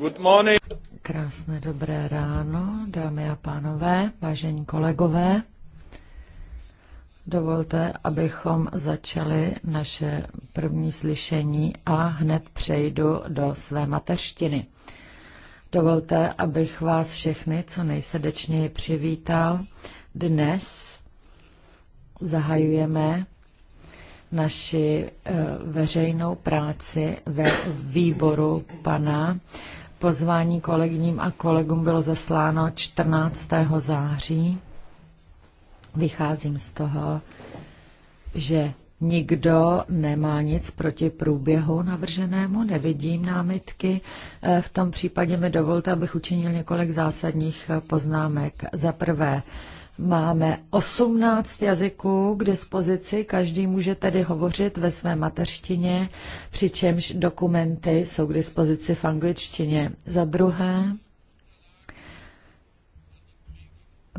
Good morning. Krásné dobré ráno, dámy a pánové, vážení kolegové. Dovolte, abychom začali naše první slyšení a hned přejdu do své mateřštiny. Dovolte, abych vás všechny co nejsrdečněji přivítal. Dnes zahajujeme naši eh, veřejnou práci ve výboru pana Pozvání kolegním a kolegům bylo zasláno 14. září. Vycházím z toho, že nikdo nemá nic proti průběhu navrženému, nevidím námitky. Eh, v tom případě mi dovolte, abych učinil několik zásadních eh, poznámek. Za prvé, Máme 18 jazyků k dispozici, každý může tedy hovořit ve své mateřštině, přičemž dokumenty jsou k dispozici v angličtině. Za druhé,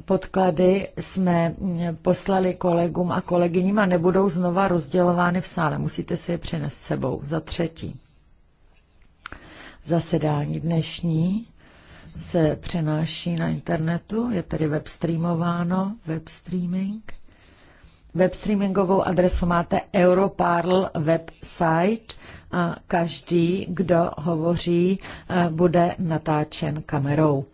podklady jsme poslali kolegům a kolegyním a nebudou znova rozdělovány v sále. Musíte si je přinést sebou. Za třetí, zasedání dnešní se přenáší na internetu, je tedy web streamováno, web streaming. Web streamingovou adresu máte Europarl website a každý, kdo hovoří, eh, bude natáčen kamerou.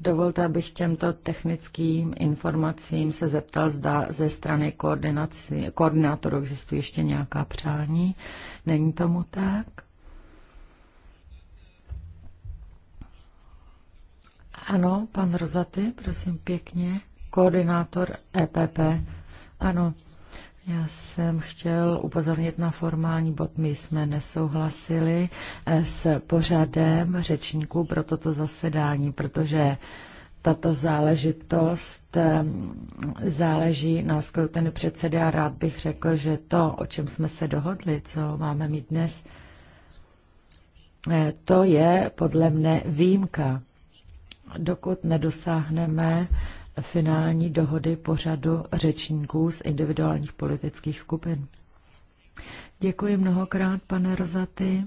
Dovolte, abych těmto technickým informacím se zeptal, zda ze strany koordinátorů existují ještě nějaká přání. Není tomu tak? Ano, pan Rozaty, prosím pěkně, koordinátor EPP. Ano, já jsem chtěl upozornit na formální bod. My jsme nesouhlasili eh, s pořadem řečníků pro toto zasedání, protože tato záležitost eh, záleží na skroutenu předsedy a rád bych řekl, že to, o čem jsme se dohodli, co máme mít dnes, eh, to je podle mne výjimka dokud nedosáhneme finální dohody pořadu řečníků z individuálních politických skupin. Děkuji mnohokrát, pane Rozaty.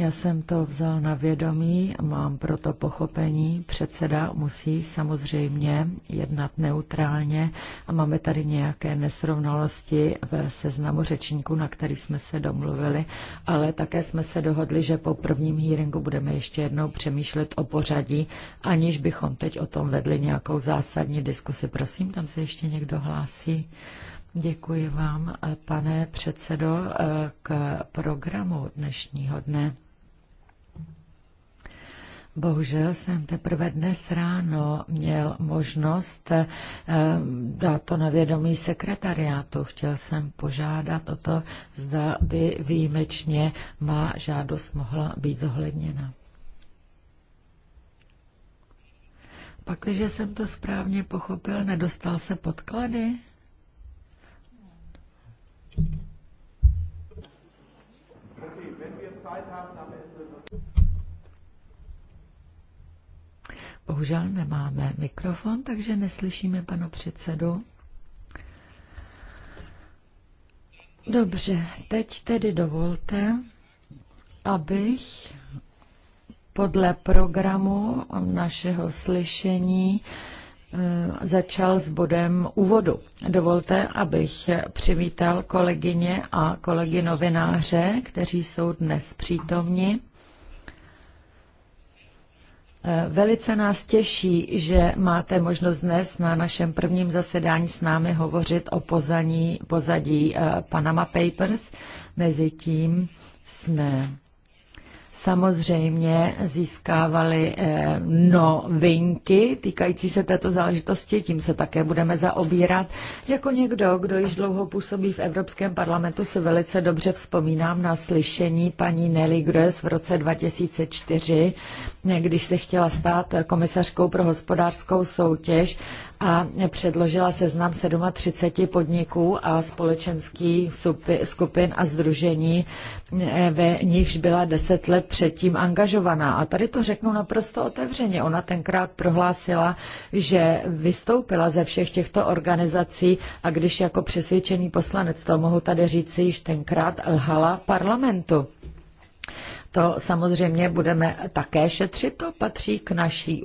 Já jsem to vzal na vědomí, mám proto pochopení. Předseda musí samozřejmě jednat neutrálně a máme tady nějaké nesrovnalosti ve seznamu řečníků, na který jsme se domluvili, ale také jsme se dohodli, že po prvním hearingu budeme ještě jednou přemýšlet o pořadí, aniž bychom teď o tom vedli nějakou zásadní diskusi. Prosím, tam se ještě někdo hlásí. Děkuji vám, pane předsedo, k programu dnešního dne. Bohužel jsem teprve dnes ráno měl možnost eh, dát to na vědomí sekretariátu. Chtěl jsem požádat o to, zda by výjimečně má žádost mohla být zohledněna. Pak, když jsem to správně pochopil, nedostal se podklady? Bohužel nemáme mikrofon, takže neslyšíme panu předsedu. Dobře, teď tedy dovolte, abych podle programu našeho slyšení eh, začal s bodem úvodu. Dovolte, abych přivítal kolegyně a kolegy novináře, kteří jsou dnes přítomni. Eh, velice nás těší, že máte možnost dnes na našem prvním zasedání s námi hovořit o pozadí pozadí eh, Panama Papers. Mezitím jsme samozřejmě získávali eh, novinky týkající se této záležitosti, tím se také budeme zaobírat. Jako někdo, kdo již dlouho působí v Evropském parlamentu, se velice dobře vzpomínám na slyšení paní Nelly Groes v roce 2004, eh, když se chtěla stát komisařkou pro hospodářskou soutěž a předložila seznam 37 podniků a společenských skupin a združení, eh, ve nichž byla 10 let předtím angažovaná. A tady to řeknu naprosto otevřeně. Ona tenkrát prohlásila, že vystoupila ze všech těchto organizací a když jako přesvědčený poslanec, to mohu tady říci, již tenkrát lhala parlamentu. To samozřejmě budeme také šetřit, to patří k naší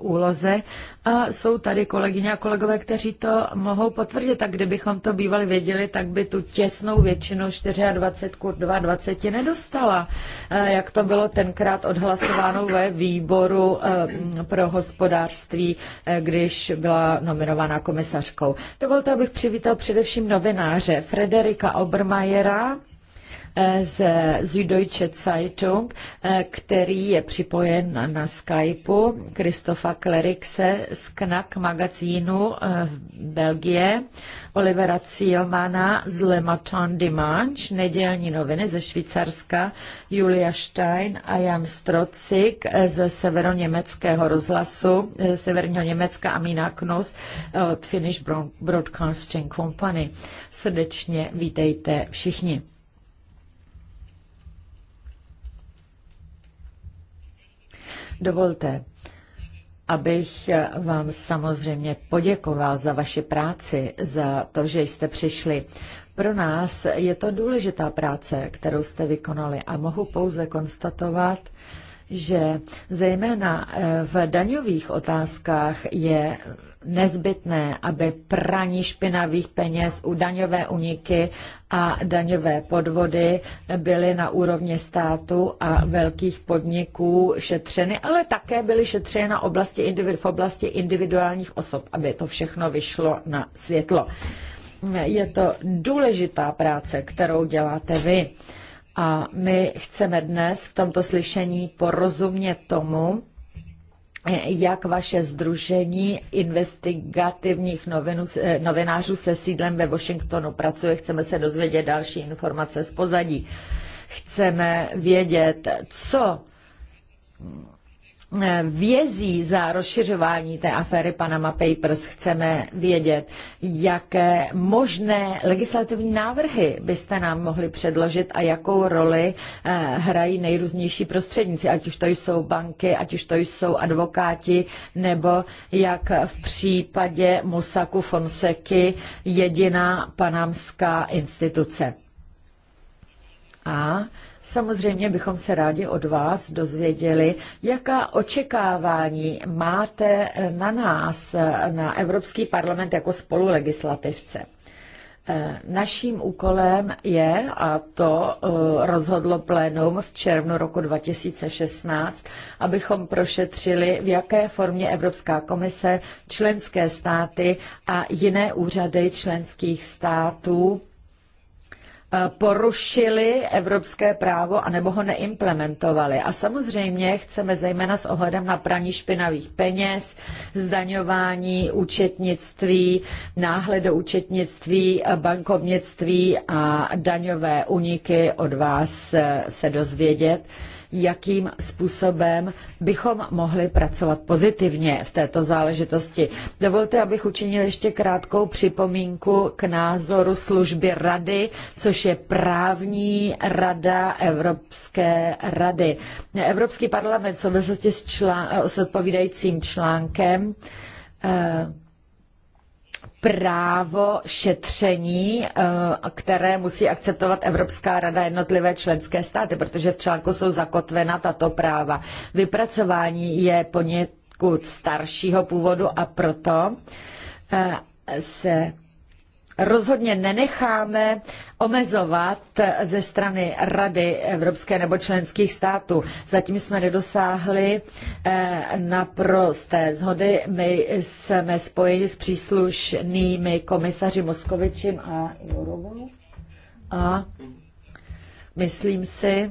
úloze a jsou tady kolegyně a kolegové, kteří to mohou potvrdit. Tak kdybychom to bývali věděli, tak by tu těsnou většinu 24 k 22 nedostala, e, jak to bylo tenkrát odhlasováno ve výboru e, pro hospodářství, e, když byla nominována komisařkou. Dovolte, abych přivítal především novináře Frederika Obermajera, Eh, z Süddeutsche Zeitung, eh, který je připojen na, Skypeu, Kristofa Klerikse z Knak magazínu eh, v Belgie, Olivera Cielmana z Le Matin Dimanche, nedělní noviny ze Švýcarska, Julia Stein a Jan Strocik ze severoněmeckého rozhlasu, ze severního Německa a Mina Knus od Finnish Broadcasting Company. Srdečně vítejte všichni. Dovolte, abych vám samozřejmě poděkoval za vaši práci, za to, že jste přišli. Pro nás je to důležitá práce, kterou jste vykonali a mohu pouze konstatovat, že zejména v daňových otázkách je nezbytné, aby praní špinavých peněz u daňové uniky a daňové podvody byly na úrovni státu a velkých podniků šetřeny, ale také byly šetřeny na oblasti, v oblasti individuálních osob, aby to všechno vyšlo na světlo. Je to důležitá práce, kterou děláte vy. A my chceme dnes v tomto slyšení porozumět tomu, jak vaše združení investigativních novinu, novinářů se sídlem ve Washingtonu pracuje. Chceme se dozvědět další informace z pozadí. Chceme vědět, co Eh, vězí za rozšiřování té aféry Panama Papers. Chceme vědět, jaké možné legislativní návrhy byste nám mohli předložit a jakou roli eh, hrají nejrůznější prostředníci, ať už to jsou banky, ať už to jsou advokáti, nebo jak v případě Musaku Fonseky jediná panamská instituce. A Samozřejmě bychom se rádi od vás dozvěděli, jaká očekávání máte na nás, na Evropský parlament jako spolulegislativce. Eh, naším úkolem je, a to eh, rozhodlo plénum v červnu roku 2016, abychom prošetřili, v jaké formě Evropská komise, členské státy a jiné úřady členských států Eh, porušili evropské právo anebo ho neimplementovali. A samozřejmě chceme zejména s ohledem na praní špinavých peněz, zdaňování, účetnictví, náhled do účetnictví, bankovnictví a daňové uniky od vás eh, se dozvědět, jakým způsobem bychom mohli pracovat pozitivně v této záležitosti. Dovolte, abych učinil ještě krátkou připomínku k názoru služby rady, což je právní rada Evropské rady. Evropský parlament v souvislosti s, člán, s odpovídajícím článkem eh, právo šetření, eh, které musí akceptovat Evropská rada jednotlivé členské státy, protože v článku jsou zakotvena tato práva. Vypracování je poněkud staršího původu a proto eh, se rozhodně nenecháme omezovat ze strany Rady Evropské nebo členských států. Zatím jsme nedosáhli eh, naprosté zhody. My jsme spojeni s příslušnými komisaři Moskovičem a Jourovou. A myslím si,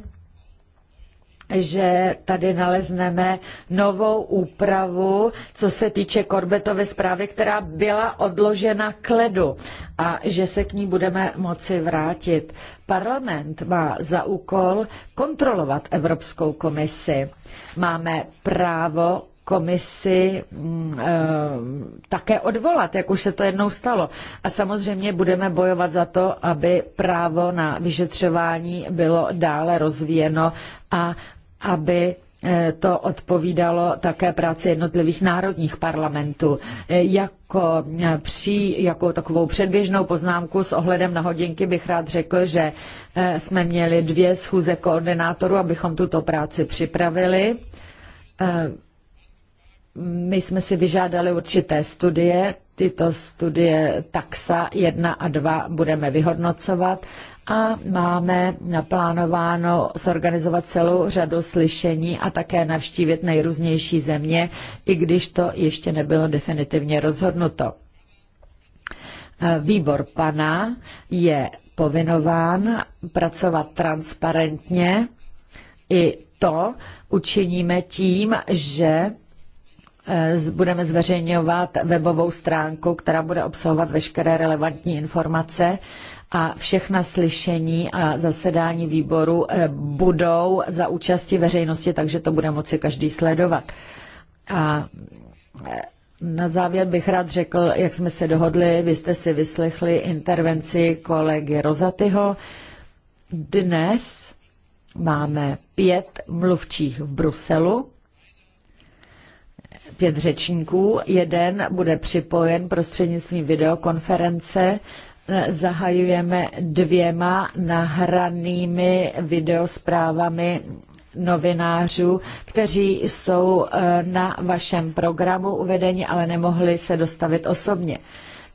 že tady nalezneme novou úpravu, co se týče korbetové zprávy, která byla odložena k ledu a že se k ní budeme moci vrátit. Parlament má za úkol kontrolovat Evropskou komisi. Máme právo komisi mm, eh, také odvolat, jak už se to jednou stalo. A samozřejmě budeme bojovat za to, aby právo na vyšetřování bylo dále rozvíjeno a aby eh, to odpovídalo také práci jednotlivých národních parlamentů. Eh, jako, eh, při, jako takovou předběžnou poznámku s ohledem na hodinky bych rád řekl, že jsme měli dvě schůze koordinátorů, abychom tuto práci připravili. My jsme si vyžádali určité studie, tyto studie taxa 1 a 2 budeme vyhodnocovat a máme naplánováno zorganizovat celou řadu slyšení a také navštívit nejrůznější země, i když to ještě nebylo definitivně rozhodnuto. E, výbor pana je povinován pracovat transparentně. I to učiníme tím, že e, budeme zveřejňovat webovou stránku, která bude obsahovat veškeré relevantní informace a všechna slyšení a zasedání výboru eh, budou za účasti veřejnosti, takže to bude moci každý sledovat. A eh, na závěr bych rád řekl, jak jsme se dohodli, vy jste si vyslechli intervenci kolegy Rozatyho. Dnes máme pět mluvčích v Bruselu, pět řečníků. Jeden bude připojen prostřednictvím videokonference zahajujeme dvěma nahranými videosprávami novinářů, kteří jsou eh, na vašem programu uvedeni, ale nemohli se dostavit osobně.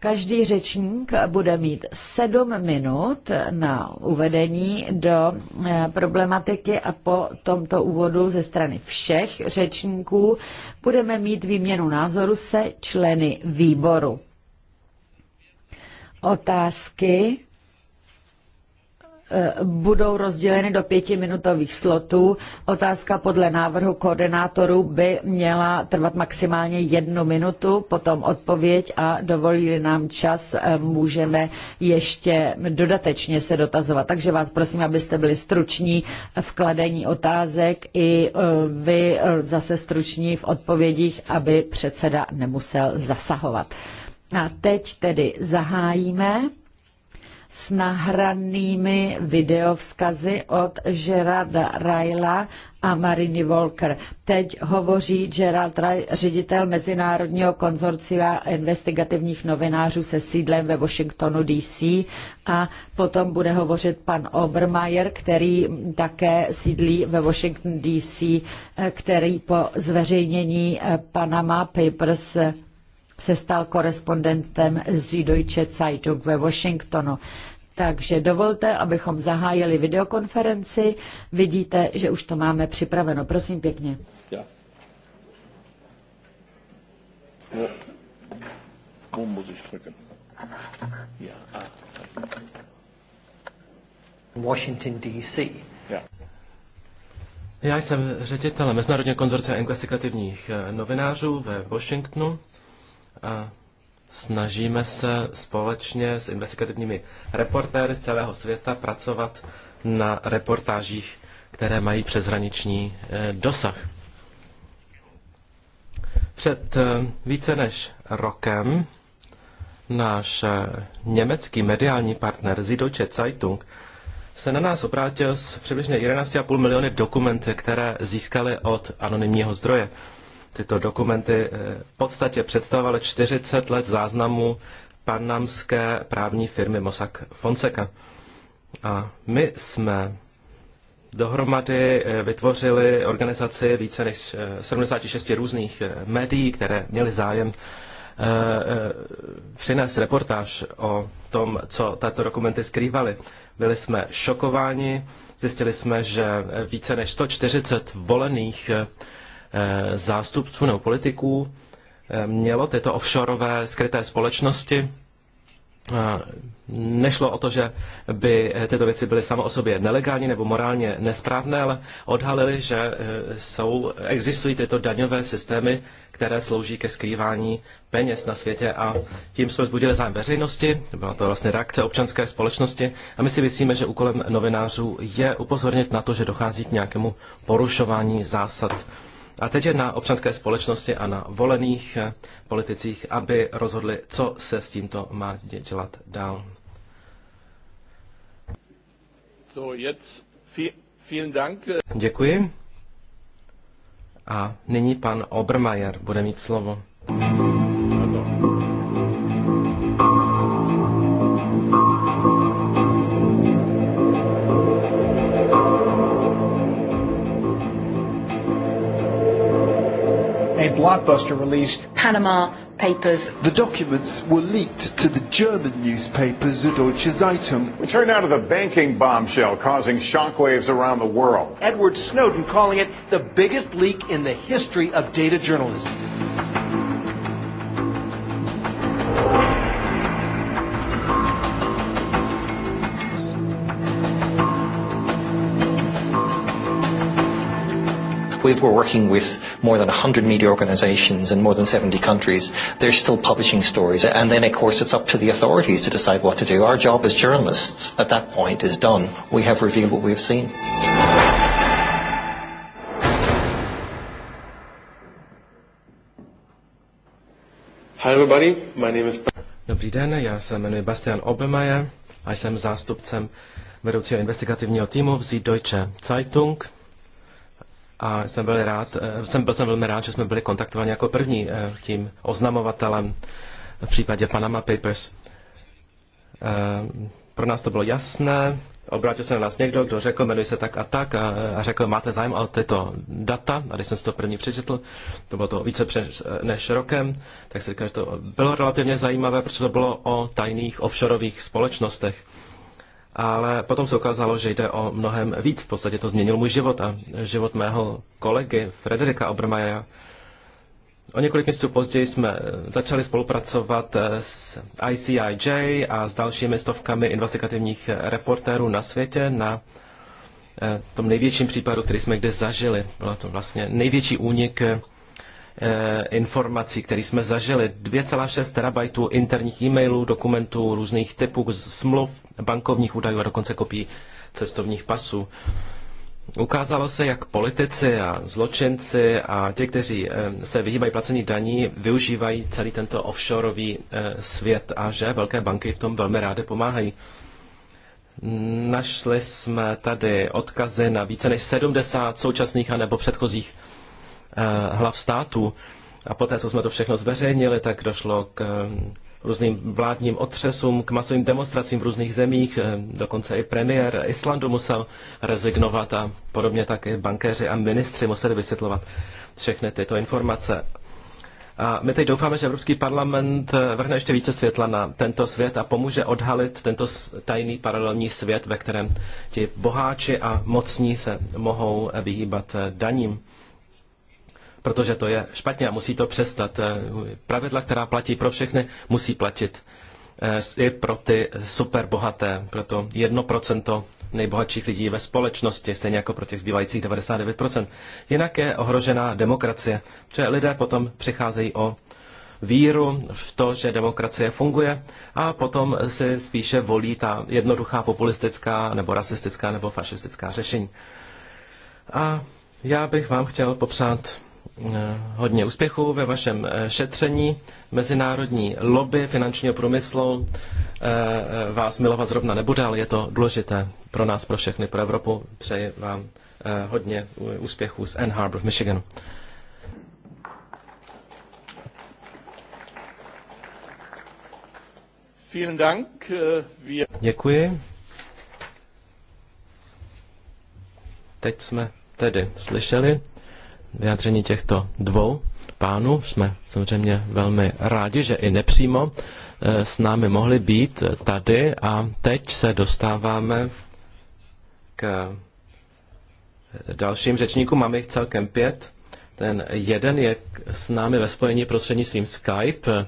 Každý řečník bude mít sedm minut na uvedení do eh, problematiky a po tomto úvodu ze strany všech řečníků budeme mít výměnu názoru se členy výboru otázky eh, budou rozděleny do pětiminutových slotů. Otázka podle návrhu koordinátorů by měla trvat maximálně jednu minutu, potom odpověď a dovolí nám čas, eh, můžeme ještě dodatečně se dotazovat. Takže vás prosím, abyste byli struční v kladení otázek i eh, vy zase struční v odpovědích, aby předseda nemusel zasahovat. A teď tedy zahájíme s nahranými videovzkazy od Gerarda Raila a Mariny Volker. Teď hovoří Gerald Rail, ředitel Mezinárodního konzorcia investigativních novinářů se sídlem ve Washingtonu DC a potom bude hovořit pan Obermeier, který také sídlí ve Washington DC, který po zveřejnění Panama Papers se stal korespondentem z Deutsche Zeitung ve Washingtonu. Takže dovolte, abychom zahájili videokonferenci. Vidíte, že už to máme připraveno. Prosím pěkně. No. Washington DC. Já jsem ředitelem Mezinárodního konzorce englesikativních eh, novinářů ve Washingtonu a snažíme se společně s investigativními reportéry z celého světa pracovat na reportážích, které mají přeshraniční eh, dosah. Před eh, více než rokem náš eh, německý mediální partner Zidoče Zeitung se na nás obrátil s přibližně 11,5 miliony dokumenty, které získali od anonymního zdroje tyto dokumenty eh, v podstatě představovaly 40 let záznamů panamské právní firmy Mossack Fonseca. A my jsme dohromady eh, vytvořili organizaci více než 76 eh, různých médií, které měly zájem přinést reportáž o tom, co tato dokumenty skrývaly. Byli jsme šokováni, zjistili jsme, že více než 140 volených Eh, zástupců nebo politiků eh, mělo tyto offshoreové skryté společnosti. Eh, nešlo o to, že by tyto věci byly samo o sobě nelegální nebo morálně nesprávné, ale odhalili, že jsou, existují tyto daňové systémy, které slouží ke skrývání peněz na světě a tím jsme vzbudili zájem veřejnosti, byla to vlastně reakce občanské společnosti a my si myslíme, že úkolem novinářů je upozornit na to, že dochází k nějakému porušování zásad a teď je na občanské společnosti a na volených eh, politicích, aby rozhodli, co se s tímto má dělat dál. So, jetzt vielen Dank. Děkuji. A nyní pan Obermeier bude mít slovo. blockbuster release. Panama Papers. The documents were leaked to the German newspaper Süddeutsche Zeitung. We turned out to the banking bombshell causing shockwaves around the world. Edward Snowden calling it the biggest leak in the history of data journalism. We've, we're working with more than 100 media organizations in more than 70 countries. They're still publishing stories. And then, of course, it's up to the authorities to decide what to do. Our job as journalists at that point is done. We have revealed what we've seen. Hi everybody, my name is... Dobrý den, já se jmenuji Bastian Obemeyer a jsem zástupcem vedoucího investigativního týmu v Süddeutsche Zeitung a jsem, byl rád, eh, jsem, byl, jsem velmi rád, že jsme byli kontaktováni jako první eh, tím oznamovatelem v případě Panama Papers. Eh, pro nás to bylo jasné, obrátil se na nás někdo, kdo řekl, jmenuji se tak a tak a, a řekl, máte zájem o tyto data. A když jsem si to první přečetl, to bylo to více přes, než rokem, tak si říkal, že to bylo relativně zajímavé, protože to bylo o tajných offshoreových společnostech ale potom se ukázalo, že jde o mnohem víc. V podstatě to změnil můj život a život mého kolegy Frederika Obermaja. O několik měsíců později jsme eh, začali spolupracovat eh, s ICIJ a s dalšími stovkami investigativních eh, reportérů na světě na tom největším případu, který jsme kde zažili. Byla to vlastně největší únik Eh, informací, které jsme zažili. 2,6 terabajtů interních e-mailů, dokumentů různých typů, smluv, bankovních údajů a dokonce kopií cestovních pasů. Ukázalo se, jak politici a zločinci a ti, kteří eh, se vyhýbají placení daní, využívají celý tento offshoreový eh, svět a že velké banky v tom velmi rády pomáhají. Našli jsme tady odkazy na více než 70 současných anebo předchozích Eh, hlav států. A poté, co jsme to všechno zveřejnili, tak došlo k eh, různým vládním otřesům, k masovým demonstracím v různých zemích. Eh, dokonce i premiér Islandu musel rezignovat a podobně také bankéři a ministři museli vysvětlovat všechny tyto informace. A my teď doufáme, že Evropský parlament vrhne ještě více světla na tento svět a pomůže odhalit tento tajný paralelní svět, ve kterém ti boháči a mocní se mohou vyhýbat daním protože to je špatně a musí to přestat. Eh, pravidla, která platí pro všechny, musí platit eh, i pro ty superbohaté, pro to procento nejbohatších lidí ve společnosti, stejně jako pro těch zbývajících 99%. Jinak je ohrožená demokracie, protože lidé potom přicházejí o víru v to, že demokracie funguje a potom si spíše volí ta jednoduchá populistická nebo rasistická nebo fašistická řešení. A já bych vám chtěl popřát Eh, hodně úspěchů ve vašem eh, šetření. Mezinárodní lobby finančního průmyslu eh, vás milovat zrovna nebude, ale je to důležité pro nás, pro všechny, pro Evropu. Přeji vám hodně úspěchů z Ann Harbor v Michiganu. Děkuji. Teď jsme tedy slyšeli vyjádření těchto dvou pánů. Jsme samozřejmě velmi rádi, že i nepřímo eh, s námi mohli být tady a teď se dostáváme k dalším řečníkům. Máme jich celkem pět. Ten jeden je s námi ve spojení prostřednictvím Skype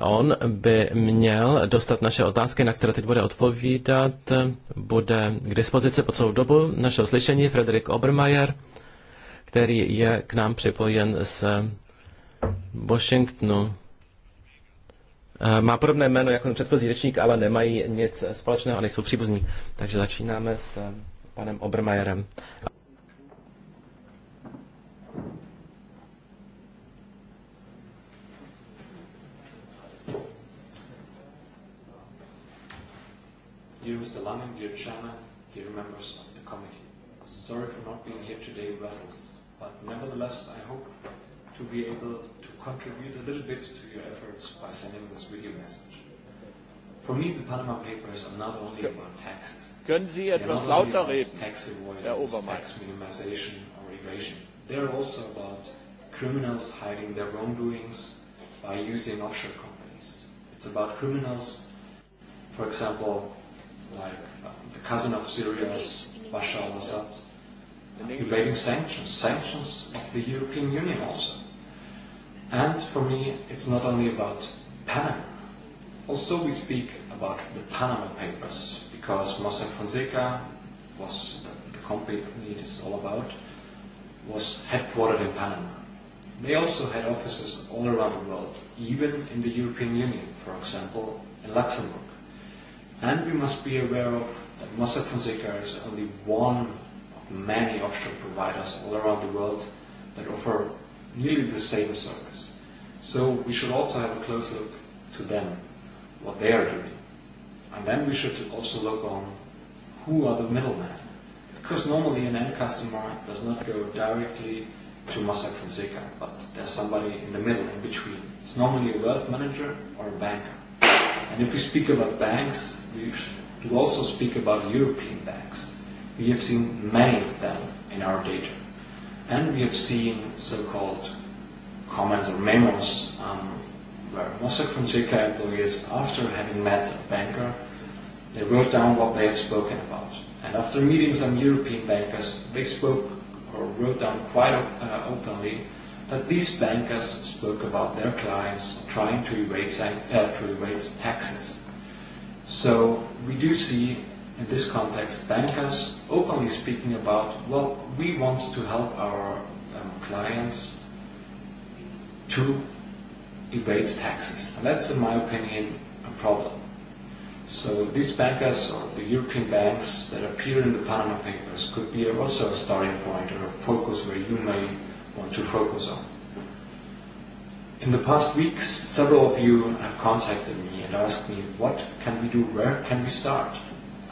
on by měl dostat naše otázky, na které teď bude odpovídat. Bude k dispozici po celou dobu našeho slyšení Frederik Obermeier, který je k nám připojen z Washingtonu. Eh, má podobné jméno jako předchozí řečník, ale nemají nic společného a nejsou příbuzní. Takže začínáme s panem Obermeierem. Armin, dear Chairman, dear members of the committee. Sorry for not being here today in Brussels, but nevertheless I hope to be able to contribute a little bit to your efforts by sending this video message. For me, the Panama Papers are not only about taxes. Können Sie etwas lauter reden, tax Herr Obermann? Tax minimization or evasion. They are also about criminals hiding their wrongdoings by using offshore companies. It's about criminals, for example, like the cousin of Syria, Bashar al-Assad, evading sanctions, sanctions of the European Union also. And for me, it's not only about Panama. Also, we speak about the Panama Papers because Mossack Fonseca was the, the company it is all about was headquartered in Panama. They also had offices all around the world, even in the European Union, for example, in Luxembourg. And we must be aware of that Mossad Fonseca is only one of many offshore providers all around the world that offer nearly the same service. So we should also have a close look to them, what they are doing. And then we should also look on who are the middlemen. Because normally an end customer does not go directly to Mossack Fonseca, but there's somebody in the middle, in between. It's normally a wealth manager or a banker. And if we speak about banks, we should also speak about European banks. We have seen many of them in our data. And we have seen so-called comments or memos um, where Mossack Fonseca employees, after having met a banker, they wrote down what they had spoken about. And after meeting some European bankers, they spoke or wrote down quite uh, openly that these bankers spoke about their clients trying to evade, uh, to evade taxes. So we do see in this context bankers openly speaking about, well, we want to help our um, clients to evade taxes. And that's, in my opinion, a problem. So these bankers or the European banks that appear in the Panama Papers could be also a starting point or a focus where you may Want to focus on. In the past weeks, several of you have contacted me and asked me, what can we do, where can we start?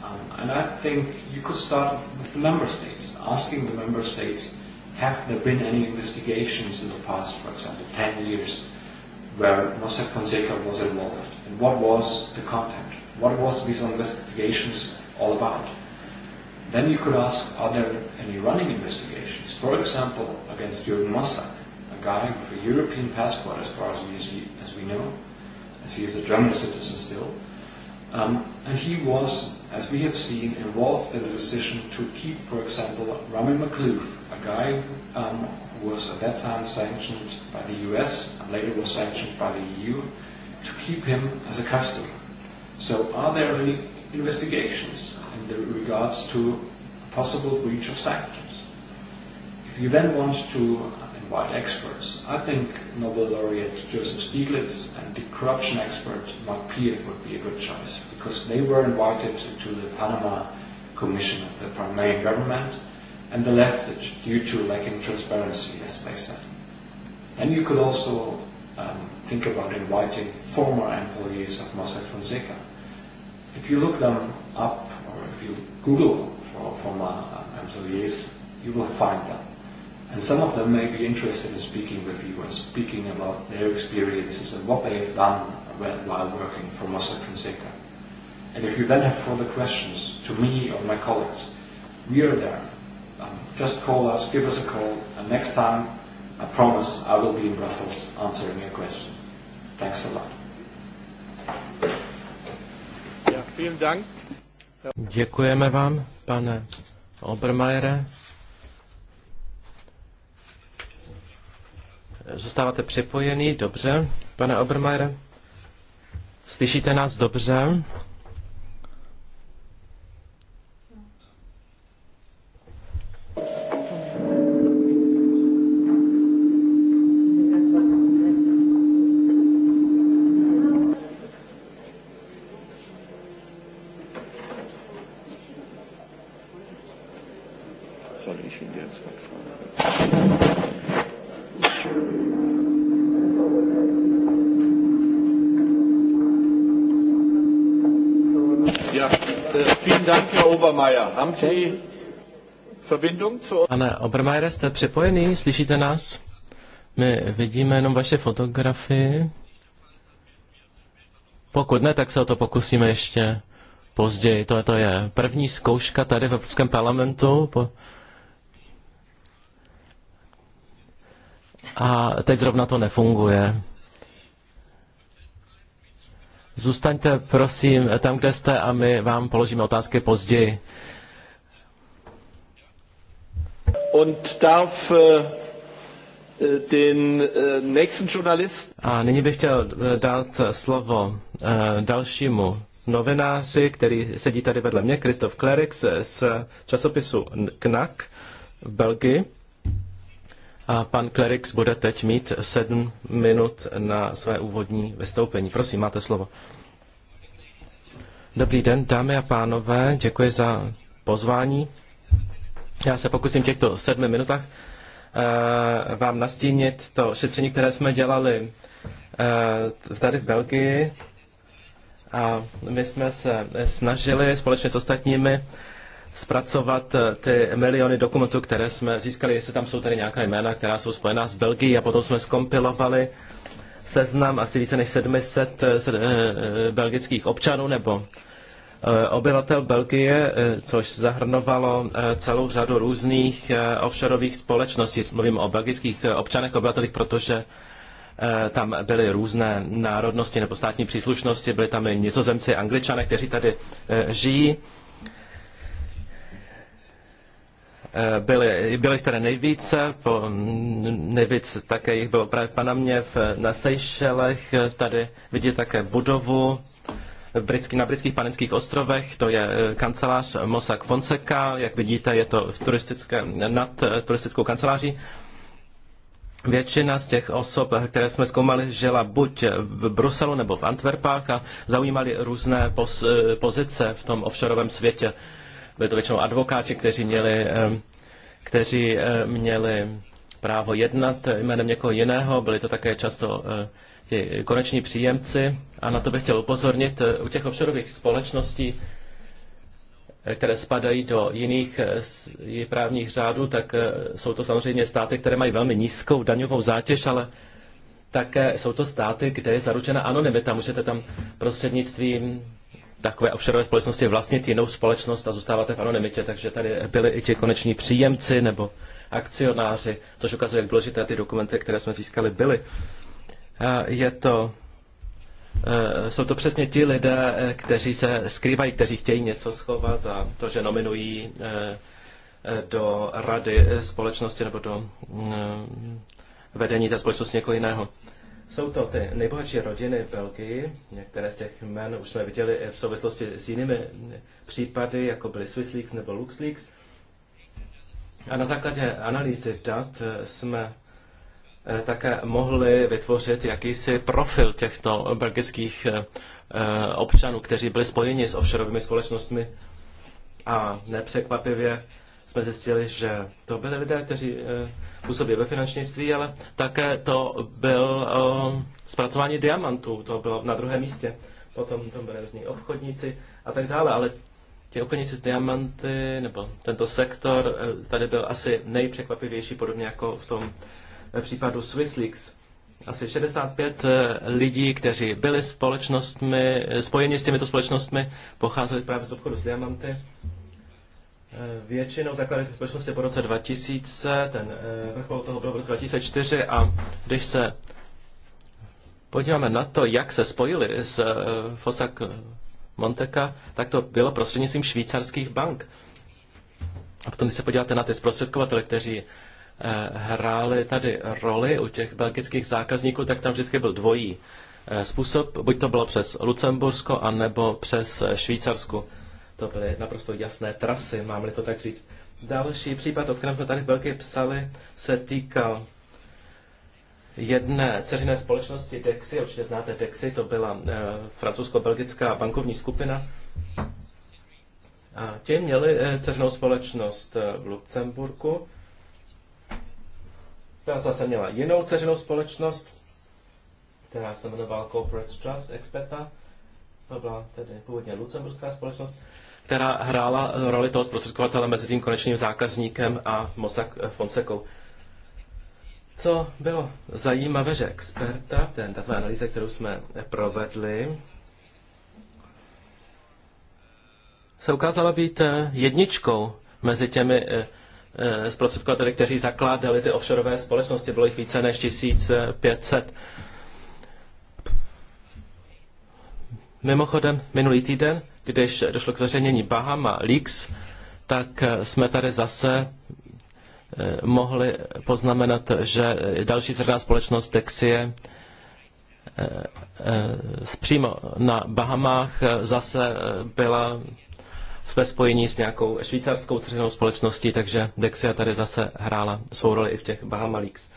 Um, and I think you could start with the member states, asking the member states, have there been any investigations in the past, for example, 10 years, where Mossack Fonseca was involved? And what was the content? What was these investigations all about? Then you could ask, are there any running investigations? For example, against Jürgen Mossack, a guy with a European passport, as far as we, see, as we know, as he is a German citizen still. Um, and he was, as we have seen, involved in the decision to keep, for example, Rami McLuth, a guy um, who was at that time sanctioned by the US and later was sanctioned by the EU, to keep him as a customer. So are there any investigations regards to possible breach of sanctions. If you then want to invite experts, I think Nobel laureate Joseph Stiglitz and the corruption expert Mark Pief would be a good choice because they were invited to the Panama Commission of the Panamanian government and they left it due to lacking transparency, as they said. And you could also um, think about inviting former employees of Mossack Fonseca. If you look them up you Google for, for my employees, you will find them. And some of them may be interested in speaking with you and speaking about their experiences and what they have done while working for Mossack Fonseca. And if you then have further questions to me or my colleagues, we are there. Um, just call us, give us a call, and next time, I promise I will be in Brussels answering your questions. Thanks a lot. Ja, vielen Dank. Děkujeme vám, pane Obermajere. Zůstáváte připojený, dobře, pane Obermajere. Slyšíte nás dobře? Pane Obermeier, jste připojený? Slyšíte nás? My vidíme jenom vaše fotografii. Pokud ne, tak se o to pokusíme ještě později. To, je to je první zkouška tady v Evropském parlamentu. A teď zrovna to nefunguje. Zůstaňte prosím tam, kde jste a my vám položíme otázky později und darf äh, äh, den äh, nächsten A nyní bych chtěl dát slovo dalšímu novináři, který sedí tady vedle mě, Kristof Klerix eh, z časopisu KNAK v Belgii. A pan Klerix bude teď mít sedm minut na své úvodní vystoupení. Prosím, máte slovo. Dobrý den, dámy a pánové, děkuji za pozvání já se pokusím v těchto sedmi minutách eh, vám nastínit to šetření, které jsme dělali eh, tady v Belgii. A my jsme se snažili společně s ostatními zpracovat eh, ty miliony dokumentů, které jsme získali, jestli tam jsou tady nějaká jména, která jsou spojená s Belgií a potom jsme skompilovali seznam asi více než 700 belgických občanů nebo Eh, obyvatel Belgie, eh, což zahrnovalo eh, celou řadu různých offshoreových společností. Mluvím o belgických občanech, obyvatelích, protože tam byly různé národnosti nebo státní příslušnosti, byli tam i nizozemci, angličané, kteří tady žijí. Byly, byly které nejvíce, po, nejvíc také jich bylo právě v Panamě, v, na Seychelech, tady vidíte také budovu, britský, na britských panenských ostrovech, to je eh, kancelář Mossack Fonseca, jak vidíte, je to v turistické, nad eh, turistickou kanceláří. Většina z těch osob, eh, které jsme zkoumali, žila buď v Bruselu nebo v Antwerpách a zaujímali různé pozice v tom offshoreovém světě. Byli to většinou advokáti, kteří měli, kteří měli právo jednat jménem někoho jiného, byli to také často ti koneční příjemci. A na to bych chtěl upozornit eh, u těch offshoreových společností, eh, které spadají do jiných eh, právních řádů, tak jsou to samozřejmě státy, které mají velmi nízkou daňovou zátěž, ale také jsou to státy, kde je zaručena anonymita. Můžete tam prostřednictvím takové offshore společnosti vlastnit jinou společnost a zůstáváte v anonymitě, takže tady byli i ti koneční příjemci nebo akcionáři, což ukazuje, jak důležité ty dokumenty, které jsme získali, byly. Eh, je to, eh, jsou to přesně ti lidé, eh, kteří se skrývají, kteří chtějí něco schovat za to, že nominují do rady společnosti nebo do vedení té společnosti někoho jiného. Jsou to ty nejbohatší rodiny v Belgii, některé z těch jmen už jsme viděli i v souvislosti s jinými případy, jako byly Swiss Leaks nebo LuxLeaks. A na základě analýzy dat jsme Eh, také mohli vytvořit jakýsi profil těchto belgických eh, eh, občanů, kteří byli spojeni s offshoreovými společnostmi. A nepřekvapivě jsme zjistili, že to byli lidé, kteří působí ve finančnictví, ale také to byl zpracování diamantů, to bylo na druhém místě. Potom tam byly různí obchodníci a tak dále, ale ti obchodníci s diamanty, nebo tento sektor, tady byl asi nejpřekvapivější, podobně jako v tom případu Swissleaks. Asi 65 eh, lidí, kteří byli společnostmi, spojeni s těmito společnostmi, pocházeli právě z obchodu s diamanty. Eh, většinou zakladaly společnosti po roce 2000, ten eh, vrchol toho byl v roce 2004 a když se podíváme na to, jak se spojili s Fosak Monteka, tak to bylo prostřednictvím švýcarských bank. A potom, když se podíváte na ty zprostředkovatele, kteří Eh, hrály tady roli u těch belgických zákazníků, tak tam vždycky byl dvojí eh, způsob, buď to bylo přes Lucembursko, anebo přes eh, Švýcarsku. To byly naprosto jasné trasy, mám-li to tak říct. Další případ, o kterém jsme tady v Belgii psali, se týkal jedné ceřiné společnosti Dexy, určitě znáte Dexy, to byla eh, francouzsko-belgická bankovní skupina. A ti měli eh, ceřinou společnost v Lucemburku která zase měla jinou ceřinou společnost, která se jmenovala Corporate Trust Experta. To byla tedy původně lucemburská společnost, která hrála roli toho zprostředkovatele mezi tím konečným zákazníkem a Mossack Fonsekou. Co bylo zajímavé, že experta Ten datové analýze, kterou jsme provedli, se ukázala být eh, jedničkou mezi těmi eh, Eh, zprostředkovateli, kteří zakládali ty offshoreové společnosti. Bylo jich více než 1500. Mimochodem, minulý týden, když došlo k zveřejnění Bahama Leaks, tak eh, jsme tady zase eh, mohli poznamenat, že další zrná společnost Texie přímo na Bahamách zase byla ve spojení s nějakou švýcarskou třenou společností, takže Dexia tady zase hrála svou roli i v těch Bahama Leaks.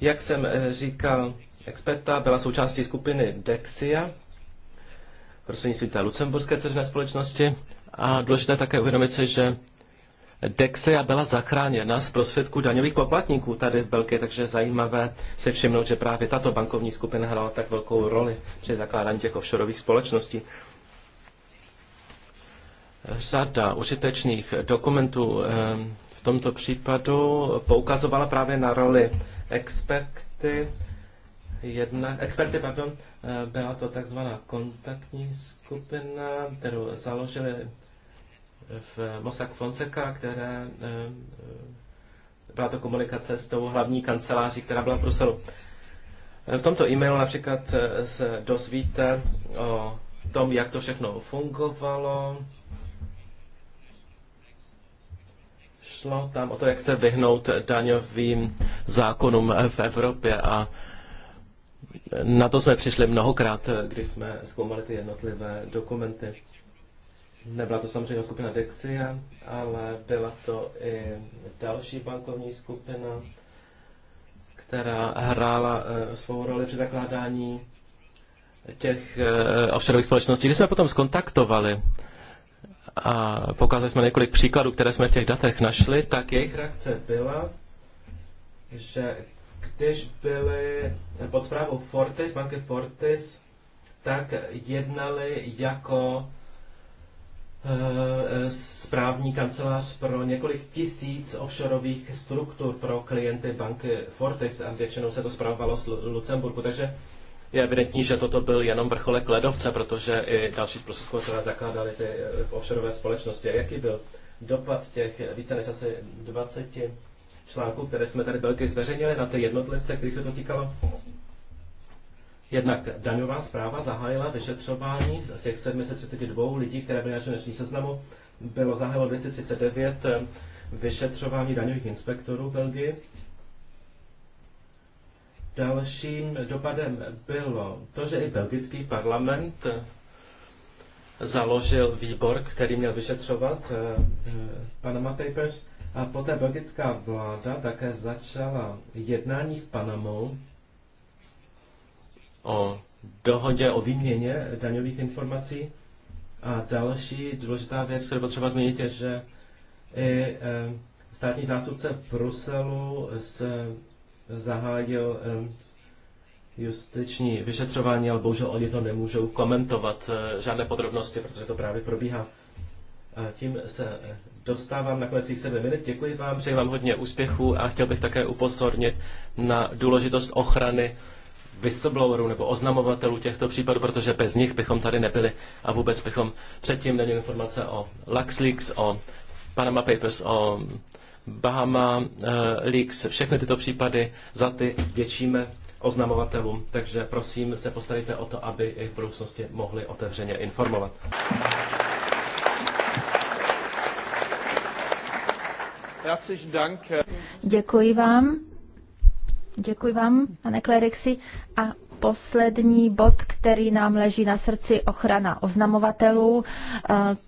Jak jsem eh, říkal, experta byla součástí skupiny Dexia, prostřednictvím té lucemburské dřeřiné společnosti a důležité také uvědomit si, že Dexia byla zachráněna z prostředků daňových poplatníků tady v Belgii, takže zajímavé si všimnout, že právě tato bankovní skupina hrála tak velkou roli při zakládání těch offshoreových společností řada užitečných dokumentů eh, v tomto případu poukazovala právě na roli experty, jedna, experty, pardon, eh, byla to takzvaná kontaktní skupina, kterou založili v Mosak Fonseca, které eh, byla to komunikace s tou hlavní kanceláří, která byla v Bruselu. V tomto e-mailu například se dozvíte o tom, jak to všechno fungovalo, šlo tam o to, jak se vyhnout daňovým zákonům v Evropě a na to jsme přišli mnohokrát, když jsme zkoumali ty jednotlivé dokumenty. Nebyla to samozřejmě skupina Dexia, ale byla to i další bankovní skupina, která hrála eh, svou roli při zakládání těch eh, offshoreových společností. Když jsme potom skontaktovali a pokázali jsme několik příkladů, které jsme v těch datech našli, tak jejich reakce byla, že když byli pod zprávou Fortis, banky Fortis, tak jednali jako eh, správní kancelář pro několik tisíc offshoreových struktur pro klienty banky Fortis a většinou se to zprávovalo z Lucemburku. Takže je evidentní, že toto byl jenom vrcholek ledovce, protože i další zprostředkovatelé zakládali ty eh, offshore společnosti. Jaký byl dopad těch více než asi 20 článků, které jsme tady velké zveřejnili na ty jednotlivce, kterých se to týkalo? Jednak daňová zpráva zahájila vyšetřování z těch 732 lidí, které byly na dnešní seznamu. Bylo zahájeno 239 eh, vyšetřování daňových inspektorů v Belgii Dalším dopadem bylo to, že i belgický parlament eh, založil výbor, který měl vyšetřovat eh, eh, Panama Papers a poté belgická vláda také začala jednání s Panamou o dohodě o výměně daňových informací. A další důležitá věc, kterou potřeba zmínit, je, že i státní zástupce v Bruselu s zahájil justiční vyšetřování, ale bohužel oni to nemůžou komentovat, eh, žádné podrobnosti, protože to právě probíhá. A tím se eh, dostávám na konec svých sedmi minut. Děkuji vám, přeji vám hodně úspěchů a chtěl bych také upozornit na důležitost ochrany whistleblowerů nebo oznamovatelů těchto případů, protože bez nich bychom tady nebyli a vůbec bychom předtím neměli informace o LuxLeaks, o Panama Papers, o Bahama eh, Leaks, všechny tyto případy za ty děčíme oznamovatelům, takže prosím se postarejte o to, aby i v budoucnosti mohli otevřeně informovat. Děkuji vám. Děkuji vám, pane Klerixi. A poslední bod, který nám leží na srdci, ochrana oznamovatelů. E,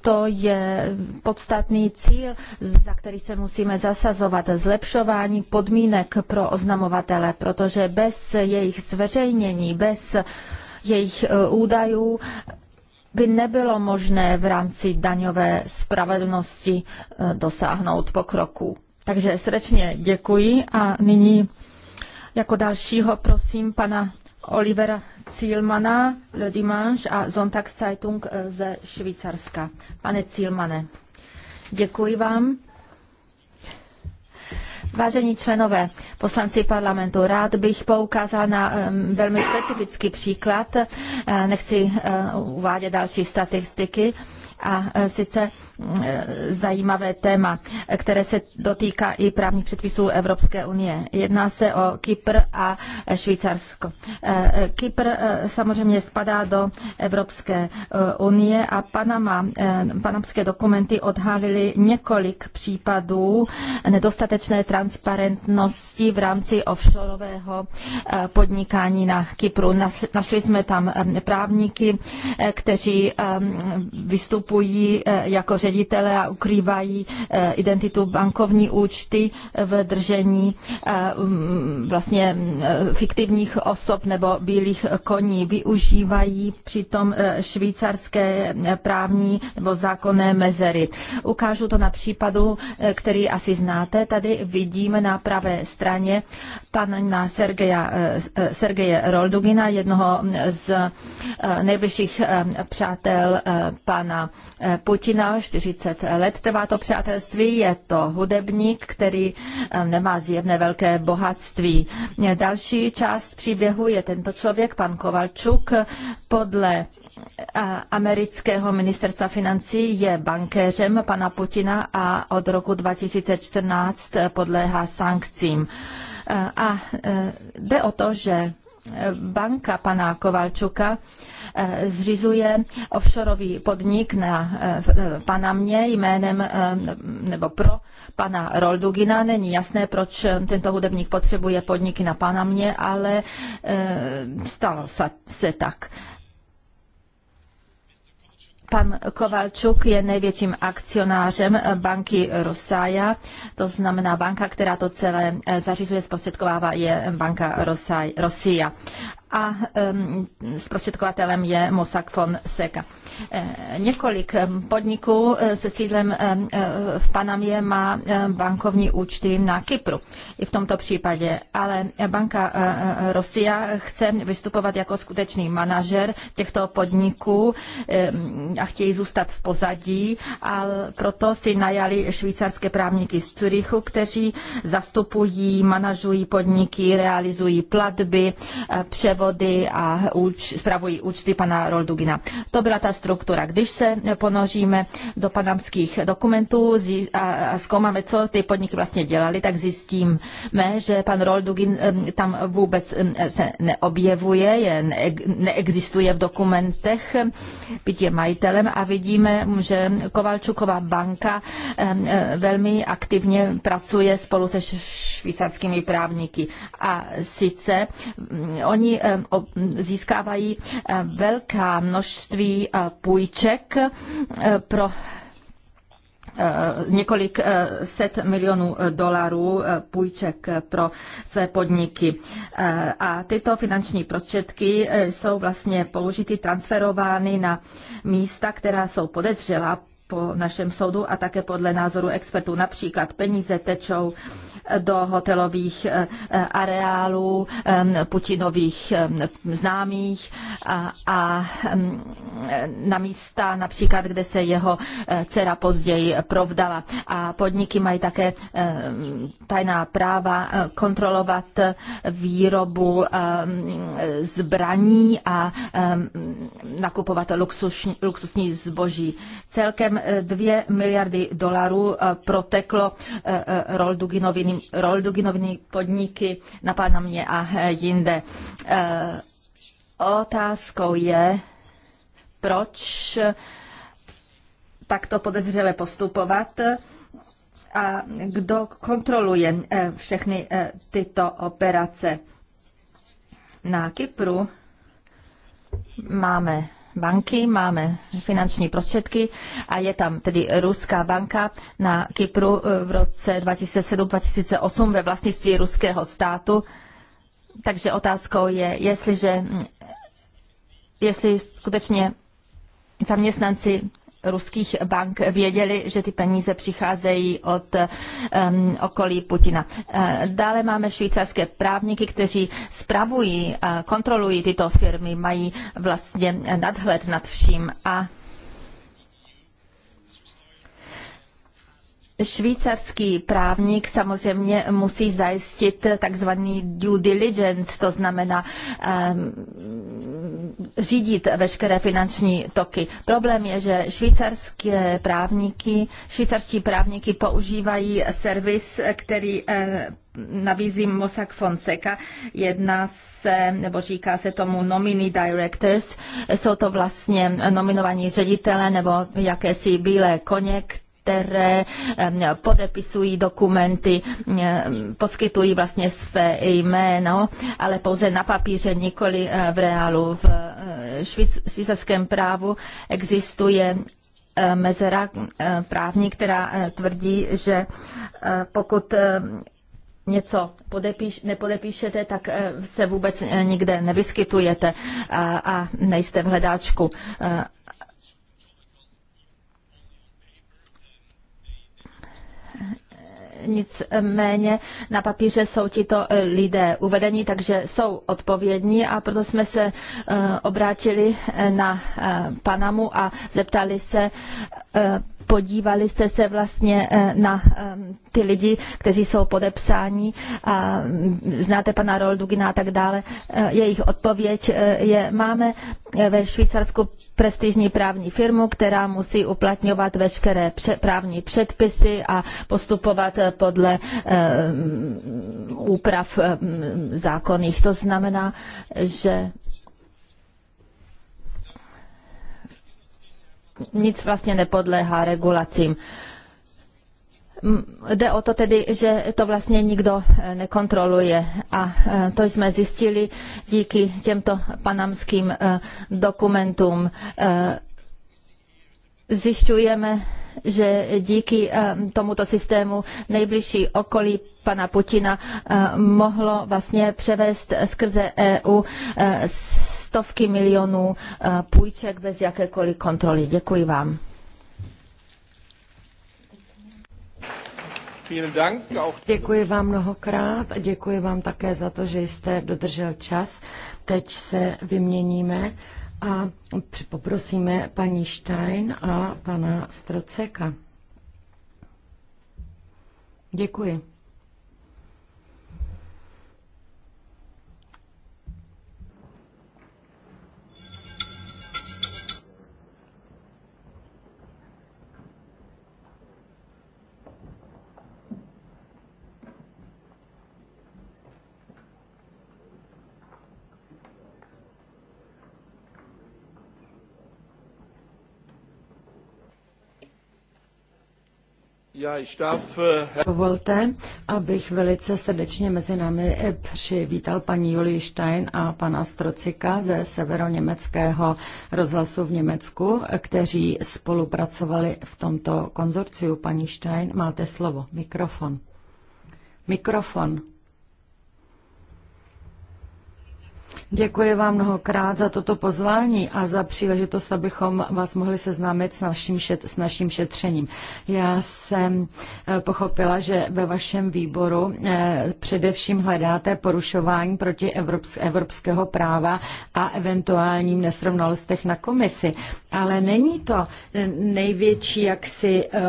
to je podstatný cíl, za který se musíme zasazovat zlepšování podmínek pro oznamovatele, protože bez jejich zveřejnění, bez jejich e, údajů by nebylo možné v rámci daňové spravedlnosti e, dosáhnout pokroku. Takže srdečně děkuji a nyní jako dalšího prosím pana Olivera Cílmana, Le Dimanche a Sonntagszeitung eh, ze Švýcarska. Pane Cílmane, děkuji vám. Vážení členové, poslanci parlamentu, rád bych poukázal na um, velmi specifický příklad. Eh, nechci uh, uvádět další statistiky. Uh, a e, sice e, zajímavé téma, které se dotýká i právních předpisů Evropské unie. Jedná se o Kypr a Švýcarsko. E, Kypr samozřejmě spadá do Evropské unie a Panama, panamské dokumenty odhalily několik případů nedostatečné transparentnosti v rámci offshoreového podnikání na Kypru. Našli jsme tam právníky, kteří vystupují vystupují eh, jako ředitele a ukrývají eh, identitu bankovní účty eh, v držení vlastně fiktivních osob nebo bílých koní. Využívají přitom švýcarské právní nebo zákonné mezery. Ukážu to na případu, který asi znáte. Tady vidíme na pravé straně pana Sergeja, Sergeje Roldugina, jednoho z nejbližších přátel pana Eh, Putina, 40 let trvá to přátelství, je to hudebník, který eh, nemá zjevné velké bohatství. Eh, Další část příběhu je tento člověk, pan Kovalčuk, podle amerického ministerstva financí je bankéřem pana Putina a od roku 2014 podléhá sankcím. A jde o to, že banka pana Kovalčuka eh, zřizuje offshoreový podnik na eh, eh, Panamě jménem nebo pro pana Roldugina. Není jasné, proč tento hudebník potřebuje podniky na Panamě, ale stalo se tak. Pan Kovalčuk je největším akcionářem banky Rosaja, to znamená banka, která to celé eh, zařizuje, zprostředkovává, je banka Rosaja a zprostředkovatelem je Mossack Fonseca. E, několik podniků e, se sídlem e, v Panamě má bankovní účty na Kypru. I v tomto případě. Ale banka Rosia chce vystupovat jako skutečný manažer těchto podniků a chtějí zůstat v pozadí, a proto si najali švýcarské právníky z Curychu, kteří zastupují, manažují podniky, realizují platby, převod vody a úč, spravují účty pana Roldugina. To byla ta struktura. Když se ponoříme do panamských dokumentů a zkoumáme, co ty podniky vlastně dělali, tak zjistíme, že pan Roldugin tam vůbec se neobjevuje, je, neexistuje v dokumentech, byť je majitelem a vidíme, že Kovalčuková banka e, velmi aktivně pracuje spolu se švýcarskými právníky. A sice oni získávají eh, velká množství eh, půjček eh, pro několik set milionů dolarů půjček pro své podniky. A tyto finanční prostředky jsou vlastně použity, transferovány na místa, která jsou podezřelá po našem soudu a také podle názoru expertů. Například peníze tečou do hotelových eh, areálů eh, Putinových eh, známých a, a mm, na místa například, kde se jeho dcera později provdala. A podniky mají také tajná práva kontrolovat výrobu zbraní a nakupovat luxusní zboží. Celkem celkem 2 eh, miliardy dolarů eh, proteklo eh, Rolduginoviny, podniky na mě a jinde. Otázkou je, proč takto podezřele postupovat a kdo kontroluje všechny tyto operace. Na Kypru máme banky, máme finanční prostředky a je tam tedy ruská banka na Kypru eh, v roce 2007-2008 ve vlastnictví ruského státu. Takže otázkou je, jestliže, mm, jestli skutečně zaměstnanci ruských bank věděli, že ty peníze přicházejí od um, okolí Putina. Eh, dále máme švýcarské právníky, kteří spravují, kontrolují tyto firmy, mají vlastně nadhled nad vším a Švýcarský právník samozřejmě musí zajistit takzvaný due diligence, to znamená um, řídit veškeré finanční toky. Problém je, že švýcarské právníky, švýcarští právníky používají servis, který uh, eh, nabízím Mossack Fonseca. Jedná se, nebo říká se tomu nominee directors. Jsou to vlastně nominovaní ředitele nebo jakési bílé koně, které podepisují dokumenty, poskytují vlastně své jméno, ale pouze na papíře, nikoli eh, v reálu. V eh, švýcarském právu existuje eh, mezera právní, která tvrdí, že pokud něco podepíš, nepodepíšete, tak se vůbec nikde nevyskytujete a, a nejste v hledáčku. Nicméně na papíře jsou tito eh, lidé uvedení, takže jsou odpovědní a proto jsme se eh, obrátili eh, na Panamu a zeptali se podívali jste se vlastně eh, na ehm, ty lidi, kteří jsou podepsáni a mm, znáte pana Roldugina a tak dále. Eh, jejich odpověď eh, je, máme ve Švýcarsku prestižní právní firmu, která musí uplatňovat veškeré právní předpisy a postupovat podle ehm, úprav ehm, zákonných. To znamená, že nic vlastně nepodléhá regulacím. Jde o to tedy, že to vlastně nikdo eh, nekontroluje a eh, to jsme zjistili díky těmto panamským eh, dokumentům. Zjišťujeme, že díky tomuto systému nejbližší okolí pana Putina mohlo vlastně převést skrze EU stovky milionů eh, půjček bez jakékoliv kontroly. Děkuji vám. Děkuji vám mnohokrát a děkuji vám také za to, že jste dodržel čas. Teď se vyměníme a poprosíme paní Stein a pana Stroceka. Děkuji. Eh, Dovolte, abych velice srdečně mezi námi eh, přivítal paní Julii Stein a pana Strocika ze severoněmeckého rozhlasu v Německu, kteří spolupracovali v tomto konzorciu. Paní Stein, máte slovo. Mikrofon. Mikrofon. Děkuji vám mnohokrát za toto pozvání a za příležitost, abychom vás mohli seznámit s naším, šet, s naším šetřením. Já jsem eh, pochopila, že ve vašem výboru eh, především hledáte porušování proti evropského práva a eventuálním nesrovnalostech na komisi ale není to největší jaksi eh,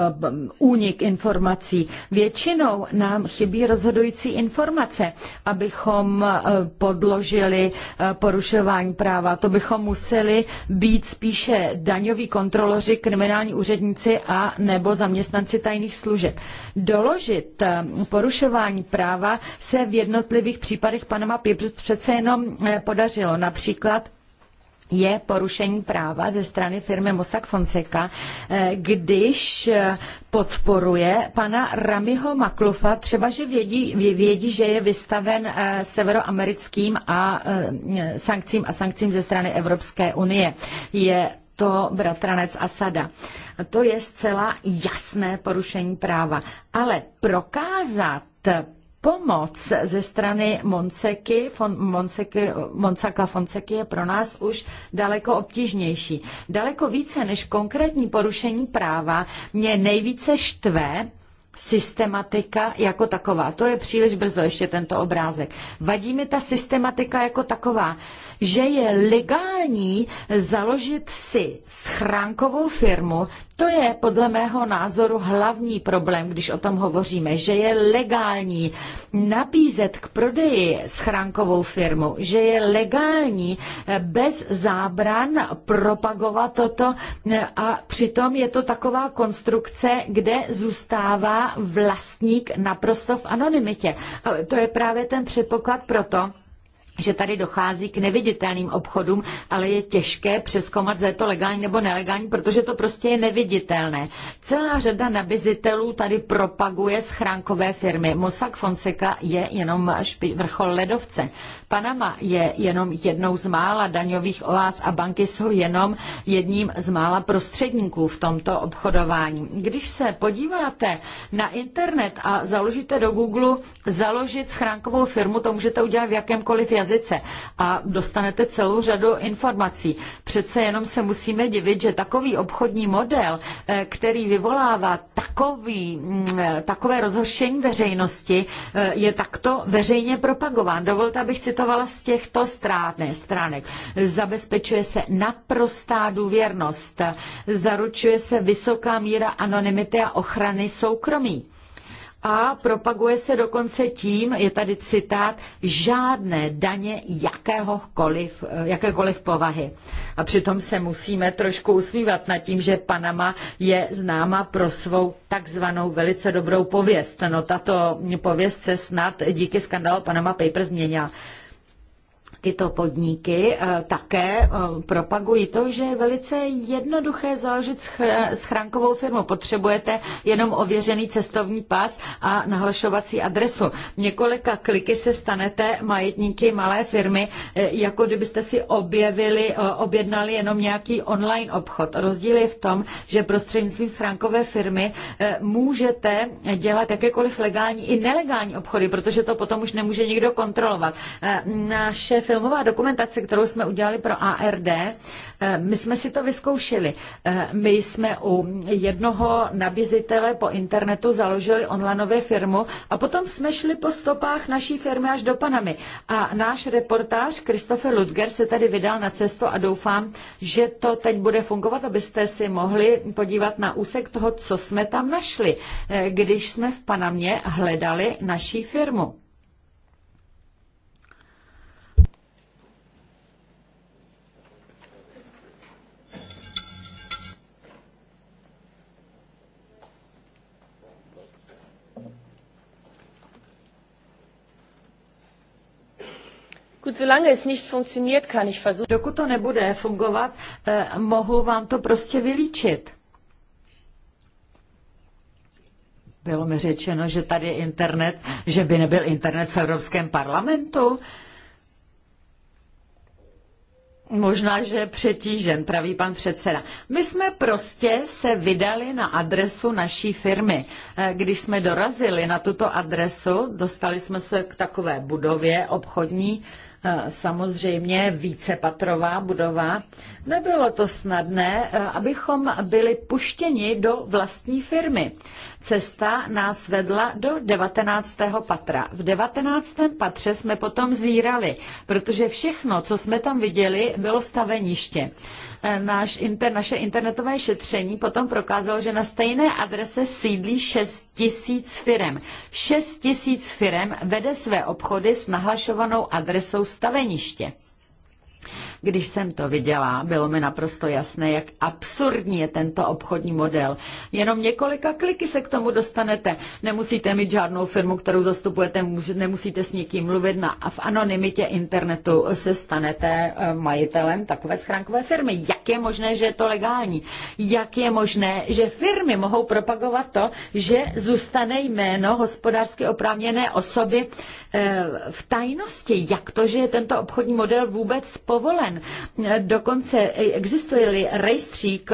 únik informací. Většinou nám chybí rozhodující informace, abychom eh, podložili eh, porušování práva. To bychom museli být spíše daňoví kontroloři, kriminální úředníci a nebo zaměstnanci tajných služeb. Doložit porušování práva se v jednotlivých případech Panama Papers přece jenom podařilo. Například je porušení práva ze strany firmy Mossack Fonseca, eh, když eh, podporuje pana Ramiho Maklufa, třeba, že vědí, vědí že je vystaven eh, severoamerickým a sankcím a sankcím ze strany Evropské unie. Je to bratranec Asada. To je zcela jasné porušení práva. Ale prokázat pomoc ze strany Monseky, von, Monseky, Monsaka Fonseky je pro nás už daleko obtížnější. Daleko více než konkrétní porušení práva mě nejvíce štve, systematika jako taková. To je příliš brzo ještě tento obrázek. Vadí mi ta systematika jako taková, že je legální založit si schránkovou firmu. To je podle mého názoru hlavní problém, když o tom hovoříme, že je legální nabízet k prodeji schránkovou firmu, že je legální bez zábran propagovat toto a přitom je to taková konstrukce, kde zůstává vlastník naprosto v anonymitě. Ale to je právě ten předpoklad pro to, že tady dochází k neviditelným obchodům, ale je těžké přeskomat, zda je to legální nebo nelegální, protože to prostě je neviditelné. Celá řada nabizitelů tady propaguje schránkové firmy. Mossack Fonseca je jenom špi- vrchol ledovce. Panama je jenom jednou z mála daňových oás a banky jsou jenom jedním z mála prostředníků v tomto obchodování. Když se podíváte na internet a založíte do Google založit schránkovou firmu, to můžete udělat v jakémkoliv jazyce jazyce a dostanete celou řadu informací. Přece jenom se musíme divit, že takový obchodní model, eh, který vyvolává takový, mm, eh, takové rozhoršení veřejnosti, eh, je takto veřejně propagován. Dovolte, abych citovala z těchto stránek. Zabezpečuje se naprostá důvěrnost, zaručuje se vysoká míra anonymity a ochrany soukromí a propaguje se dokonce tím, je tady citát, žádné daně jakéhokoliv, eh, jakékoliv povahy. A přitom se musíme trošku usmívat nad tím, že Panama je známa pro svou takzvanou velice dobrou pověst. No tato pověst se snad díky skandalu Panama Papers změnila. Tyto podniky eh, také eh, propagují to, že je velice jednoduché založit schránkovou firmu. Potřebujete jenom ověřený cestovní pas a nahlašovací adresu. Několika kliky se stanete majetníky malé firmy, eh, jako kdybyste si objevili, objednali jenom nějaký online obchod. Rozdíl je v tom, že prostřednictvím schránkové firmy můžete dělat jakékoliv legální i nelegální obchody, protože to potom už nemůže nikdo kontrolovat. Naše firma filmová dokumentace, kterou jsme udělali pro ARD, eh, my jsme si to vyzkoušeli. Eh, my jsme u jednoho nabízitele po internetu založili onlineové firmu a potom jsme šli po stopách naší firmy až do Panamy. A náš reportář Christopher Ludger se tady vydal na cestu a doufám, že to teď bude fungovat, abyste si mohli podívat na úsek toho, co jsme tam našli, eh, když jsme v Panamě hledali naší firmu. Dokud to nebude fungovat, eh, mohu vám to prostě vylíčit. Bylo mi řečeno, že tady je internet, že by nebyl internet v Evropském parlamentu. Možná, že je přetížen, pravý pan předseda. My jsme prostě se vydali na adresu naší firmy. Eh, když jsme dorazili na tuto adresu, dostali jsme se k takové budově obchodní, samozřejmě vícepatrová budova. Nebylo to snadné, e, abychom byli puštěni do vlastní firmy. Cesta nás vedla do 19. patra. V 19. patře jsme potom zírali, protože všechno, co jsme tam viděli, bylo staveniště. Eh, náš inter, naše internetové šetření potom prokázalo, že na stejné adrese sídlí 6 tisíc firem. 6 tisíc firem vede své obchody s nahlašovanou adresou staveniště. Když jsem to viděla, bylo mi naprosto jasné, jak absurdní je tento obchodní model. Jenom několika kliky se k tomu dostanete. Nemusíte mít žádnou firmu, kterou zastupujete, nemusíte s nikým mluvit na, a v anonymitě internetu se stanete eh, majitelem takové schránkové firmy. Jak je možné, že je to legální? Jak je možné, že firmy mohou propagovat to, že zůstane jméno hospodářsky oprávněné osoby Eh, v tajnosti, jak to, že je tento obchodní model vůbec povolen. Eh, dokonce eh, existuje-li rejstřík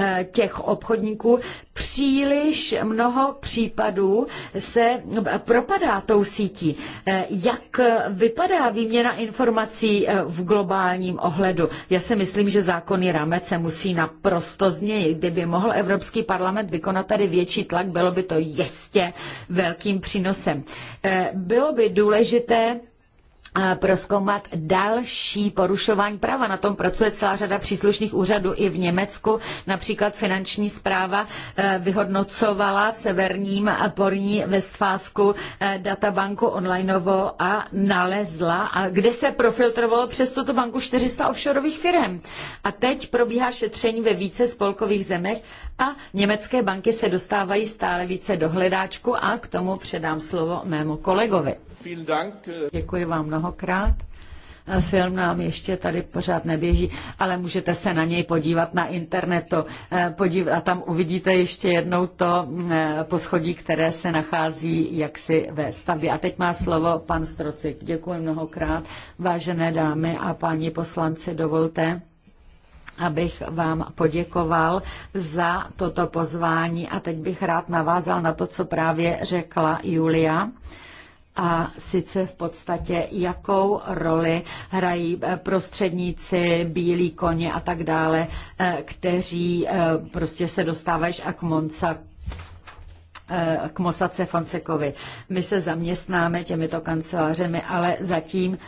Eh, těch obchodníků. Příliš mnoho případů se propadá tou sítí. Eh, jak vypadá výměna informací eh, v globálním ohledu? Já si myslím, že zákonný rámec se musí naprosto změnit. Kdyby mohl Evropský parlament vykonat tady větší tlak, bylo by to jistě velkým přínosem. Bylo by důležité proskoumat další porušování práva. Na tom pracuje celá řada příslušných úřadů i v Německu. Například finanční zpráva eh, vyhodnocovala v severním porní Vestfásku eh, databanku onlineovo a nalezla, a kde se profiltrovalo přes tuto banku 400 offshoreových firm. A teď probíhá šetření ve více spolkových zemech a německé banky se dostávají stále více do hledáčku a k tomu předám slovo mému kolegovi. Děkuji vám mnohokrát. Film nám ještě tady pořád neběží, ale můžete se na něj podívat na internetu podívat, a tam uvidíte ještě jednou to eh, poschodí, které se nachází jaksi ve stavbě. A teď má slovo pan Strocik. Děkuji mnohokrát, vážené dámy a páni poslanci, dovolte abych vám poděkoval za toto pozvání. A teď bych rád navázal na to, co právě řekla Julia a sice v podstatě, jakou roli hrají eh, prostředníci, bílí koně a tak dále, eh, kteří eh, prostě se dostávají a k Monca k Mosace Fonsekovi. My se zaměstnáme těmito kancelářemi, ale zatím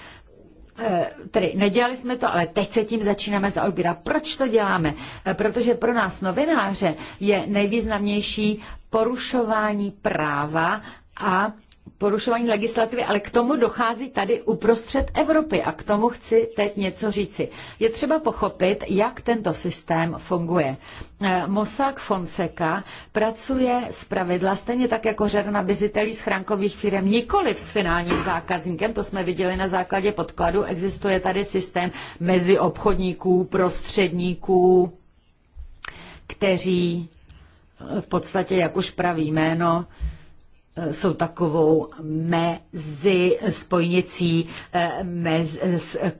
Tedy nedělali jsme to, ale teď se tím začínáme zaobírat. Proč to děláme? Protože pro nás novináře je nejvýznamnější porušování práva a porušování legislativy, ale k tomu dochází tady uprostřed Evropy a k tomu chci teď něco říci. Je třeba pochopit, jak tento systém funguje. Eh, Mossack Fonseca pracuje z pravidla, stejně tak jako řada nabizitelí schránkových firm, nikoli s finálním zákazníkem, to jsme viděli na základě podkladu, existuje tady systém mezi obchodníků, prostředníků, kteří v podstatě, jak už praví jméno, Eh, jsou takovou mezi spojnicí eh, mez,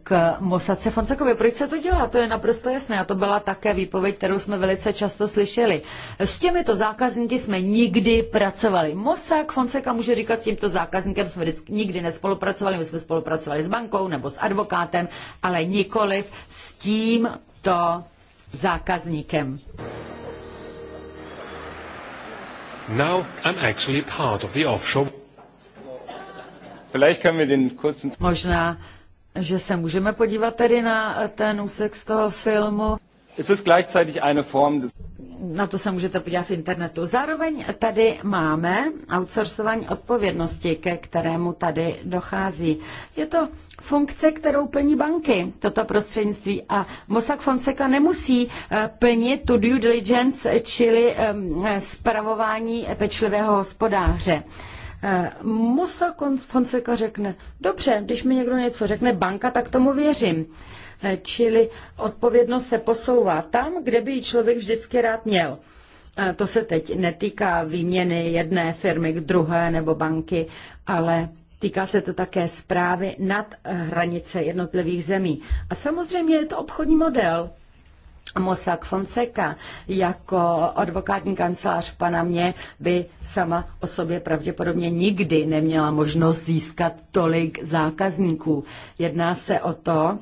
k Mosace Fonsakovi. Proč se to dělá? To je naprosto jasné a to byla také výpověď, kterou jsme velice často slyšeli. S těmito zákazníky jsme nikdy pracovali. Mosak Fonseka může říkat, s tímto zákazníkem jsme vždycky, nikdy nespolupracovali, my jsme spolupracovali s bankou nebo s advokátem, ale nikoliv s tímto zákazníkem. Now I'm actually part of the offshore. Možná, že se můžeme podívat tedy na ten úsek z toho filmu. Es ist gleichzeitig eine Form des na to se můžete podívat v internetu. Zároveň tady máme outsourcování odpovědnosti, ke kterému tady dochází. Je to funkce, kterou plní banky, toto prostřednictví. A Mossack Fonseca nemusí eh, plnit tu due diligence, čili eh, spravování pečlivého hospodáře. Eh, Mossack Fonseca řekne, dobře, když mi někdo něco řekne banka, tak tomu věřím. Eh, čili odpovědnost se posouvá tam, kde by ji člověk vždycky rád měl. Eh, to se teď netýká výměny jedné firmy k druhé nebo banky, ale Týká se to také zprávy nad hranice jednotlivých zemí. A samozřejmě je to obchodní model. Mossack Fonseca jako advokátní kancelář v Panamě by sama o sobě pravděpodobně nikdy neměla možnost získat tolik zákazníků. Jedná se o to,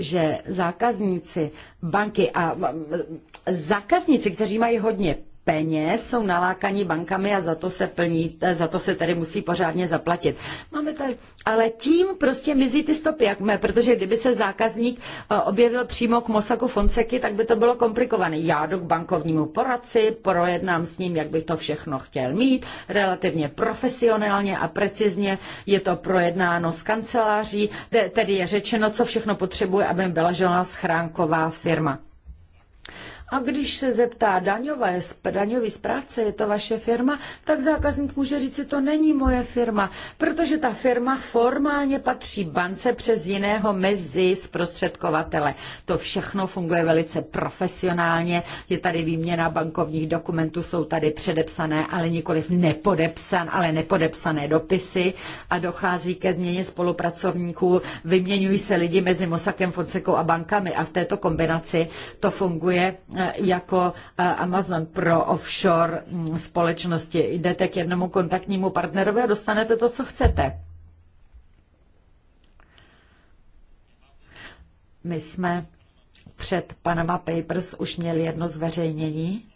že zákazníci, banky a zákazníci, kteří mají hodně peněz jsou nalákaní bankami a za to se plní, za to se tedy musí pořádně zaplatit. Máme tady, ale tím prostě mizí ty stopy, jak mé, protože kdyby se zákazník eh, objevil přímo k Mosaku Fonseky, tak by to bylo komplikované. Já jdu k bankovnímu poradci, projednám s ním, jak bych to všechno chtěl mít, relativně profesionálně a precizně je to projednáno s kanceláří, tedy je řečeno, co všechno potřebuje, aby byla žena schránková firma. A když se zeptá daňové, daňový správce, je to vaše firma, tak zákazník může říct, že to není moje firma, protože ta firma formálně patří bance přes jiného mezi zprostředkovatele. To všechno funguje velice profesionálně, je tady výměna bankovních dokumentů, jsou tady předepsané, ale nikoliv nepodepsan, ale nepodepsané dopisy a dochází ke změně spolupracovníků, vyměňují se lidi mezi Mosakem, Fonsekou a bankami a v této kombinaci to funguje E, jako e, Amazon pro offshore mm, společnosti. Jdete k jednomu kontaktnímu partnerovi a dostanete to, co chcete. My jsme před Panama Papers už měli jedno zveřejnění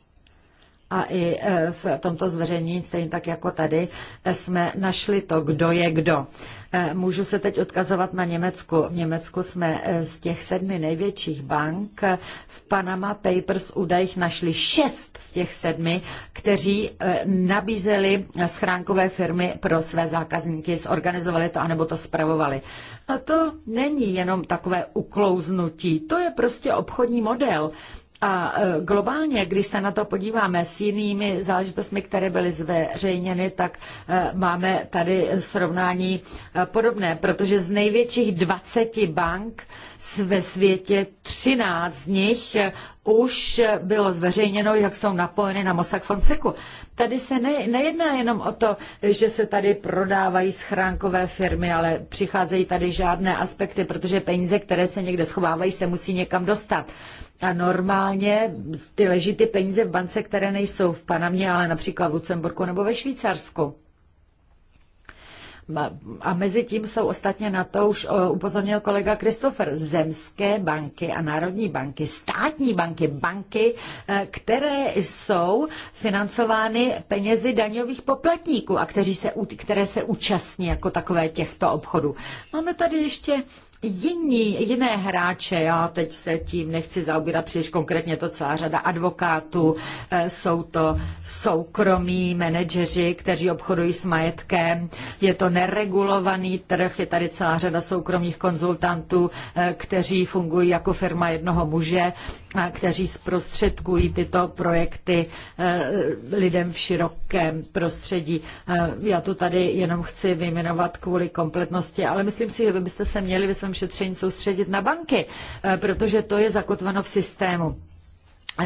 a i e, v tomto zveřejnění, stejně tak jako tady, jsme našli to, kdo je kdo. E, můžu se teď odkazovat na Německu. V Německu jsme e, z těch sedmi největších bank v Panama Papers údajích našli šest z těch sedmi, kteří nabízeli schránkové firmy pro své zákazníky, zorganizovali to anebo to spravovali. A to není jenom takové uklouznutí, to je prostě obchodní model. A e, globálně, když se na to podíváme s jinými záležitostmi, které byly zveřejněny, tak e, máme tady srovnání e, podobné, protože z největších 20 bank ve světě 13 z nich už bylo zveřejněno, jak jsou napojeny na Mossack Fonseca. Tady se ne, nejedná jenom o to, že se tady prodávají schránkové firmy, ale přicházejí tady žádné aspekty, protože peníze, které se někde schovávají, se musí někam dostat. A normálně ty leží ty peníze v bance, které nejsou v Panamě, ale například v Lucemburku nebo ve Švýcarsku. A mezi tím jsou ostatně na to už eh, upozornil kolega Kristofer. Zemské banky a národní banky, státní banky, banky, eh, které jsou financovány penězi daňových poplatníků a kteří se, které se účastní jako takové těchto obchodů. Máme tady ještě jiní, jiné hráče, já teď se tím nechci zaobírat příliš konkrétně, to celá řada advokátů, eh, jsou to soukromí manažeři, kteří obchodují s majetkem, je to neregulovaný trh, je tady celá řada soukromých konzultantů, eh, kteří fungují jako firma jednoho muže, a kteří zprostředkují tyto projekty eh, lidem v širokém prostředí. Já to tady jenom chci vyjmenovat kvůli kompletnosti, ale myslím si, že byste se měli ve svém šetření soustředit na banky, eh, protože to je zakotveno v systému.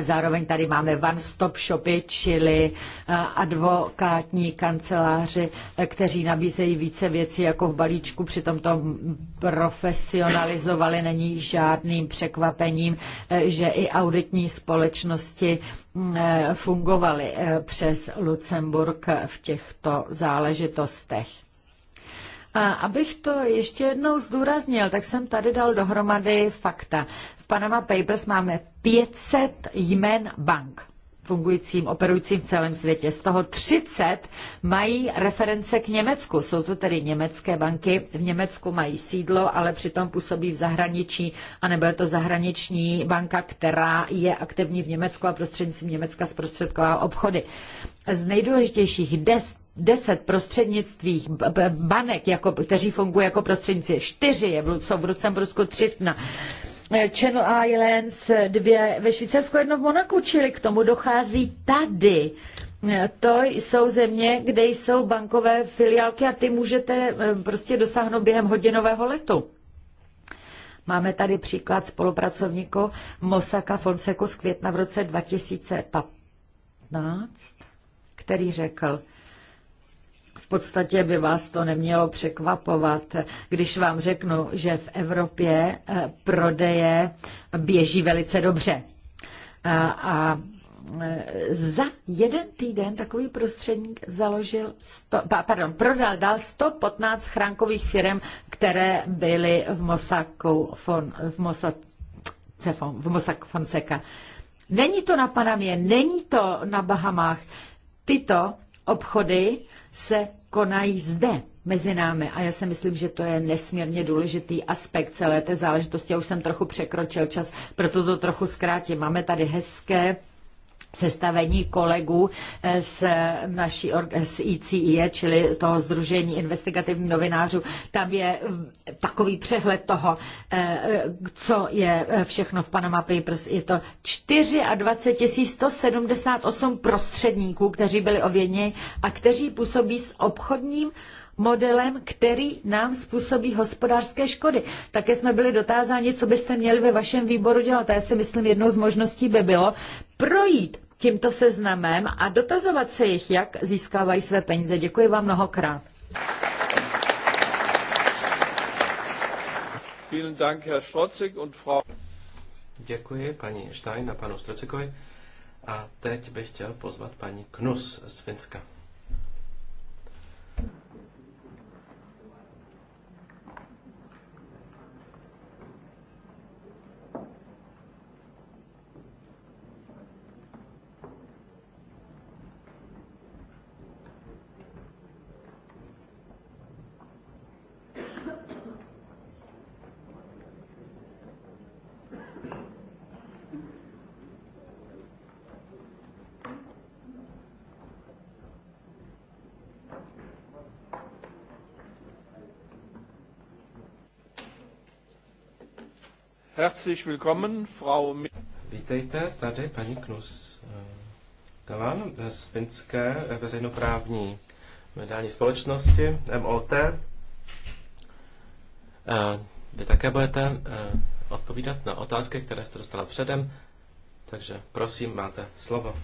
Zároveň tady máme one-stop shopy, čili eh, advokátní kanceláři, eh, kteří nabízejí více věcí jako v balíčku, přitom to profesionalizovali, není žádným překvapením, že i auditní společnosti mm, fungovaly přes Lucemburg v těchto záležitostech. A abych to ještě jednou zdůraznil, tak jsem tady dal dohromady fakta. V Panama Papers máme 500 jmen bank fungujícím, operujícím v celém světě. Z toho 30 mají reference k Německu. Jsou to tedy německé banky. V Německu mají sídlo, ale přitom působí v zahraničí, anebo je to zahraniční banka, která je aktivní v Německu a prostřednictvím Německa zprostředková obchody. Z nejdůležitějších 10 deset prostřednictvích banek, jako, kteří fungují jako prostřednictví, čtyři je v, jsou v Lucembursku, tři na eh, Channel Islands, dvě ve Švýcarsku, jedno v Monaku, čili k tomu dochází tady. Eh, to jsou země, kde jsou bankové filiálky a ty můžete eh, prostě dosáhnout během hodinového letu. Máme tady příklad spolupracovníku Mosaka Fonseku z května v roce 2015, který řekl, v podstatě by vás to nemělo překvapovat, když vám řeknu, že v Evropě eh, prodeje běží velice dobře. Eh, a eh, za jeden týden takový prostředník založil, sto, pardon, prodal dal 115 chránkových firm, které byly v Mosaku von, v Mosak, v Mosak Fonseca. Není to na Panamě, není to na Bahamách. Tyto obchody se konají zde mezi námi a já si myslím, že to je nesmírně důležitý aspekt celé té záležitosti. Já už jsem trochu překročil čas, proto to trochu zkrátím. Máme tady hezké sestavení kolegů eh, z naší z ICIE, čili toho Združení investigativních novinářů. Tam je mm, takový přehled toho, eh, eh, co je všechno v Panama Papers. Je to 24 178 prostředníků, kteří byli ovědněni a kteří působí s obchodním modelem, který nám způsobí hospodářské škody. Také jsme byli dotázáni, co byste měli ve vašem výboru dělat. A já si myslím, jednou z možností by bylo projít tímto seznamem a dotazovat se jich, jak získávají své peníze. Děkuji vám mnohokrát. Děkuji paní Stein a panu Strocikovi. A teď bych chtěl pozvat paní Knus z Finska. Herzlich willkommen, Frau... Vítejte tady, paní Knus Galan z finské veřejnoprávní mediální společnosti MOT. Vy také budete eh, odpovídat na otázky, které jste dostala předem, takže prosím, máte slovo.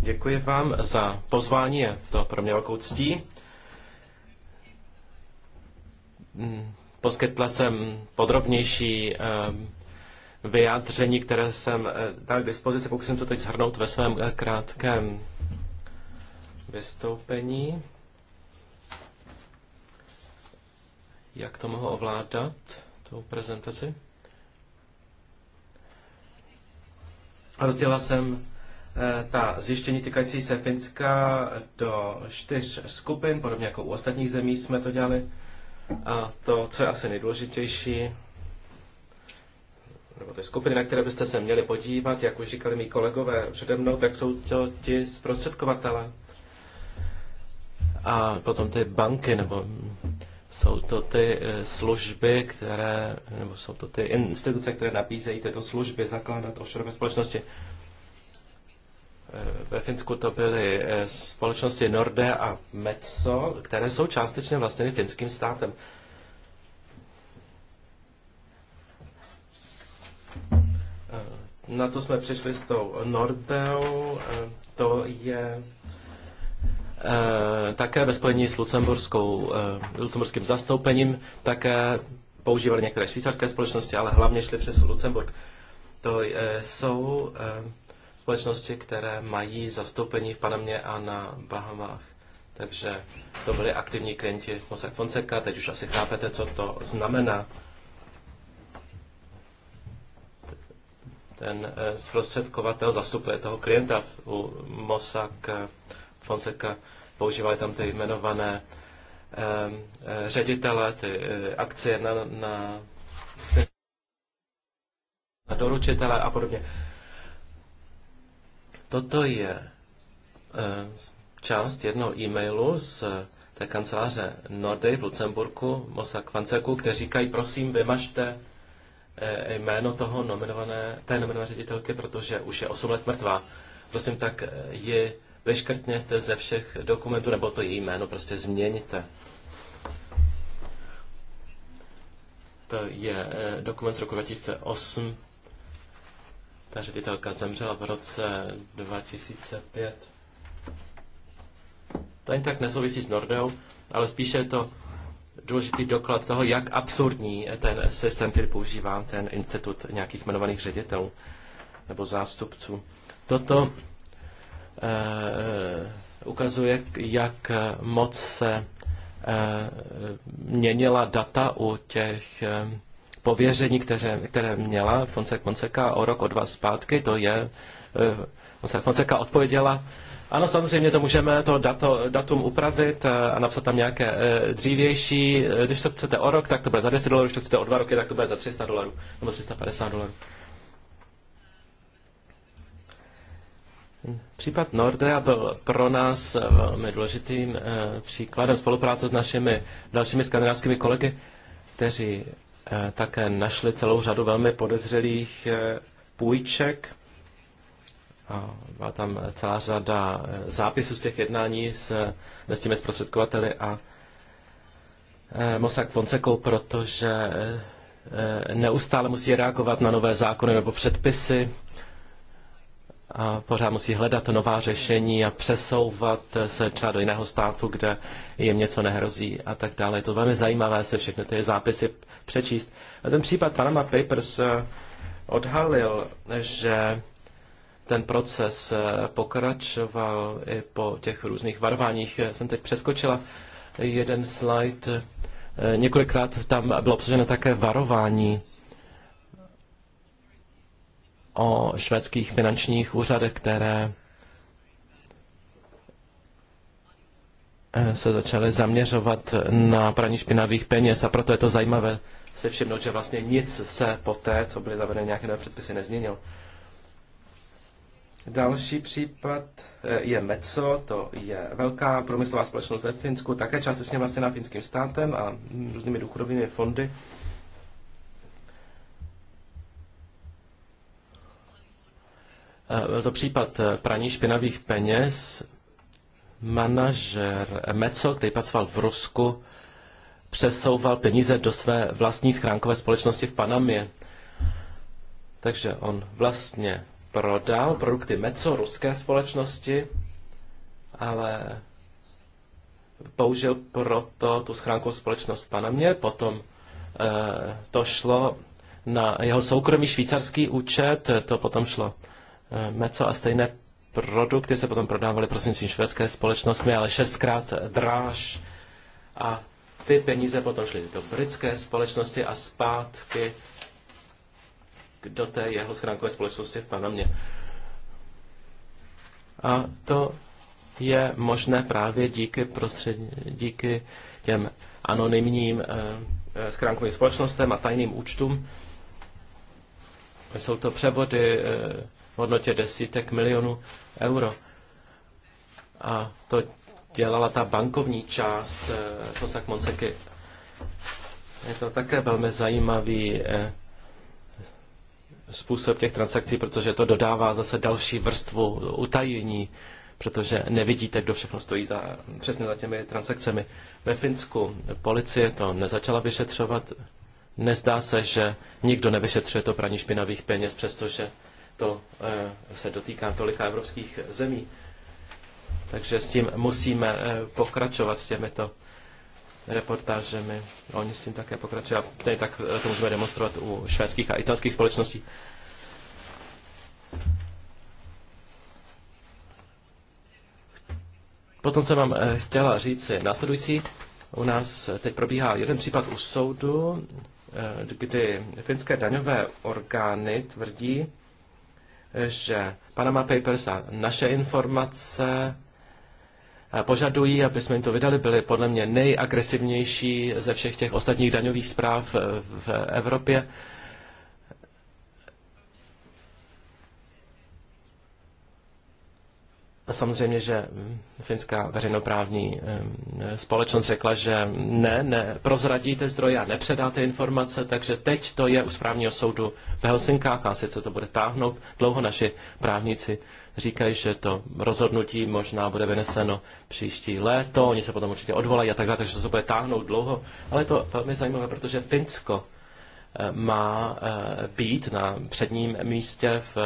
Děkuji vám za pozvání, je to pro mě velkou ctí mm, Poskytla jsem podrobnější ehm, vyjádření, které jsem eh, dal k dispozici, pokusím to teď shrnout ve svém eh, krátkém vystoupení. Jak to mohu ovládat, tu prezentaci? Rozdělal jsem eh, ta zjištění týkající se Finska do čtyř skupin, podobně jako u ostatních zemí jsme to dělali. A to, co je asi nejdůležitější, nebo ty skupiny, na které byste se měli podívat, jak už říkali mý kolegové přede mnou, tak jsou to ti zprostředkovatele. A potom ty banky, nebo jsou to ty eh, služby, které, nebo jsou to ty instituce, které nabízejí tyto služby zakládat offshore společnosti. Ve Finsku to byly eh, společnosti Norde a Metso, které jsou částečně vlastněny finským státem. Eh, na to jsme přišli s tou Nordeou, eh, to je také ve spojení s lucemburskou, lucemburským zastoupením, také používali některé švýcarské společnosti, ale hlavně šli přes Lucemburg. To jsou společnosti, které mají zastoupení v Panamě a na Bahamách. Takže to byli aktivní klienti Mosek Fonseca, teď už asi chápete, co to znamená. Ten eh, zprostředkovatel zastupuje toho klienta u Mosak eh, Fonseca, používali tam ty jmenované ehm, eh, ředitele, ty akcie na, na, na doručitele a podobně. Toto je eh, část jednoho e-mailu z eh, té kanceláře Nordy v Lucemburku, Mosa Kvanceku, kde říkají, prosím, vymažte eh, jméno toho nominované, té nominované ředitelky, protože už je 8 let mrtvá. Prosím, tak ji vyškrtněte ze všech dokumentů, nebo to její jméno prostě změníte. To je dokument z roku 2008, ta ředitelka zemřela v roce 2005. To ani tak nesouvisí s Nordeou, ale spíše je to důležitý doklad toho, jak absurdní ten systém, který používá ten institut nějakých jmenovaných ředitelů nebo zástupců. Toto e, ukazuje, jak moc se e, měnila data u těch e, pověření, které, které měla Fonseca Fonseca o rok, o dva zpátky, to je, eh, Fonseca Fonseca odpověděla, ano, samozřejmě to můžeme to dato, datum upravit eh, a napsat tam nějaké eh, dřívější. Když to chcete o rok, tak to bude za 10 dolarů, když to chcete o dva roky, tak to bude za 300 dolarů nebo 350 dolarů. Případ Nordea byl pro nás velmi důležitým příkladem spolupráce s našimi dalšími skandinávskými kolegy, kteří Eh, také našli celou řadu velmi podezřelých eh, půjček. A byla tam celá řada eh, zápisů z těch jednání s, s těmi zprostředkovateli a Mosak Fonsekou, protože neustále musí reagovat na nové zákony nebo předpisy a pořád musí hledat nová řešení a přesouvat se třeba do jiného státu, kde jim něco nehrozí a tak dále. Je to velmi zajímavé se všechny ty zápisy přečíst. A ten případ Panama Papers eh, odhalil, že ten proces eh, pokračoval i po těch různých varváních. Jsem teď přeskočila jeden slide. Eh, několikrát tam bylo obsaženo také varování o švédských finančních úřadech, které eh, se začaly zaměřovat na praní špinavých peněz a proto je to zajímavé se všimnout, že vlastně nic se po té, co byly zavedeny nějaké nové předpisy, nezměnil. Další případ eh, je Metso, to je velká průmyslová společnost ve Finsku, také částečně vlastně na finským státem a různými důchodovými fondy. Eh, byl to případ eh, praní špinavých peněz. Manažer Meco, který pracoval v Rusku, přesouval peníze do své vlastní schránkové společnosti v Panamě. Takže on vlastně prodal produkty Meco ruské společnosti, ale použil proto tu schránkovou společnost v Panamě, potom eh, to šlo na jeho soukromý švýcarský účet, to potom šlo Eh, meco a stejné produkty se potom prodávaly prostřednictvím švédské společnosti, ale šestkrát dráž a ty peníze potom šly do britské společnosti a zpátky do té jeho schránkové společnosti v Panamě. A to je možné právě díky, prostřed, díky těm anonymním eh, eh schránkovým společnostem a tajným účtům. Jsou to převody eh, hodnotě desítek milionů euro. A to dělala ta bankovní část eh, Fosak Monseky. Je to také velmi zajímavý eh, způsob těch transakcí, protože to dodává zase další vrstvu utajení, protože nevidíte, kdo všechno stojí za, přesně za těmi transakcemi. Ve Finsku policie to nezačala vyšetřovat. Nezdá se, že nikdo nevyšetřuje to praní špinavých peněz, přestože to eh, se dotýká tolika evropských zemí. Takže s tím musíme eh, pokračovat s těmito reportážemi. Oni s tím také pokračují a tady tak eh, to můžeme demonstrovat u švédských a italských společností. Potom jsem vám chtěla říct následující. U nás teď probíhá jeden případ u soudu, kdy finské daňové orgány tvrdí, že Panama Papers a naše informace eh, požadují, aby jsme jim to vydali, byly podle mě nejagresivnější ze všech těch ostatních daňových zpráv eh, v Evropě. Samozřejmě, že finská veřejnoprávní eh, společnost řekla, že ne, ne, prozradíte zdroje a nepředáte informace, takže teď to je u správního soudu v Helsinkách a sice to bude táhnout. Dlouho naši právníci říkají, že to rozhodnutí možná bude vyneseno příští léto, oni se potom určitě odvolají a tak dále, takže to se bude táhnout dlouho, ale je to velmi zajímavé, protože Finsko Eh, má eh, být na předním místě v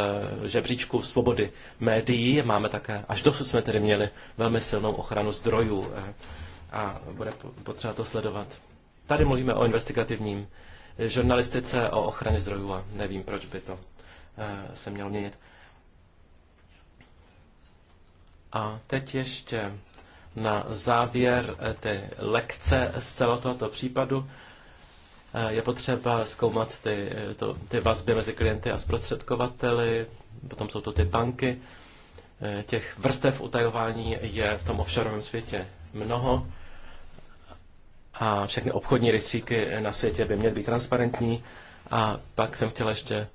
eh, žebříčku svobody médií. Máme také, až dosud jsme tedy měli velmi silnou ochranu zdrojů a bude potřeba to sledovat. Tady mluvíme o investigativním žurnalistice, o ochraně zdrojů a nevím, proč by to se mělo měnit. A teď ještě na závěr té lekce z celého tohoto případu. Eh, je potřeba zkoumat ty, eh, to, ty vazby mezi klienty a zprostředkovateli, potom jsou to ty banky. Eh, těch vrstev utajování je v tom offshoreovém světě mnoho a všechny obchodní rejstříky na světě by měly být transparentní. A pak jsem chtěl ještě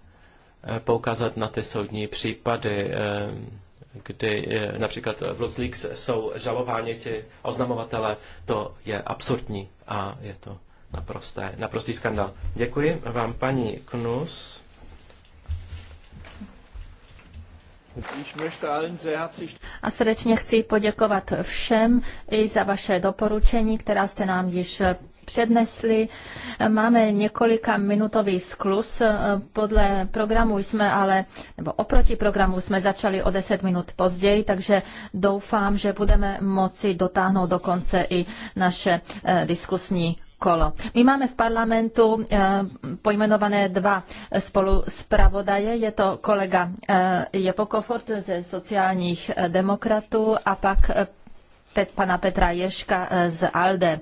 poukázat na ty soudní případy, kdy například v LuxLeaks jsou žalováni ti oznamovatele, to je absurdní a je to naprosté, naprostý skandal. Děkuji vám, paní Knus. A srdečně chci poděkovat všem i za vaše doporučení, která jste nám již přednesli. Máme několika minutový sklus. Podle programu jsme ale, nebo oproti programu jsme začali o 10 minut později, takže doufám, že budeme moci dotáhnout do konce i naše eh, diskusní kolo. My máme v parlamentu eh, pojmenované dva spolu zpravodaje. Je to kolega eh, Jepo Kofort ze sociálních eh, demokratů a pak pet, pana Petra Ješka z ALDE,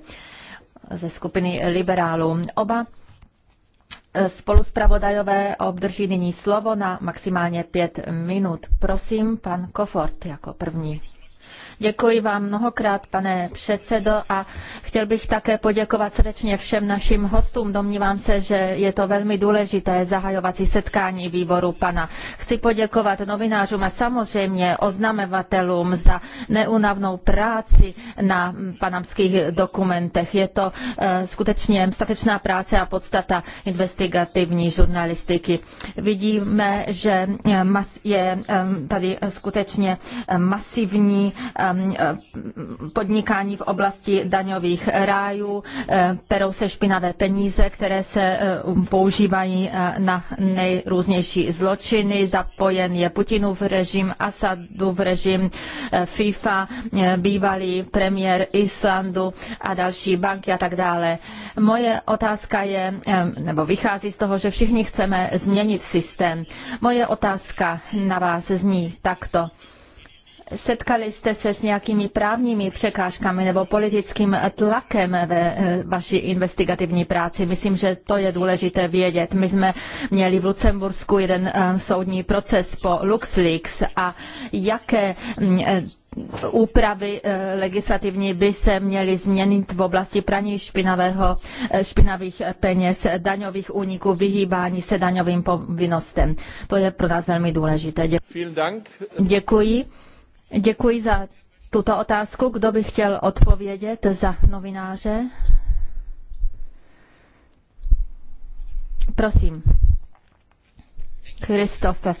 ze skupiny liberálů. Oba Spoluspravodajové obdrží nyní slovo na maximálně pět minut. Prosím, pan Kofort jako první. Děkuji vám mnohokrát, pane předsedo, a chtěl bych také poděkovat srdečně všem našim hostům. Domnívám se, že je to velmi důležité zahajovací setkání výboru pana. Chci poděkovat novinářům a samozřejmě oznamovatelům za neunavnou práci na panamských dokumentech. Je to eh, skutečně statečná práce a podstata investigativní žurnalistiky. Vidíme, že je eh, tady skutečně eh, masivní Um, podnikání v oblasti daňových rájů, eh, perou se špinavé peníze, které se eh, um, používají eh, na nejrůznější zločiny. Zapojen je Putinův režim, Asadův režim, FIFA, bývalý premiér Islandu a další banky a tak dále. Moje otázka je, nebo vychází z toho, že všichni chceme změnit systém. Moje otázka na vás zní takto. Setkali jste se s nějakými právními překážkami nebo politickým tlakem ve eh, vaší investigativní práci? Myslím, že to je důležité vědět. My jsme měli v Lucembursku jeden eh, soudní proces po LuxLeaks a jaké mm, eh, úpravy legislativní by se měly změnit v oblasti praní špinavého, špinavých peněz, daňových úniků, vyhýbání se daňovým povinnostem. To je pro nás velmi důležité. Děkuji. Děkuji. Děkuji za tuto otázku. Kdo by chtěl odpovědět za novináře? Prosím. Kristofe.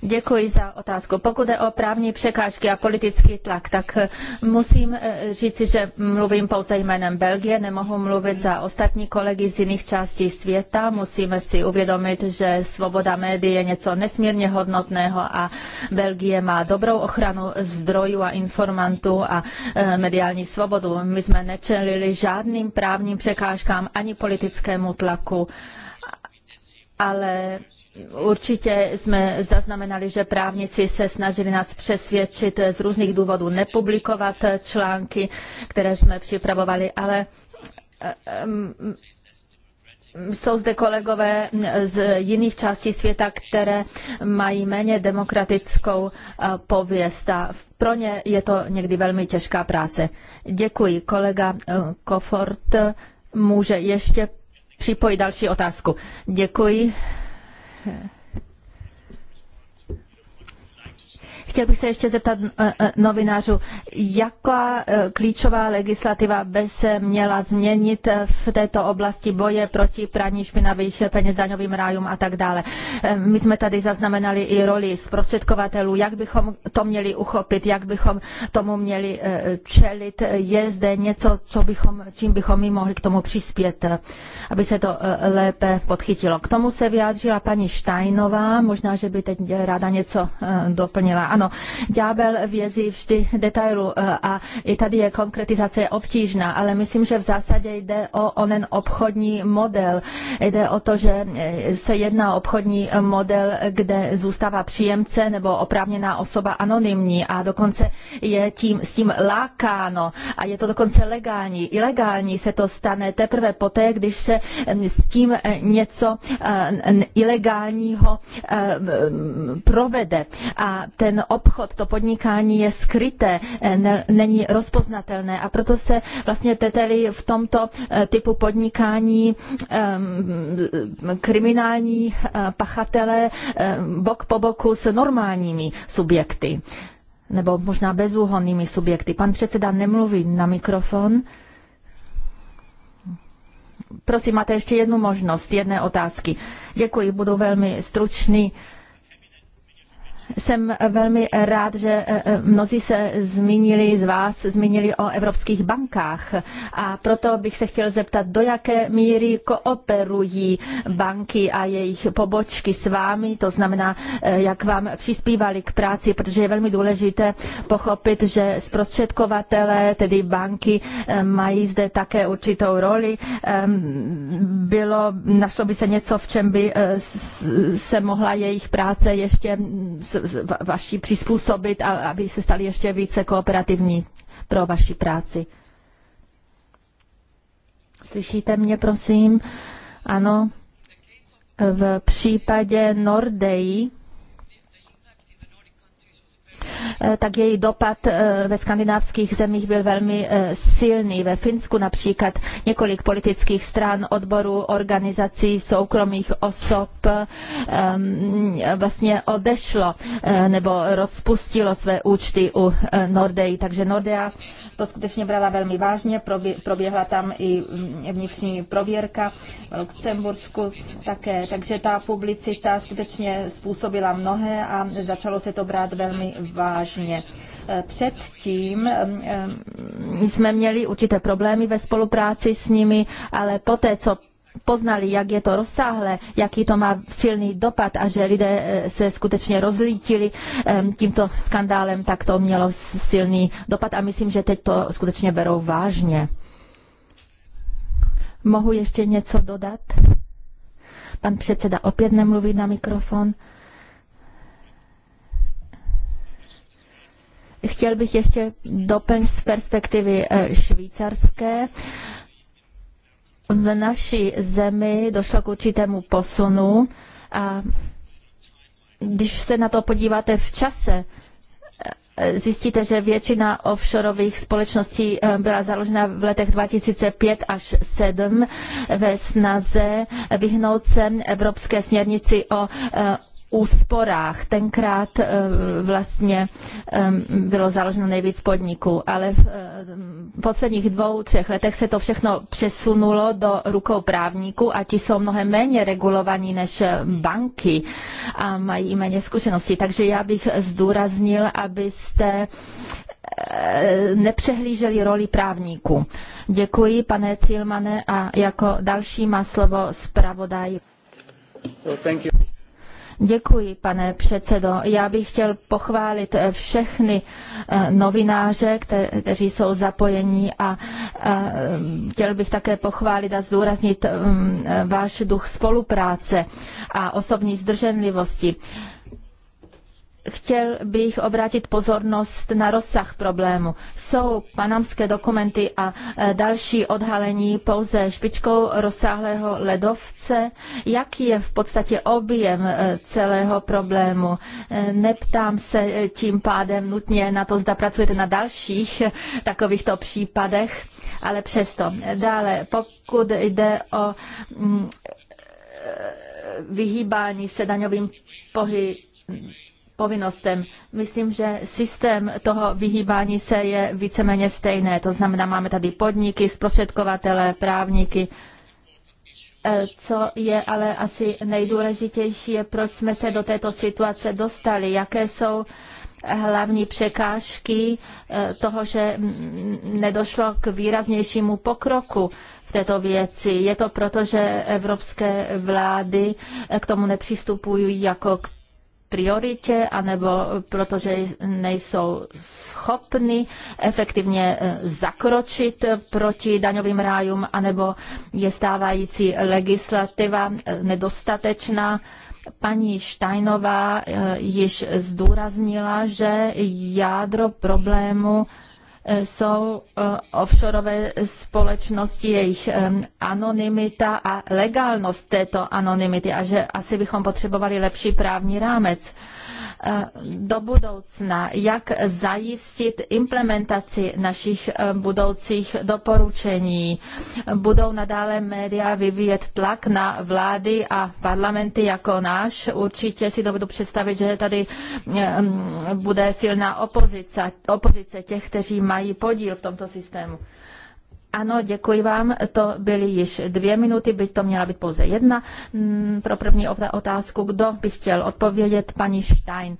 Děkuji za otázku. Pokud je o právní překážky a politický tlak, tak eh, musím eh, říci, že mluvím pouze jménem Belgie, nemohu mluvit za ostatní kolegy z jiných částí světa. Musíme si uvědomit, že svoboda médií je něco nesmírně hodnotného a Belgie má dobrou ochranu zdrojů a informantů a eh, mediální svobodu. My jsme nečelili žádným právním překážkám ani politickému tlaku ale určitě jsme zaznamenali, že právníci se snažili nás přesvědčit z různých důvodů nepublikovat články, které jsme připravovali, ale ehm, jsou zde kolegové z jiných částí světa, které mají méně demokratickou eh, pověst a pro ně je to někdy velmi těžká práce. Děkuji. Kolega eh, Kofort může ještě připojit další otázku. Děkuji. Chtěl bych se ještě zeptat eh, eh, novinářů, jaká eh, klíčová legislativa by se měla změnit v této oblasti boje proti praní špinavých peněz daňovým rájům a tak dále. My jsme tady zaznamenali i roli zprostředkovatelů, jak bychom to měli uchopit, jak bychom tomu měli čelit. Je zde něco, co bychom, čím bychom my mohli k tomu přispět, aby se to lépe podchytilo. K tomu se vyjádřila paní Steinová, možná, že by teď ráda něco doplnila. Ano, ďábel vězí vždy detailu e, a i tady je konkretizace obtížná, ale myslím, že v zásadě jde o onen obchodní model. Jde o to, že e, se jedná o obchodní e, model, kde zůstává příjemce nebo oprávněná osoba anonymní a dokonce je tím, s tím lákáno a je to dokonce legální. Ilegální se to stane teprve poté, když se s tím něco ilegálního provede. A ten obchod, to podnikání je skryté, eh, není rozpoznatelné a proto se vlastně Teteli v tomto eh, typu podnikání ehm, kriminální eh, pachatelé bok po boku s normálními subjekty nebo možná bezúhonnými subjekty. Pan předseda nemluví na mikrofon. Prosím, máte ještě jednu možnost, jedné otázky. Děkuji, budu velmi stručný. Uh, jsem velmi rád, že eh, eh, mnozí se zmínili z vás, zmínili o evropských bankách a proto bych se chtěl zeptat, do jaké míry kooperují banky a jejich pobočky s vámi, to znamená, eh, jak vám přispívali k práci, protože je velmi důležité pochopit, že zprostředkovatele, tedy banky, mají zde také určitou roli. Ehm, bylo, našlo by se něco, v čem by se mohla jejich práce ještě vaší přizpůsobit, a aby se stali ještě více kooperativní pro vaši práci. Slyšíte mě, prosím? Ano. V případě Nordei Eh, tak její dopad eh, ve skandinávských zemích byl velmi eh, silný. Ve Finsku například několik politických stran, odborů, organizací, soukromých osob ehm, vlastně odešlo nebo rozpustilo své účty u Nordei. Takže Nordea to skutečně brala velmi vážně, proběhla tam i mm, vnitřní prověrka v Luxembursku také. Takže ta publicita skutečně způsobila mnohé a začalo se to brát velmi vážně vážně. Eh, předtím eh, mm, jsme měli určité problémy ve spolupráci s nimi, ale poté, co poznali, jak je to rozsáhlé, jaký to má silný dopad a že lidé eh, se skutečně rozlítili tímto skandálem, tak to mělo silný dopad a myslím, že teď to skutečně berou vážně. Mohu ještě něco dodat? Pan předseda opět nemluví na mikrofon. chtěl bych ještě doplnit z perspektivy eh, švýcarské. V naší zemi došlo k určitému posunu a když se na to podíváte v čase, eh, zjistíte, že většina offshoreových společností eh, byla založena v letech 2005 až 2007 ve snaze vyhnout se Evropské směrnici o úsporách. Tenkrát eh, vlastně eh, bylo založeno nejvíc podniků, ale v eh, posledních dvou, třech letech se to všechno přesunulo do rukou právníků a ti jsou mnohem méně regulovaní než banky a mají méně zkušeností. Takže já bych zdůraznil, abyste nepřehlíželi roli právníků. Děkuji, pane Cílmane, a jako další má slovo zpravodaj. Well, Děkuji, pane předsedo. Já bych chtěl pochválit eh, všechny eh, novináře, kteří jsou zapojeni a eh, chtěl bych také pochválit a zdůraznit mm, váš duch spolupráce a osobní zdrženlivosti. Chtěl bych obrátit pozornost na rozsah problému. Jsou panamské dokumenty a e, další odhalení pouze špičkou rozsáhlého ledovce? Jaký je v podstatě objem e, celého problému? E, neptám se tím pádem nutně na to, zda pracujete na dalších takovýchto případech, ale přesto. Dále, pokud jde o mm, vyhýbání se daňovým pohy povinnostem. Myslím, že systém toho vyhýbání se je víceméně stejné. To znamená, máme tady podniky, zprostředkovatele, právníky. E, co je ale asi nejdůležitější, je, proč jsme se do této situace dostali, jaké jsou hlavní překážky e, toho, že nedošlo k výraznějšímu pokroku v této věci. Je to proto, že evropské vlády e, k tomu nepřistupují jako k prioritě, anebo protože nejsou schopny efektivně eh, zakročit proti daňovým rájům, anebo je stávající legislativa eh, nedostatečná. Paní Štajnová eh, již zdůraznila, že jádro problému Eh, jsou eh, offshoreové společnosti, jejich eh, anonymita a legálnost této anonymity a že asi bychom potřebovali lepší právní rámec. Eh, do budoucna, jak zajistit implementaci našich eh, budoucích doporučení. Budou nadále média vyvíjet tlak na vlády a parlamenty jako náš. Určitě si dovedu představit, že tady eh, mm, bude silná opozice, opozice těch, kteří mají podíl v tomto systému. Ano, děkuji vám. To byly již dvě minuty, byť to měla být pouze jedna. Mm, pro první otázku, kdo by chtěl odpovědět, paní Stein.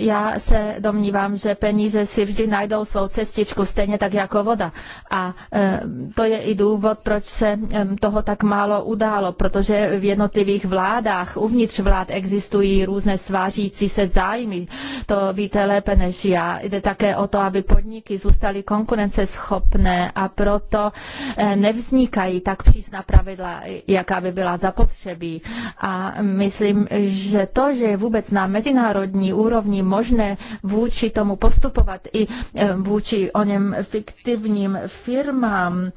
Já se domnívám, že peníze si vždy najdou svou cestičku, stejně tak jako voda. A e, to je i důvod, proč se e, toho tak málo událo, protože v jednotlivých vládách, uvnitř vlád existují různé svářící se zájmy. To víte lépe než já. Jde také o to, aby podniky zůstaly konkurenceschopné a proto e, nevznikají tak přísná pravidla, jaká by byla zapotřebí. A myslím, že to, že je vůbec na mezinárodní úrovni možné vůči tomu postupovat i eh, vůči o něm fiktivním firmám,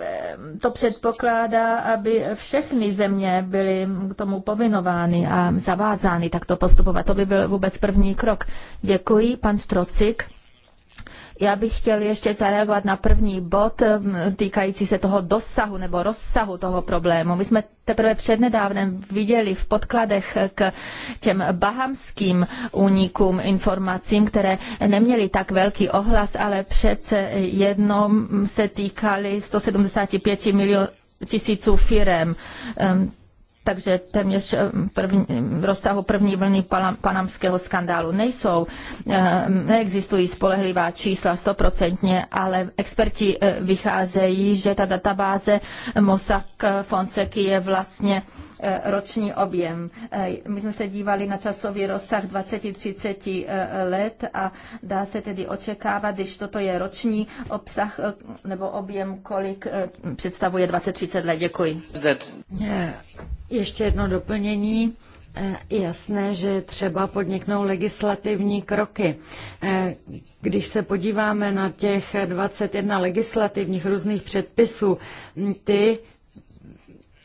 eh, to předpokládá, aby všechny země byly k tomu povinovány a zavázány takto postupovat. To by byl vůbec první krok. Děkuji, pan Strocik. Já bych chtěl ještě zareagovat na první bod eh, týkající se toho dosahu nebo rozsahu toho problému. My jsme teprve přednedávnem viděli v podkladech k těm bahamským únikům informacím, které neměly tak velký ohlas, ale přece jednom se týkaly 175 milionů tisíců firem. Ehm, takže téměř eh, první, v rozsahu první vlny panamského skandálu. Nejsou, eh, neexistují spolehlivá čísla stoprocentně, ale experti eh, vycházejí, že ta databáze Mossack Fonseca je vlastně Eh, roční objem. Eh, my jsme se dívali na časový rozsah 20-30 eh, let a dá se tedy očekávat, když toto je roční obsah nebo objem, kolik představuje 20-30 let. Děkuji. Ještě jedno doplnění. Jasné, že třeba podniknou legislativní kroky. Když se podíváme na těch 21 legislativních různých předpisů, ty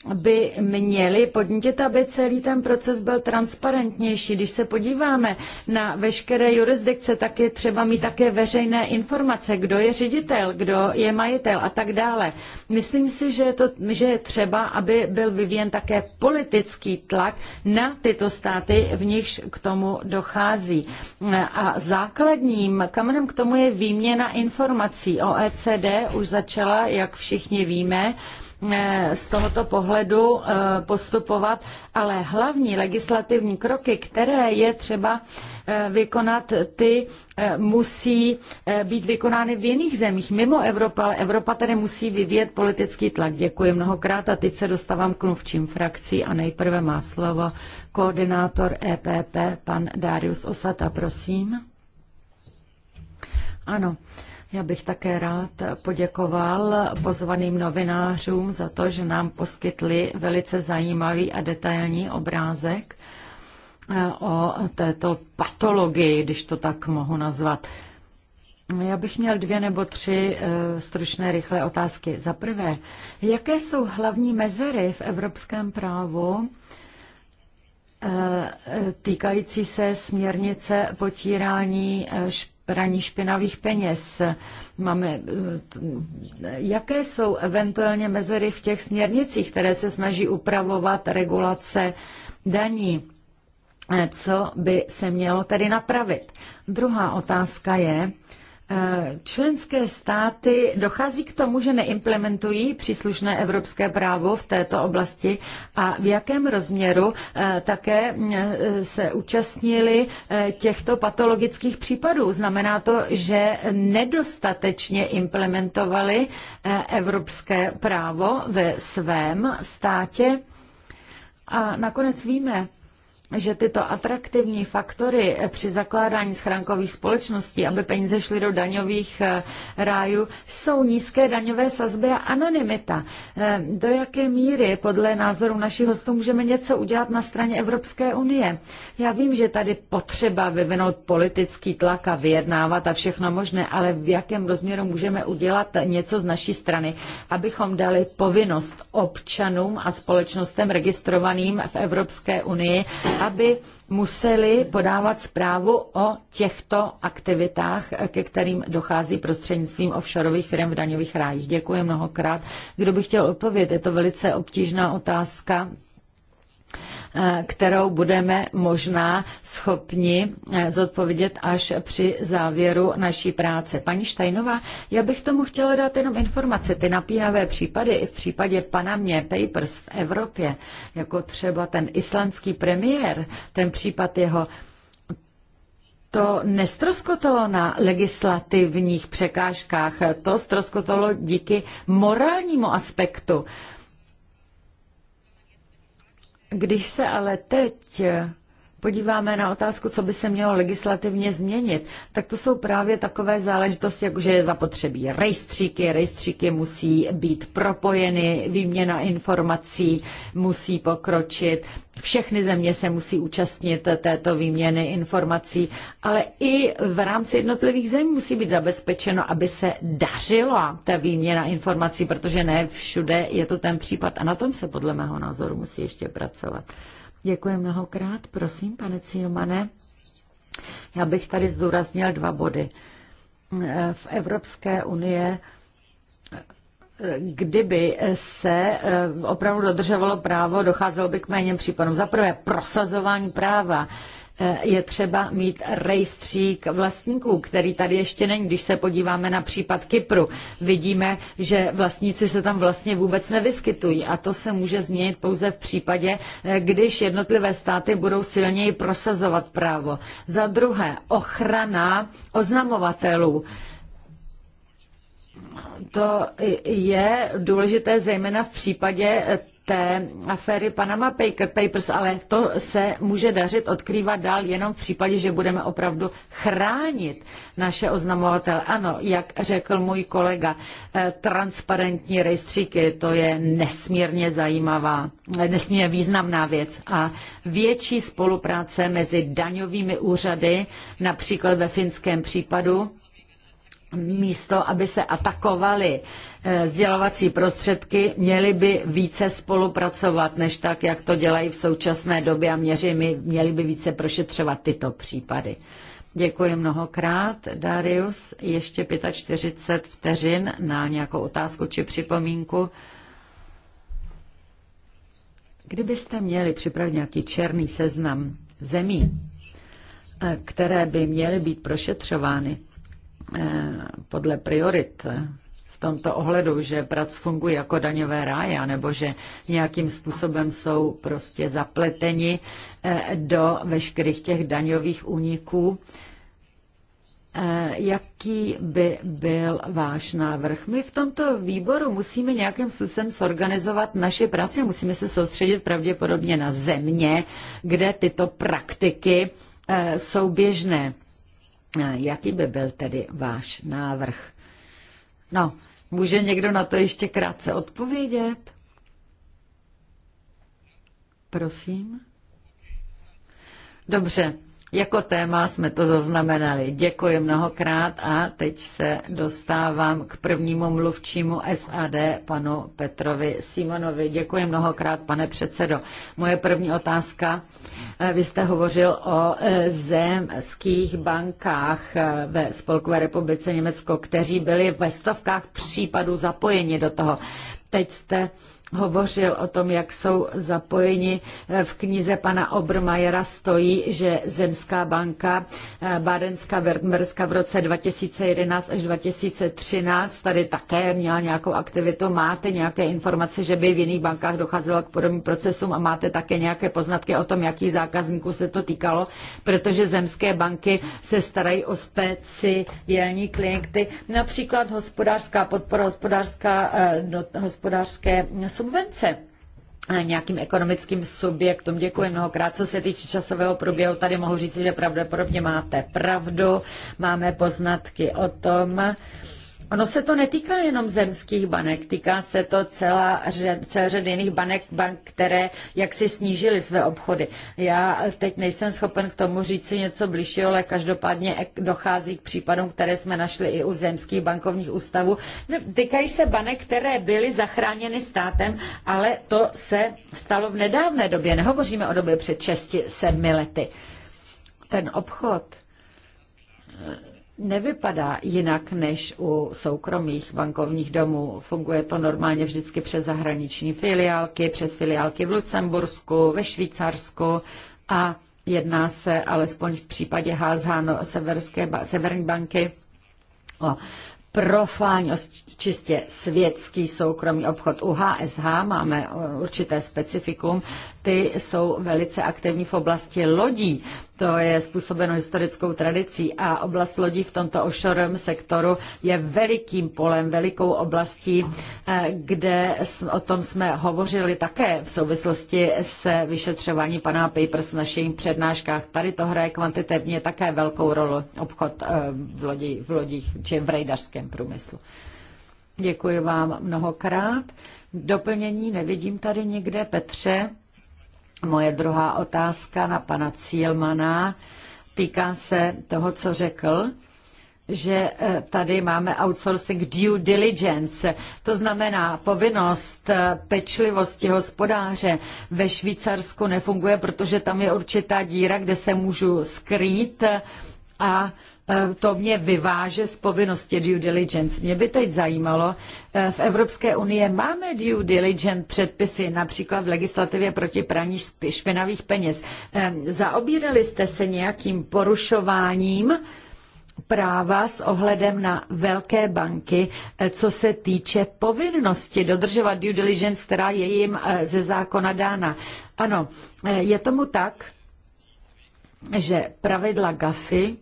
by měli podnítit, aby celý ten proces byl transparentnější. Když se podíváme na veškeré jurisdikce, tak je třeba mít také veřejné informace, kdo je ředitel, kdo je majitel a tak dále. Myslím si, že je, to, že je třeba, aby byl vyvíjen také politický tlak na tyto státy, v nichž k tomu dochází. A základním kamenem k tomu je výměna informací. OECD už začala, jak všichni víme, Eh, z tohoto pohledu eh, postupovat, ale hlavní legislativní kroky, které je třeba eh, vykonat, ty musí být vykonány v jiných zemích mimo Evropa, ale Evropa tedy musí vyvíjet politický tlak. Děkuji mnohokrát a teď se dostávám k mluvčím frakcí a nejprve má slovo koordinátor EPP, pan Darius Osata, prosím. Ano, já bych také rád poděkoval pozvaným novinářům za to, že nám poskytli velice zajímavý a detailní obrázek eh, o této patologii, když to tak mohu nazvat. Já bych měl dvě nebo tři eh, stručné, rychlé otázky. Za prvé, jaké jsou hlavní mezery v evropském právu eh, týkající se směrnice potírání špatných praní špinavých peněz. Máme, eh, jaké jsou eventuálně mezery v těch směrnicích, které se snaží upravovat regulace daní? Eh, co by se mělo tedy napravit? Druhá otázka je, Členské státy dochází k tomu, že neimplementují příslušné evropské právo v této oblasti a v jakém rozměru eh, také eh, se účastnili eh, těchto patologických případů. Znamená to, že nedostatečně implementovali evropské právo ve svém státě. A nakonec víme, že tyto atraktivní faktory při zakládání schránkových společností, aby peníze šly do daňových eh, rájů, jsou nízké daňové sazby a anonymita. Eh, do jaké míry podle názoru našich hostů můžeme něco udělat na straně Evropské unie? Já vím, že tady potřeba vyvinout politický tlak a vyjednávat a všechno možné, ale v jakém rozměru můžeme udělat něco z naší strany, abychom dali povinnost občanům a společnostem registrovaným v Evropské unii, aby museli podávat zprávu o těchto aktivitách, ke kterým dochází prostřednictvím offshoreových firm v daňových rájích. Děkuji mnohokrát. Kdo by chtěl odpovědět, je to velice obtížná otázka Eh, kterou budeme možná schopni eh, zodpovědět až při závěru naší práce. Paní Štajnová, já bych tomu chtěla dát jenom informace. Ty napínavé případy i v případě Panamě Papers v Evropě, jako třeba ten islandský premiér, ten případ jeho to nestroskotalo na legislativních překážkách, to stroskotalo díky morálnímu aspektu. Když se ale teď podíváme na otázku, co by se mělo legislativně změnit, tak to jsou právě takové záležitosti, jako že je zapotřebí rejstříky, rejstříky musí být propojeny, výměna informací musí pokročit, všechny země se musí účastnit této výměny informací, ale i v rámci jednotlivých zemí musí být zabezpečeno, aby se dařila ta výměna informací, protože ne všude je to ten případ a na tom se podle mého názoru musí ještě pracovat. Děkuji mnohokrát. Prosím, pane Cílmane. Já bych tady zdůraznil dva body. V Evropské unie kdyby se eh, opravdu dodržovalo právo, docházelo by k méně případům. Za prvé prosazování práva Eh, je třeba mít rejstřík vlastníků, který tady ještě není. Když se podíváme na případ Kypru, vidíme, že vlastníci se tam vlastně vůbec nevyskytují a to se může změnit pouze v případě, eh, když jednotlivé státy budou silněji prosazovat právo. Za druhé, ochrana oznamovatelů. To je důležité zejména v případě eh, té aféry Panama Papers, ale to se může dařit odkrývat dál jenom v případě, že budeme opravdu chránit naše oznamovatele. Ano, jak řekl můj kolega, eh, transparentní rejstříky, to je nesmírně zajímavá, eh, nesmírně významná věc a větší spolupráce mezi daňovými úřady, například ve finském případu, místo, aby se atakovaly eh, sdělovací prostředky, měly by více spolupracovat, než tak, jak to dělají v současné době a měři, měli by více prošetřovat tyto případy. Děkuji mnohokrát, Darius. Ještě 45 vteřin na nějakou otázku či připomínku. Kdybyste měli připravit nějaký černý seznam zemí, eh, které by měly být prošetřovány, Eh, podle priorit v tomto ohledu, že prac fungují jako daňové ráje, nebo že nějakým způsobem jsou prostě zapleteni eh, do veškerých těch daňových úniků. Eh, jaký by byl váš návrh? My v tomto výboru musíme nějakým způsobem sorganizovat naše práce, musíme se soustředit pravděpodobně na země, kde tyto praktiky jsou běžné. Jaký by byl tedy váš návrh? No, může někdo na to ještě krátce odpovědět? Prosím. Dobře, jako téma jsme to zaznamenali. Děkuji mnohokrát a teď se dostávám k prvnímu mluvčímu SAD, panu Petrovi Simonovi. Děkuji mnohokrát, pane předsedo. Moje první otázka. Eh, vy jste hovořil o eh, zemských bankách eh, ve Spolkové republice Německo, kteří byli ve stovkách případů zapojeni do toho. Teď jste hovořil o tom, jak jsou zapojeni. Eh, v knize pana Obrmajera stojí, že Zemská banka eh, Bádenská Wertmerska v roce 2011 až 2013 tady také měla nějakou aktivitu. Máte nějaké informace, že by v jiných bankách docházelo k podobným procesům a máte také nějaké poznatky o tom, jakých zákazníků se to týkalo, protože zemské banky se starají o speciální klienty, například hospodářská podpora, hospodářská, eh, hospodářské subvence nějakým ekonomickým subjektům. Děkuji mnohokrát. Co se týče časového průběhu, tady mohu říct, že pravděpodobně máte pravdu. Máme poznatky o tom, Ono se to netýká jenom zemských banek, týká se to celá řad, celé řady jiných banek, bank, které jak si snížily své obchody. Já teď nejsem schopen k tomu říct si něco bližšího, ale každopádně dochází k případům, které jsme našli i u zemských bankovních ústavů. Týkají se banek, které byly zachráněny státem, ale to se stalo v nedávné době. Nehovoříme o době před 6-7 lety. Ten obchod nevypadá jinak než u soukromých bankovních domů. Funguje to normálně vždycky přes zahraniční filiálky, přes filiálky v Lucembursku, ve Švýcarsku a jedná se alespoň v případě HSH no, Severské, Severní banky o profáň, čistě světský soukromý obchod. U HSH máme e, určité specifikum, ty jsou velice aktivní v oblasti lodí, to je způsobeno historickou tradicí a oblast lodí v tomto offshore sektoru je velikým polem, velikou oblastí, eh, kde o tom jsme hovořili také v souvislosti se vyšetřování pana Papers v našich přednáškách. Tady to hraje kvantitativně také velkou roli obchod eh, v, lodi, v lodích či v rejdařském průmyslu. Děkuji vám mnohokrát. Doplnění nevidím tady někde. Petře? Moje druhá otázka na pana Cílmana týká se toho, co řekl, že eh, tady máme outsourcing due diligence, to znamená povinnost eh, pečlivosti hospodáře. Ve Švýcarsku nefunguje, protože tam je určitá díra, kde se můžu skrýt eh, a Eh, to mě vyváže z povinnosti due diligence. Mě by teď zajímalo, eh, v Evropské unii máme due diligence předpisy, například v legislativě proti praní špinavých peněz. Eh, zaobírali jste se nějakým porušováním práva s ohledem na velké banky, co se týče povinnosti dodržovat due diligence, která je jim ze zákona dána. Ano, je tomu tak, že pravidla GAFI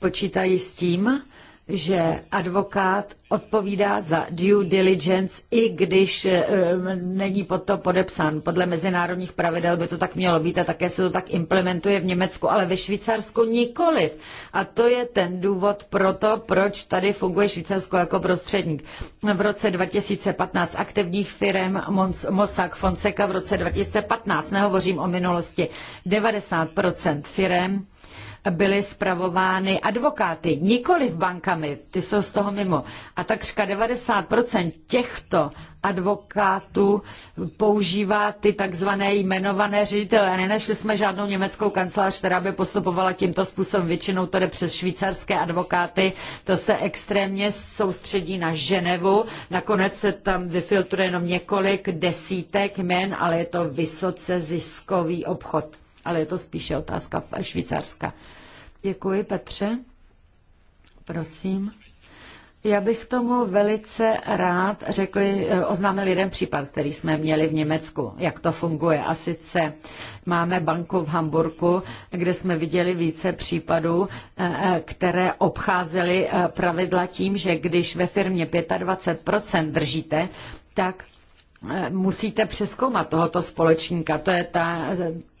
počítají s tím, že advokát odpovídá za due diligence, i když eh, není pod to podepsán. Podle mezinárodních pravidel by to tak mělo být a také se to tak implementuje v Německu, ale ve Švýcarsku nikoliv. A to je ten důvod pro to, proč tady funguje Švýcarsko jako prostředník. V roce 2015 aktivních firm Mossack Fonseca v roce 2015, nehovořím o minulosti, 90% firm byly spravovány advokáty, nikoli v bankami, ty jsou z toho mimo. A takřka 90% těchto advokátů používá ty takzvané jmenované ředitele. Nenašli jsme žádnou německou kancelář, která by postupovala tímto způsobem. Většinou to jde přes švýcarské advokáty. To se extrémně soustředí na Ženevu. Nakonec se tam vyfiltruje jenom několik desítek jmen, ale je to vysoce ziskový obchod ale je to spíše otázka švýcarská. Švýcarska. Děkuji, Petře. Prosím. Já bych tomu velice rád řekli, eh, oznámil jeden případ, který jsme měli v Německu, jak to funguje. A sice máme banku v Hamburgu, kde jsme viděli více případů, eh, eh, které obcházely pravidla tím, že když ve firmě 25% držíte, tak musíte přeskoumat tohoto společníka. To je ta,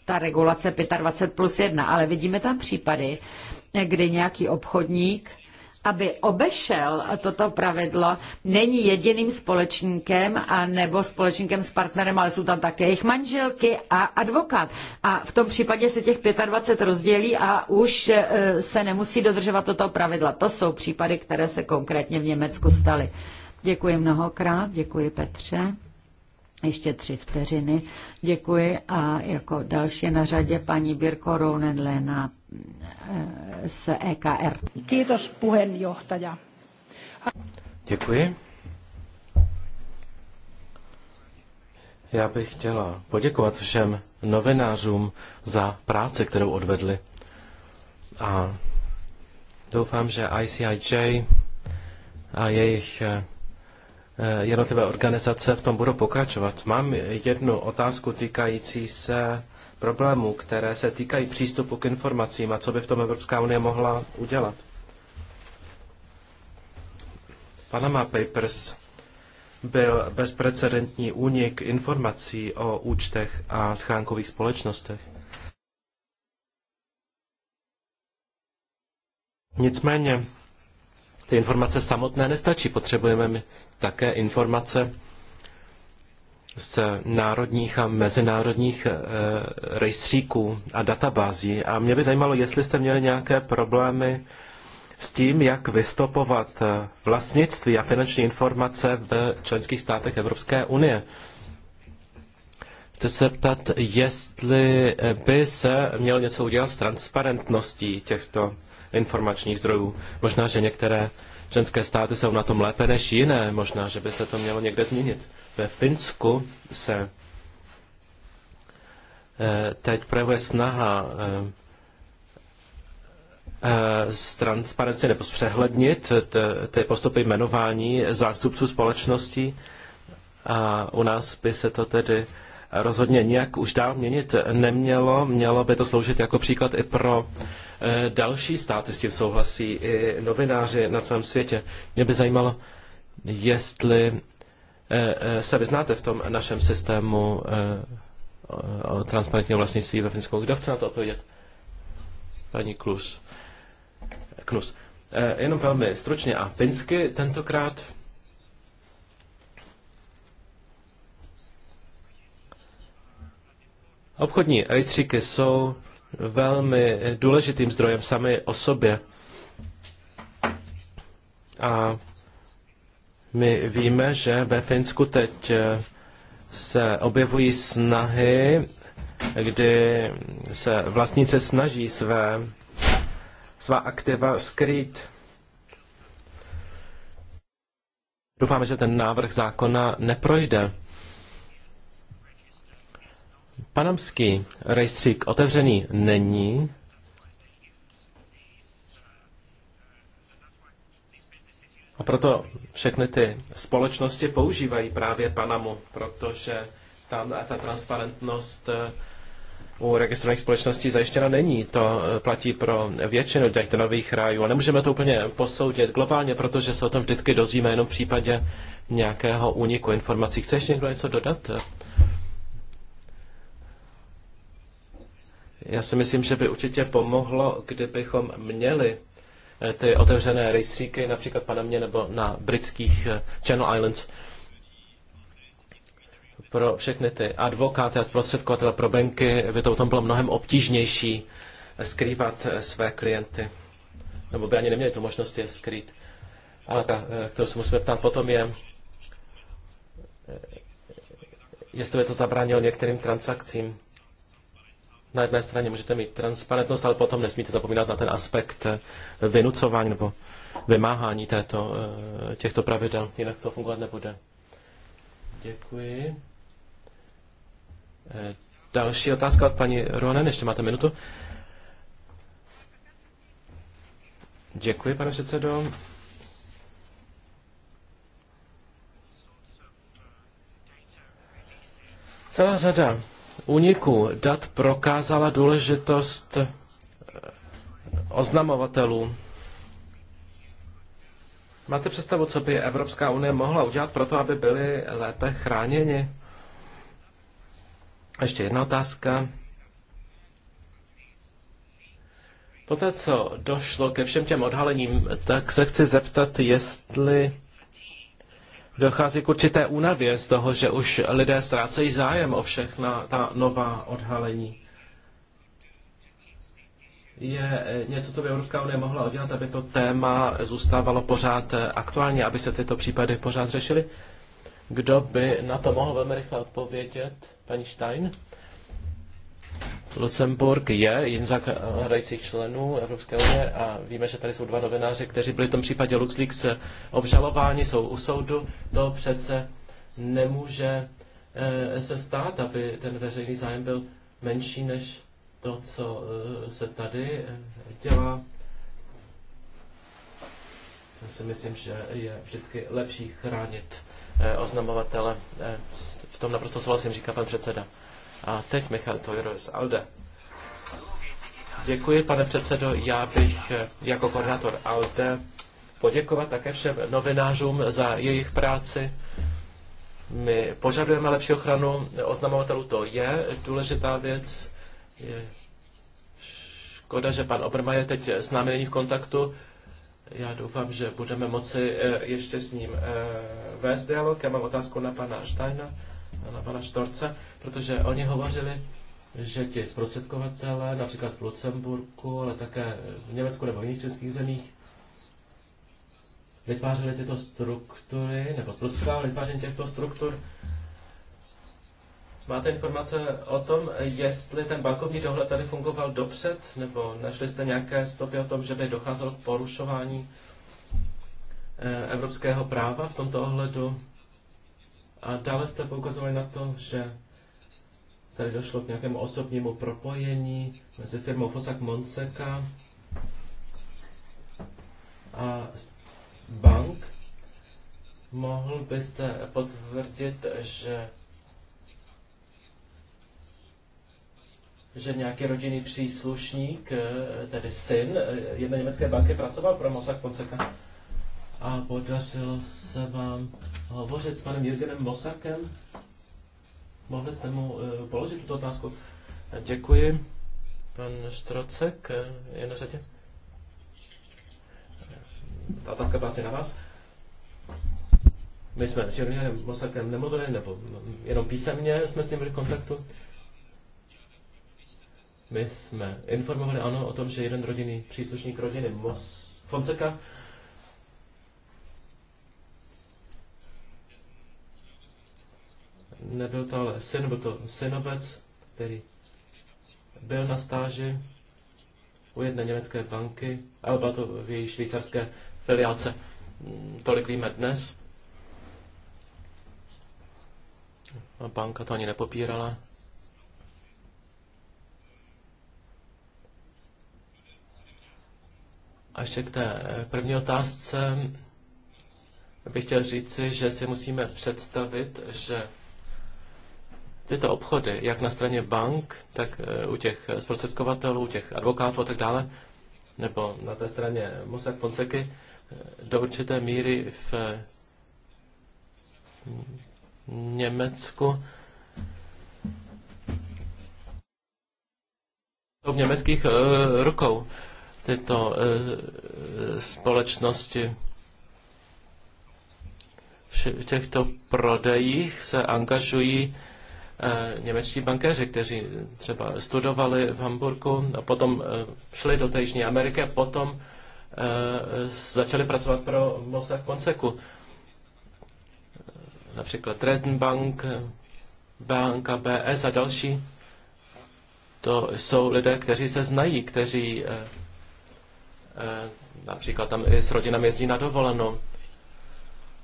ta regulace 25 plus 1, ale vidíme tam případy, kdy nějaký obchodník aby obešel toto pravidlo, není jediným společníkem a nebo společníkem s partnerem, ale jsou tam také jejich manželky a advokát. A v tom případě se těch 25 rozdělí a už e, se nemusí dodržovat toto pravidlo. To jsou případy, které se konkrétně v Německu staly. Děkuji mnohokrát, děkuji Petře. Ještě tři vteřiny. Děkuji. A jako další na řadě paní Birko Rounenlena eh, z EKR. Kiitos puheenjohtaja. Děkuji. Já bych chtěla poděkovat všem novinářům za práci, kterou odvedli. A doufám, že ICIJ a jejich eh, Eh, jednotlivé organizace v tom budou pokračovat. Mám jednu otázku týkající se problémů, které se týkají přístupu k informacím a co by v tom Evropská unie mohla udělat. Panama Papers byl bezprecedentní únik informací o účtech a schránkových společnostech. Nicméně ty informace samotné nestačí. Potřebujeme také informace z národních a mezinárodních e, rejstříků a databází. A mě by zajímalo, jestli jste měli nějaké problémy s tím, jak vystopovat eh, vlastnictví a finanční informace v členských státech Evropské unie. Chci se ptat, jestli by se mělo něco udělat s transparentností těchto informačních zdrojů. Možná, že některé členské státy jsou na tom lépe než jiné, možná, že by se to mělo někde změnit. Ve Finsku se eh, teď projevuje snaha eh, eh, transparentně nebo zpřehlednit ty postupy jmenování zástupců společností a u nás by se to tedy rozhodně nějak už dál měnit nemělo. Mělo by to sloužit jako příklad i pro eh, další státy, s tím souhlasí i novináři na celém světě. Mě by zajímalo, jestli eh, eh, se vyznáte v tom našem systému transparentního vlastnictví ve Finsku. Kdo chce na to odpovědět? Paní Klus. Knus. Jenom velmi stručně a finsky tentokrát. Obchodní rejstříky jsou velmi důležitým zdrojem sami o sobě. A my víme, že ve Finsku teď eh, se objevují snahy, kdy se vlastníci snaží své, svá aktiva skrýt. Doufáme, že ten návrh zákona neprojde. Panamský rejstřík otevřený není. A proto všechny ty společnosti používají právě Panamu, protože tam ta transparentnost eh, u registrovaných společností zajištěna není. To eh, platí pro většinu těchto nových rájů. A nemůžeme to úplně posoudit globálně, protože se o tom vždycky dozvíme jenom v případě nějakého úniku informací. Chceš někdo něco dodat? Já si myslím, že by určitě pomohlo, kdybychom měli eh, ty otevřené rejstříky, například Panamě nebo na britských eh, Channel Islands, pro všechny ty advokáty a zprostředkovatele pro banky by to potom bylo mnohem obtížnější eh, skrývat své klienty. Nebo by ani neměli tu možnost je skrýt. Ale ta, kterou se musíme ptát potom je, jestli by to zabránilo některým transakcím na jedné straně můžete mít transparentnost, ale potom nesmíte zapomínat na ten aspekt vynucování nebo vymáhání této, eh, těchto pravidel, jinak to fungovat nebude. Děkuji. Eh, další otázka od paní Ruanen, ještě máte minutu. Děkuji, pane předsedo. Celá řada úniku dat prokázala důležitost eh, oznamovatelů. Máte představu, co by Evropská unie mohla udělat pro to, aby byli lépe chráněni? Ještě jedna otázka. Poté, co došlo ke všem těm odhalením, tak se chci zeptat, jestli dochází k určité únavě z toho, že už lidé ztrácejí zájem o všechna ta nová odhalení. Je něco, co by Evropská unie mohla udělat, aby to téma zůstávalo pořád aktuálně, aby se tyto případy pořád řešily? Kdo by na to mohl velmi rychle odpovědět? Paní Stein? Lucemburg je jedním z hledajících členů Evropské unie a víme, že tady jsou dva novináři, kteří byli v tom případě LuxLeaks obžalováni, jsou u soudu. To přece nemůže eh, se stát, aby ten veřejný zájem byl menší než to, co eh, se tady eh, dělá. Já si myslím, že je vždycky lepší chránit oznamovatele. V tom naprosto souhlasím, říká pan předseda. A teď Michal Tojro z ALDE. Děkuji, pane předsedo. Já bych eh, jako koordinátor ALDE poděkovat také všem novinářům za jejich práci. My požadujeme lepší ochranu oznamovatelů, to je důležitá věc. Je škoda, že pan Obrma je teď s námi není v kontaktu. Já doufám, že budeme moci eh, ještě s ním eh, vést dialog. Já mám otázku na pana Steina na pana Štorce, protože oni hovořili, že ti zprostředkovatele, například v Lucemburku, ale také v Německu nebo v jiných českých zemích, vytvářeli tyto struktury, nebo zprostředkovali vytváření těchto struktur. Máte informace o tom, jestli ten bankovní dohled tady fungoval dopřed, nebo našli jste nějaké stopy o tom, že by docházelo k porušování eh, evropského práva v tomto ohledu? A dále jste poukazovali na to, že tady došlo k nějakému osobnímu propojení mezi firmou Fosak Monseca a bank. Mohl byste potvrdit, že že nějaký rodinný příslušník, tedy syn jedné německé banky, pracoval pro Mossack Fonseca? a podařilo se vám hovořit s panem Jürgenem Bosakem. Mohli jste mu eh, položit tuto otázku? Děkuji. Pan Štrocek eh, je na řadě. Ta otázka byla asi na vás. My jsme s Jürgenem Bosakem nemluvili, nebo jenom písemně jsme s ním byli v kontaktu. My jsme informovali ano o tom, že jeden rodinný příslušník rodiny Mos Fonseca nebyl to ale syn, byl to synovec, který byl na stáži u jedné německé banky, ale byla to v její švýcarské filiálce. Mm, tolik víme dnes. A banka to ani nepopírala. A ještě k té první otázce bych chtěl říci, že si musíme představit, že tyto obchody, jak na straně bank, tak eh, u těch eh, zprostředkovatelů, u těch advokátů a tak dále, nebo na té straně Mossack Fonseky, eh, do určité míry v Německu v německých rukou tyto společnosti v těchto prodejích se angažují Eh, němečtí bankéři, kteří třeba studovali v Hamburgu a potom eh, šli do té Jižní Ameriky a potom eh, začali pracovat pro Mossack Fonseku. Například Dresden Bank, banka BS a další. To jsou lidé, kteří se znají, kteří například tam i s rodinami jezdí na dovolenou.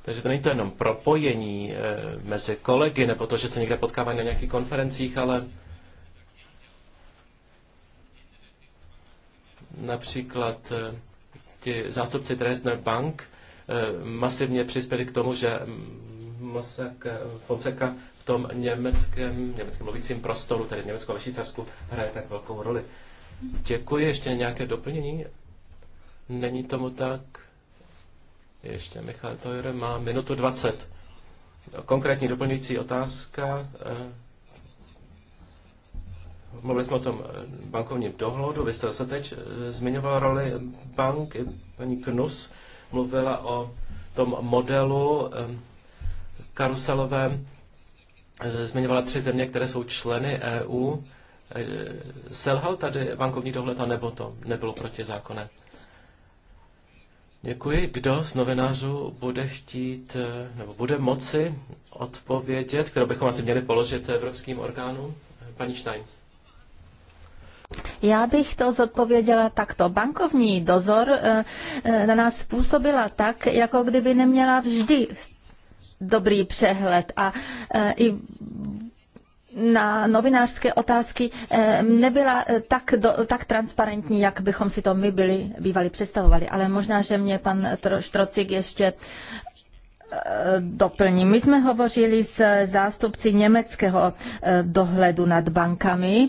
Takže to není to jenom propojení eh, mezi kolegy, nebo to, že se někde potkávají na nějakých konferencích, ale například eh, ti zástupci Dresdner Bank eh, masivně přispěli k tomu, že Mosek, Fonseca v tom německém, německém mluvícím prostoru, tedy v Německu a Švýcarsku, hraje tak velkou roli. Děkuji. Ještě nějaké doplnění? Není tomu tak? Ještě Michal Tojer má minutu 20. Konkrétní doplňující otázka. Eh, mluvili jsme o tom eh, bankovním dohledu. Vy jste se teď eh, zmiňoval roli bank. Paní Knus mluvila o tom modelu karuselovém. Zmiňovala tři země, které jsou členy EU. Selhal tady bankovní dohled, a nebo to nebylo protizákonné? Děkuji. Kdo z novinářů bude chtít eh, nebo bude moci odpovědět, kterou bychom asi měli položit evropským orgánům? Eh, paní Stein. Já bych to zodpověděla takto. Bankovní dozor eh, na nás způsobila tak, jako kdyby neměla vždy dobrý přehled a i na novinářské otázky eh, nebyla eh, tak, do, tak transparentní, jak bychom si to my byli bývali představovali. Ale možná, že mě pan Štrocik ještě eh, doplní. My jsme hovořili s zástupci německého dohledu nad bankami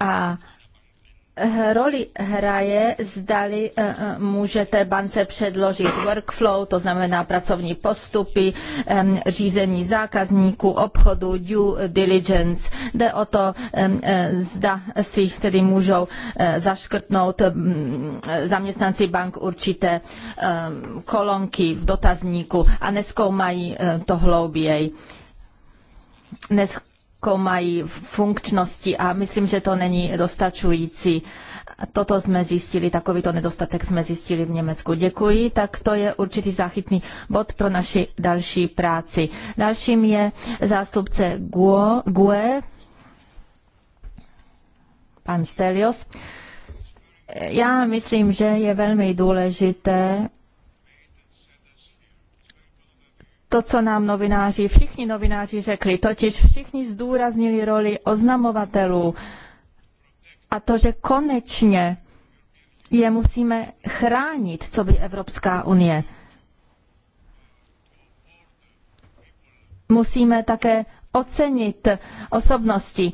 a Eh, roli hraje, zdali eh, eh, můžete bance předložit workflow, to znamená pracovní postupy, řízení zákazníků, obchodu, due diligence. Jde o to, zda si tedy můžou zaškrtnout zaměstnanci bank určité kolonky v dotazníku a neskoumají to hlouběji. Nes mají funkčnosti a myslím, že to není dostačující. Toto jsme zjistili, takovýto nedostatek jsme zjistili v Německu. Děkuji, tak to je určitý záchytný bod pro naši další práci. Dalším je zástupce GUE pan Stelios. Já myslím, že je velmi důležité to, co nám novináři, všichni novináři řekli, totiž všichni zdůraznili roli oznamovatelů a to, že konečně je musíme chránit, co by Evropská unie. Musíme také ocenit osobnosti,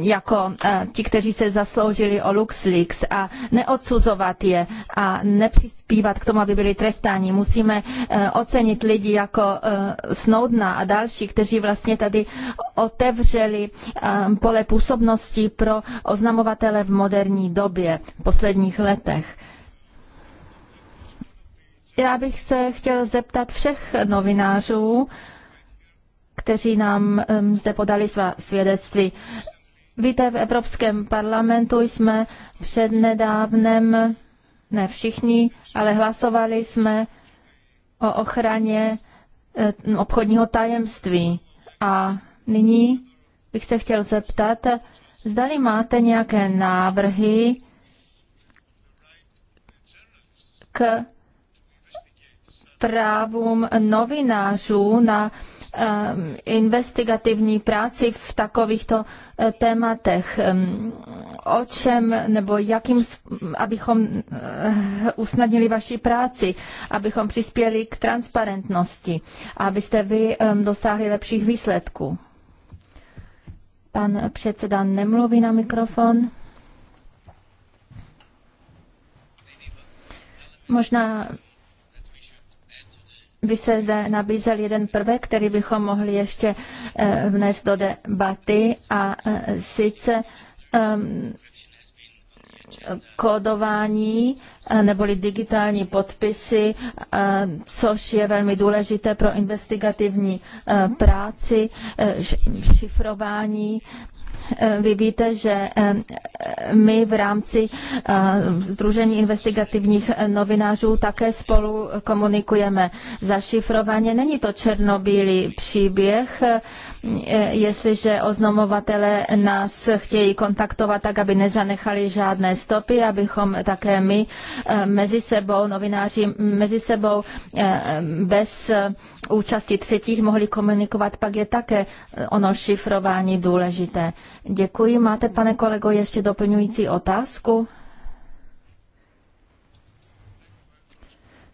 jako eh, ti, kteří se zasloužili o LuxLeaks a neodsuzovat je a nepřispívat k tomu, aby byli trestáni. Musíme eh, ocenit lidi jako eh, Snowdena a další, kteří vlastně tady otevřeli pole působnosti pro oznamovatele v moderní době, v posledních letech. Já bych se chtěl zeptat všech novinářů, kteří nám zde podali svá svědectví. Víte, v Evropském parlamentu jsme přednedávnem, ne všichni, ale hlasovali jsme o ochraně obchodního tajemství. A nyní bych se chtěl zeptat, zdali máte nějaké návrhy k právům novinářů na Um, investigativní práci v takovýchto eh, tématech. Um, o čem nebo jakým, abychom eh, usnadnili vaši práci, abychom přispěli k transparentnosti, abyste vy um, dosáhli lepších výsledků. Pan předseda nemluví na mikrofon. Možná by se zde nabízel jeden prvek, který bychom mohli ještě eh, vnést do debaty a eh, sice ehm, kódování eh, neboli digitální podpisy, což je velmi důležité pro investigativní práci, šifrování Eh, vy víte, že eh, my v rámci eh, Združení investigativních novinářů také spolu komunikujeme zašifrovaně. Není to černobílý příběh, jestliže oznamovatele nás chtějí kontaktovat tak, aby nezanechali žádné stopy, abychom také my mezi sebou, novináři mezi sebou bez účasti třetích mohli komunikovat, pak je také ono šifrování důležité. Děkuji. Máte, pane kolego, ještě doplňující otázku?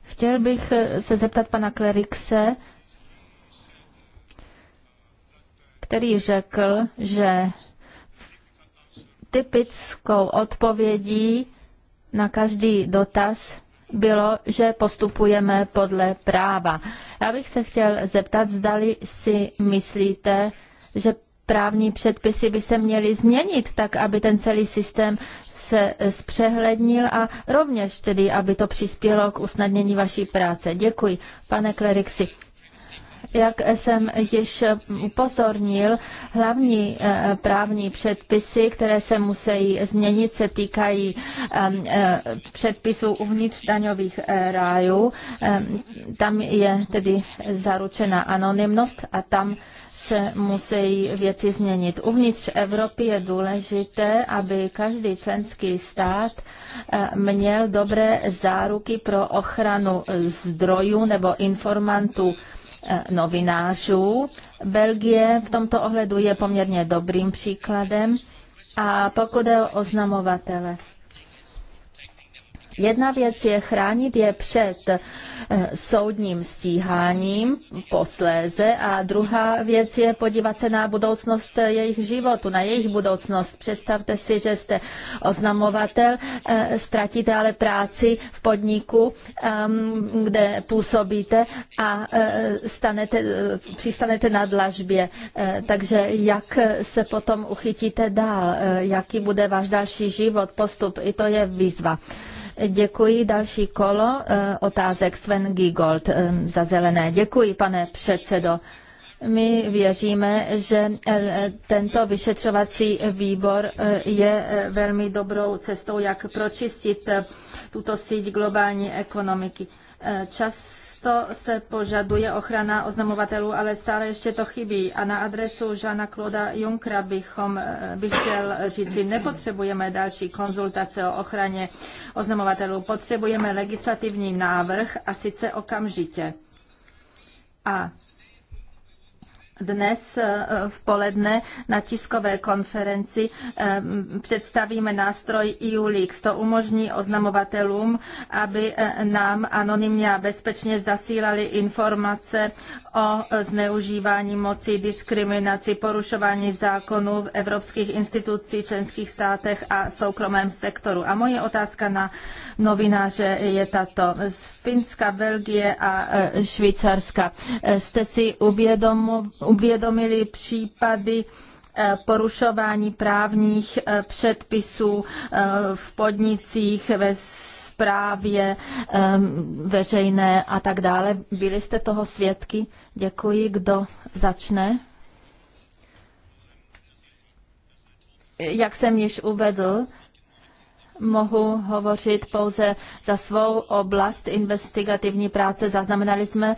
Chtěl bych eh, se zeptat pana Klerikse, který řekl, že typickou odpovědí na každý dotaz bylo, že postupujeme podle práva. Já bych se chtěl zeptat, zdali si myslíte, že právní předpisy by se měly změnit tak, aby ten celý systém se eh, zpřehlednil a rovněž tedy, aby to přispělo k usnadnění vaší práce. Děkuji, pane Klerixi. Jak jsem již upozornil, hlavní eh, právní předpisy, které se musí změnit, se týkají ehm, eh, předpisů uvnitř daňových rájů. Ehm, tam je tedy zaručena anonymnost a tam se musí věci změnit. Uvnitř Evropy je důležité, aby každý členský stát eh, měl dobré záruky pro ochranu zdrojů nebo informantů eh, novinářů. Belgie v tomto ohledu je poměrně dobrým příkladem. A pokud je o oznamovatele, Jedna věc je chránit je před eh, soudním stíháním posléze a druhá věc je podívat se na budoucnost jejich životu, na jejich budoucnost. Představte si, že jste oznamovatel, eh, ztratíte ale práci v podniku, ehm, kde působíte a eh, stanete, přistanete na dlažbě. Takže jak se potom uchytíte dál, jaký bude váš další život, postup, i to je výzva. Děkuji. Další kolo eh, otázek Sven Giegold eh, za zelené. Děkuji, pane předsedo. My věříme, že eh, tento vyšetřovací výbor je velmi dobrou cestou, jak pročistit tuto síť globální ekonomiky. Čas často se požaduje ochrana oznamovatelů, ale stále ještě to chybí. A na adresu Žana Kloda Junkra bychom, eh, bych chtěl říci, nepotřebujeme další konzultace o ochraně oznamovatelů. Potřebujeme legislativní návrh a sice okamžitě. A dnes eh, v poledne na tiskové konferenci eh, představíme nástroj EULIX. To umožní oznamovatelům, aby eh, nám anonymně a bezpečně zasílali informace o zneužívání moci, diskriminaci, porušování zákonů v evropských institucích, členských státech a soukromém sektoru. A moje otázka na novináře je tato. Z Finska, Belgie a Švýcarska jste si uvědomovali, uvědomili případy eh, porušování právních eh, předpisů eh, v podnicích, ve správě ehm, veřejné a tak dále. Byli jste toho svědky? Děkuji. Kdo začne? Jak jsem již uvedl, mohu hovořit pouze za svou oblast investigativní práce. Zaznamenali jsme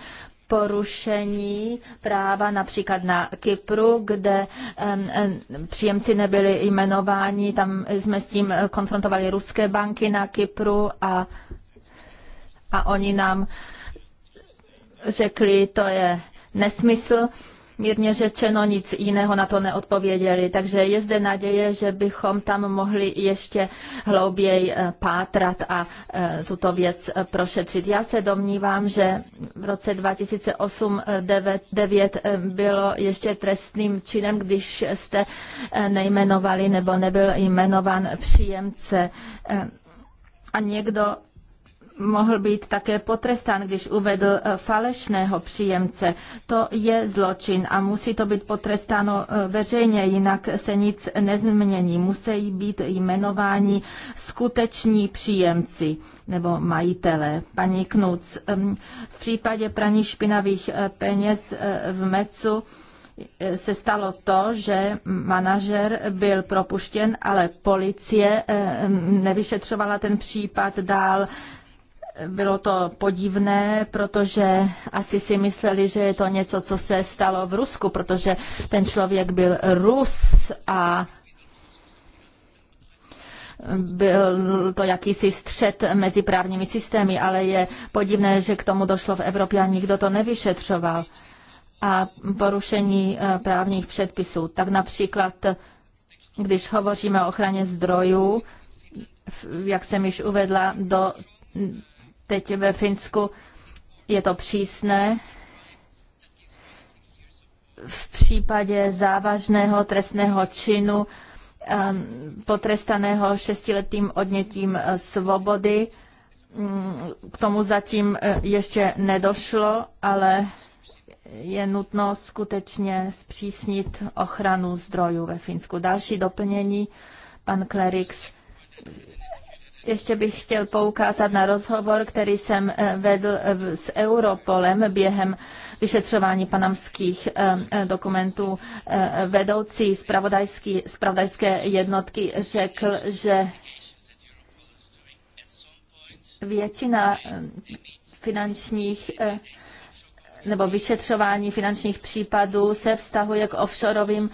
porušení práva například na Kypru, kde příjemci nebyli jmenováni, tam jsme s tím konfrontovali ruské banky na Kypru a, a oni nám řekli, to je nesmysl, mírně řečeno nic jiného na to neodpověděli. Takže je zde naděje, že bychom tam mohli ještě hlouběji eh, pátrat a eh, tuto věc eh, prošetřit. Já se domnívám, že v roce 2008-2009 bylo ještě trestným činem, když jste nejmenovali nebo nebyl jmenován příjemce a někdo mohl být také potrestán, když uvedl eh, falešného příjemce. To je zločin a musí to být potrestáno eh, veřejně, jinak se nic nezmění. Musí být jmenováni skuteční příjemci nebo majitelé. Paní Knuc, v případě praní špinavých eh, peněz v Mecu se stalo to, že manažer byl propuštěn, ale policie nevyšetřovala ten případ dál bylo to podivné, protože asi si mysleli, že je to něco, co se stalo v Rusku, protože ten člověk byl Rus a byl to jakýsi střed mezi právními systémy, ale je podivné, že k tomu došlo v Evropě a nikdo to nevyšetřoval. A porušení eh, právních předpisů. Tak například, když hovoříme o ochraně zdrojů, jak jsem již uvedla, do Teď ve Finsku je to přísné. V případě závažného trestného činu ehm, potrestaného šestiletým odnětím eh, svobody. Mm, k tomu zatím eh, ještě nedošlo, ale je nutno skutečně zpřísnit ochranu zdrojů ve Finsku. Další doplnění, pan Klerix. Ještě bych chtěl poukázat na rozhovor, který jsem eh, vedl eh, s Europolem během vyšetřování panamských eh, dokumentů. Vedoucí zpravodajské jednotky řekl, že většina finančních nebo vyšetřování finančních případů se vztahuje k offshoreovým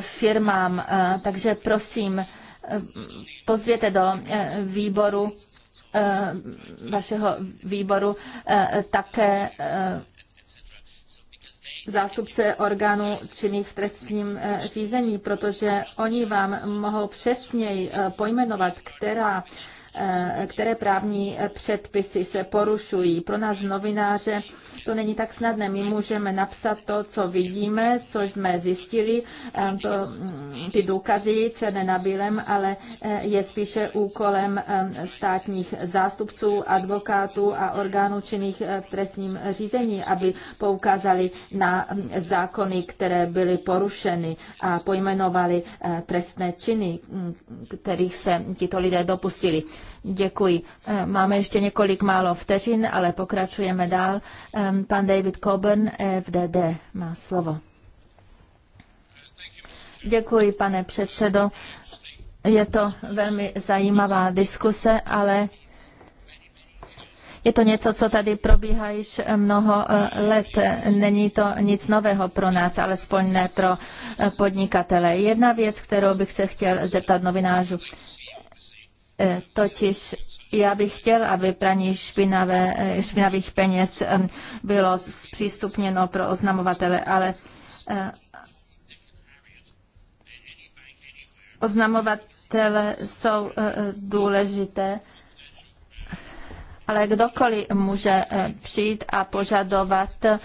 firmám. Takže prosím, pozvěte do eh, výboru eh, vašeho výboru eh, také zástupce orgánů činných v trestním řízení, protože oni vám mohou přesněji pojmenovat, která které právní předpisy se porušují. Pro nás novináře to není tak snadné. My můžeme napsat to, co vidíme, co jsme zjistili, ehm, to, mm, ty důkazy černé na bílém, ale eh, je spíše úkolem ehm, státních zástupců, advokátů a orgánů činných eh, v trestním řízení, aby poukázali na mm, zákony, které byly porušeny a pojmenovali eh, trestné činy, mm, kterých se tito lidé dopustili. Děkuji. Eh, máme ještě několik málo vteřin, ale pokračujeme dál. Pan David Coburn, FDD, má slovo. Děkuji, pane předsedo. Je to velmi zajímavá diskuse, ale je to něco, co tady probíhá již mnoho eh, let. Není to nic nového pro nás, alespoň ne pro eh, podnikatele. Jedna věc, kterou bych se chtěl zeptat novinářů. Eh, totiž já bych chtěl, aby praní špinavé, eh, špinavých peněz bylo zpřístupněno pro oznamovatele, ale eh, oznamovatele jsou důležité ale kdokoliv může eh, přijít a požadovat eh,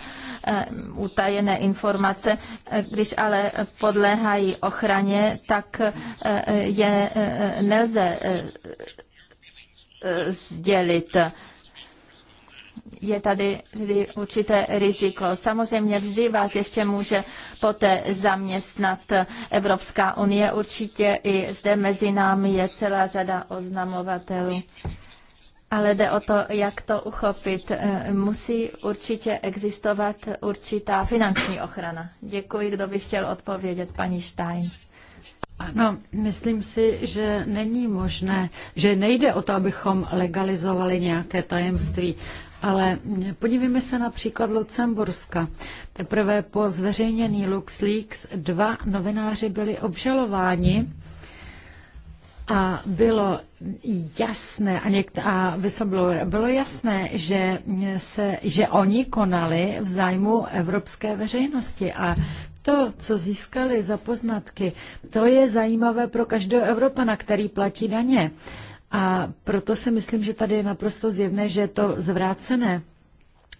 utajené informace. Eh, když ale podléhají ochraně, tak je nelze sdělit je tady určité riziko. Samozřejmě vždy vás ještě může poté zaměstnat Evropská unie. Určitě i zde mezi námi je celá řada oznamovatelů ale jde o to, jak to uchopit. E, musí určitě existovat určitá finanční ochrana. Děkuji, kdo by chtěl odpovědět, paní Stein. Ano, myslím si, že není možné, že nejde o to, abychom legalizovali nějaké tajemství, ale podívejme se například Lucemburska. Teprve po zveřejnění LuxLeaks dva novináři byli obžalováni a bylo jasné a, někde, a bylo, bylo jasné, že, se, že oni konali v zájmu evropské veřejnosti a to, co získali za poznatky, to je zajímavé pro každého Evropana, který platí daně. A proto si myslím, že tady je naprosto zjevné, že je to zvrácené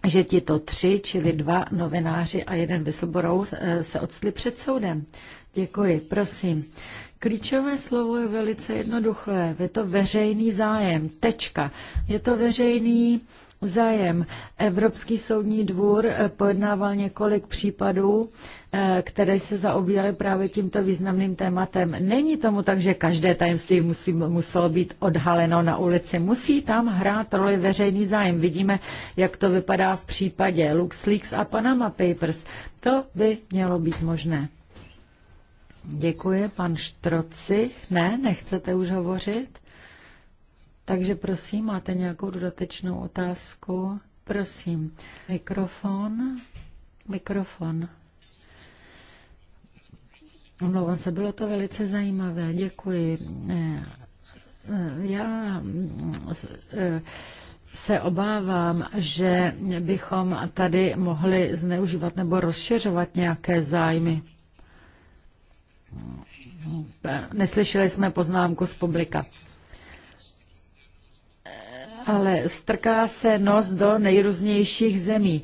že ti to tři, čili dva novináři a jeden vysoborou eh, se odstli před soudem. Děkuji, prosím. Klíčové slovo je velice jednoduché. Je to veřejný zájem. Tečka. Je to veřejný zájem. Evropský soudní dvůr eh, pojednával několik případů, eh, které se zaobíraly právě tímto významným tématem. Není tomu tak, že každé tajemství musí, muselo být odhaleno na ulici. Musí tam hrát roli veřejný zájem. Vidíme, jak to vypadá v případě LuxLeaks a Panama Papers. To by mělo být možné. Děkuji, pan Štroci. Ne, nechcete už hovořit? Takže prosím, máte nějakou dodatečnou otázku? Prosím, mikrofon, mikrofon. Omlouvám se, bylo to velice zajímavé, děkuji. Já eh, se obávám, že bychom tady mohli zneužívat nebo rozšiřovat nějaké zájmy. Neslyšeli jsme poznámku z publika. Ale strká se nos do nejrůznějších zemí.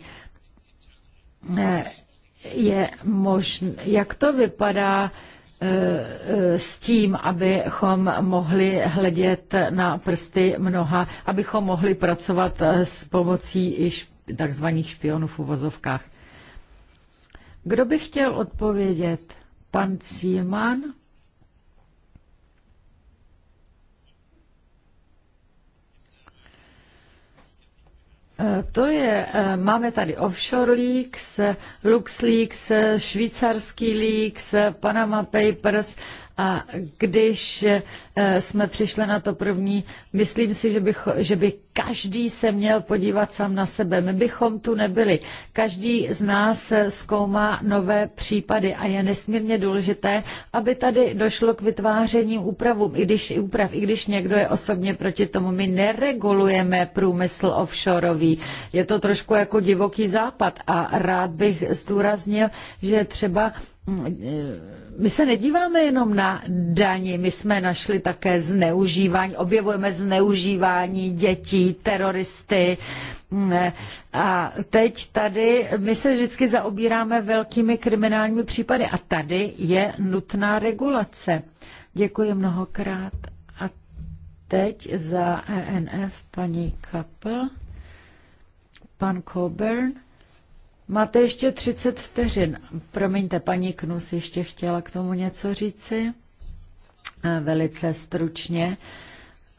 Je možn... jak to vypadá eh, eh, s tím, abychom mohli hledět na prsty mnoha, abychom mohli pracovat eh, s pomocí iž takzvaných špionů v uvozovkách. Kdo by chtěl odpovědět? Pan Cílman. E, to je, e, máme tady Offshore Leaks, e, LuxLeaks, Švýcarský Leaks, Panama Papers a když eh, jsme přišli na to první, myslím si, že, bych, že by každý se měl podívat sám na sebe. My bychom tu nebyli. Každý z nás eh, zkoumá nové případy a je nesmírně důležité, aby tady došlo k vytváření úpravů, i když, úprav, i když někdo je osobně proti tomu. My neregulujeme průmysl offshoreový. Je to trošku jako divoký západ a rád bych zdůraznil, že třeba Mm, e, my se nedíváme jenom na daní, my jsme našli také zneužívání, objevujeme zneužívání dětí, teroristy. Mm, e, a teď tady, my se vždycky zaobíráme velkými kriminálními případy a tady je nutná regulace. Děkuji mnohokrát. A teď za ENF paní Kapel, pan Coburn. Máte ještě 30 vteřin. Promiňte, paní Knus ještě chtěla k tomu něco říci. Eh, velice stručně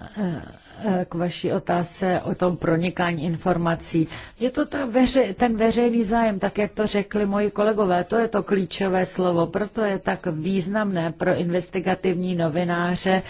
eh, eh, k vaší otázce o tom pronikání informací. Je to ta veře, ten veřejný zájem, tak jak to řekli moji kolegové, to je to klíčové slovo, proto je tak významné pro investigativní novináře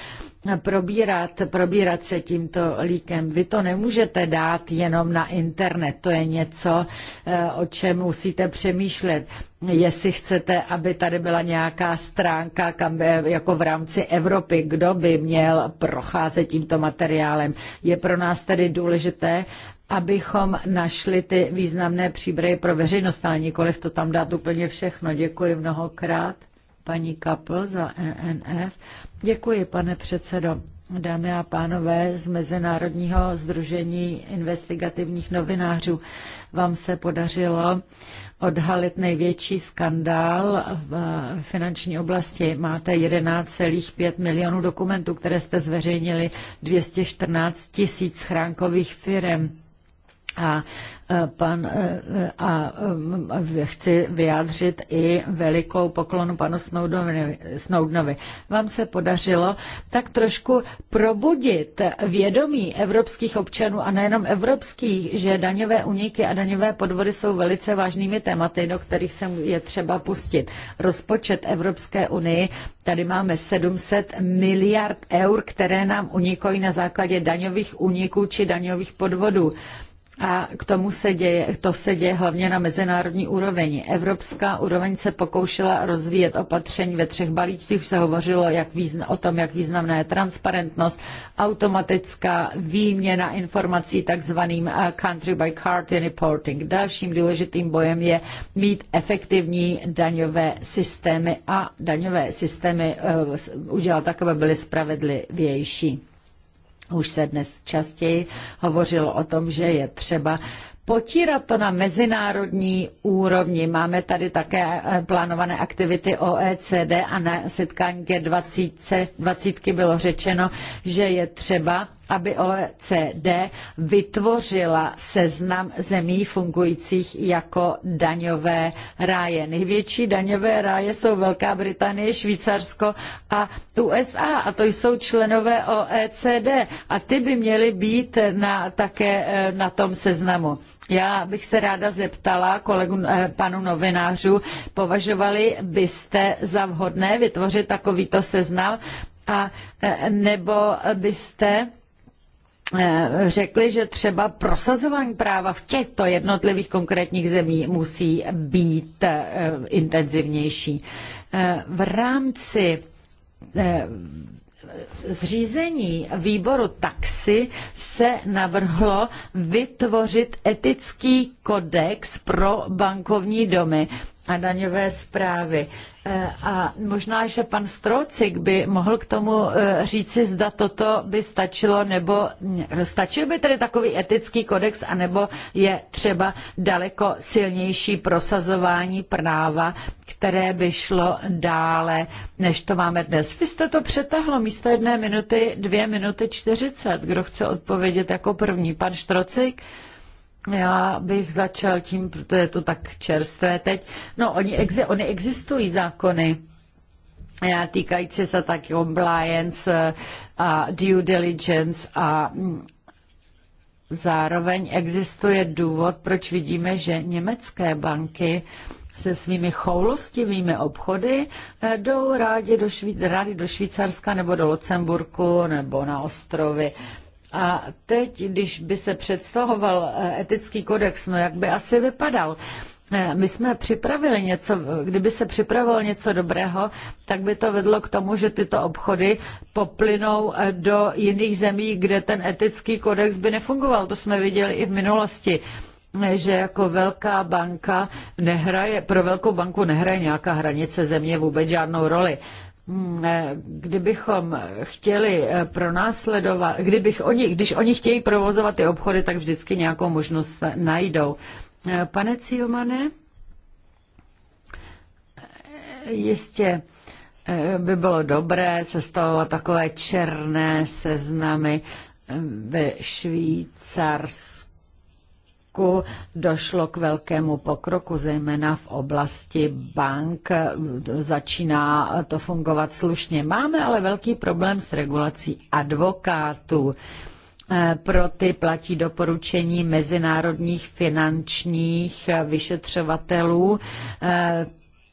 probírat, probírat se tímto líkem. Vy to nemůžete dát jenom na internet, to je něco, eh, o čem musíte přemýšlet. Jestli chcete, aby tady byla nějaká stránka, kam by, jako v rámci Evropy, kdo by měl procházet tímto materiálem. Je pro nás tedy důležité, abychom našli ty významné příběhy pro veřejnost, ale nikoliv to tam dát úplně všechno. Děkuji mnohokrát paní Kapl za e NNF. Děkuji, pane předsedo. Dámy a pánové z Mezinárodního združení investigativních novinářů, vám se podařilo odhalit největší skandál v finanční oblasti. Máte 11,5 milionů dokumentů, které jste zveřejnili, 214 tisíc schránkových firm. A e, pan, e, e, a chci vyjádřit i velikou poklonu panu Snoudnovi. Vám se podařilo tak trošku probudit vědomí evropských občanů a nejenom evropských, že daňové uniky a daňové podvody jsou velice vážnými tématy, do kterých se je třeba pustit. Rozpočet Evropské unii, tady máme 700 miliard eur, které nám unikají na základě daňových uniků či daňových podvodů. A k tomu se děje, to se děje hlavně na mezinárodní úrovni. Evropská úroveň se pokoušela rozvíjet opatření ve třech balíčcích. Už se hovořilo jak význa, o tom, jak významná je transparentnost, automatická výměna informací, takzvaným eh, country by country reporting. Dalším důležitým bojem je mít efektivní daňové systémy a daňové systémy uh, udělat takové byly spravedlivější. Už se dnes častěji hovořilo o tom, že je třeba potírat to na mezinárodní úrovni. Máme tady také eh, plánované aktivity OECD a na setkání G20 bylo řečeno, že je třeba aby OECD vytvořila seznam zemí fungujících jako daňové ráje. Největší daňové ráje jsou Velká Británie, Švýcarsko a USA a to jsou členové OECD a ty by měly být na, také eh, na tom seznamu. Já bych se ráda zeptala kolegu, eh, panu novinářů, považovali byste za vhodné vytvořit takovýto seznam a eh, nebo byste Eh, řekli, že třeba prosazování práva v těchto jednotlivých konkrétních zemí musí být eh, intenzivnější. Eh, v rámci zřízení výboru taxi se navrhlo vytvořit etický kodex pro bankovní domy a daňové zprávy. Eh, a možná, že pan Strocik by mohl k tomu eh, říci, zda toto by stačilo, nebo stačil by tedy takový etický kodex, anebo je třeba daleko silnější prosazování práva, které by šlo dále, než to máme dnes. Vy jste to přetahlo místo jedné minuty, dvě minuty čtyřicet. Kdo chce odpovědět jako první? Pan Štrocik? Já bych začal tím, protože je to tak čerstvé teď. No, oni, exi- oni existují zákony eh, týkající se taky compliance eh, a due diligence a mm, zároveň existuje důvod, proč vidíme, že německé banky se svými choulostivými obchody eh, jdou rádi do, Švý, rádi do Švýcarska nebo do Lucemburku nebo na ostrovy. A teď, když by se představoval eh, etický kodex, no jak by asi vypadal? Eh, my jsme připravili něco, kdyby se připravilo něco dobrého, tak by to vedlo k tomu, že tyto obchody poplynou eh, do jiných zemí, kde ten etický kodex by nefungoval. To jsme viděli i v minulosti že jako velká banka nehraje, pro velkou banku nehraje nějaká hranice země vůbec žádnou roli. Hmm, eh, kdybychom chtěli eh, pronásledovat, kdybych oni, když oni chtějí provozovat ty obchody, tak vždycky nějakou možnost najdou. Eh, pane Cílmane, jistě by bylo dobré sestavovat takové černé seznamy ve Švýcarsku roku došlo k velkému pokroku, zejména v oblasti bank. Začíná to fungovat slušně. Máme ale velký problém s regulací advokátů. Eh, pro ty platí doporučení mezinárodních finančních vyšetřovatelů eh,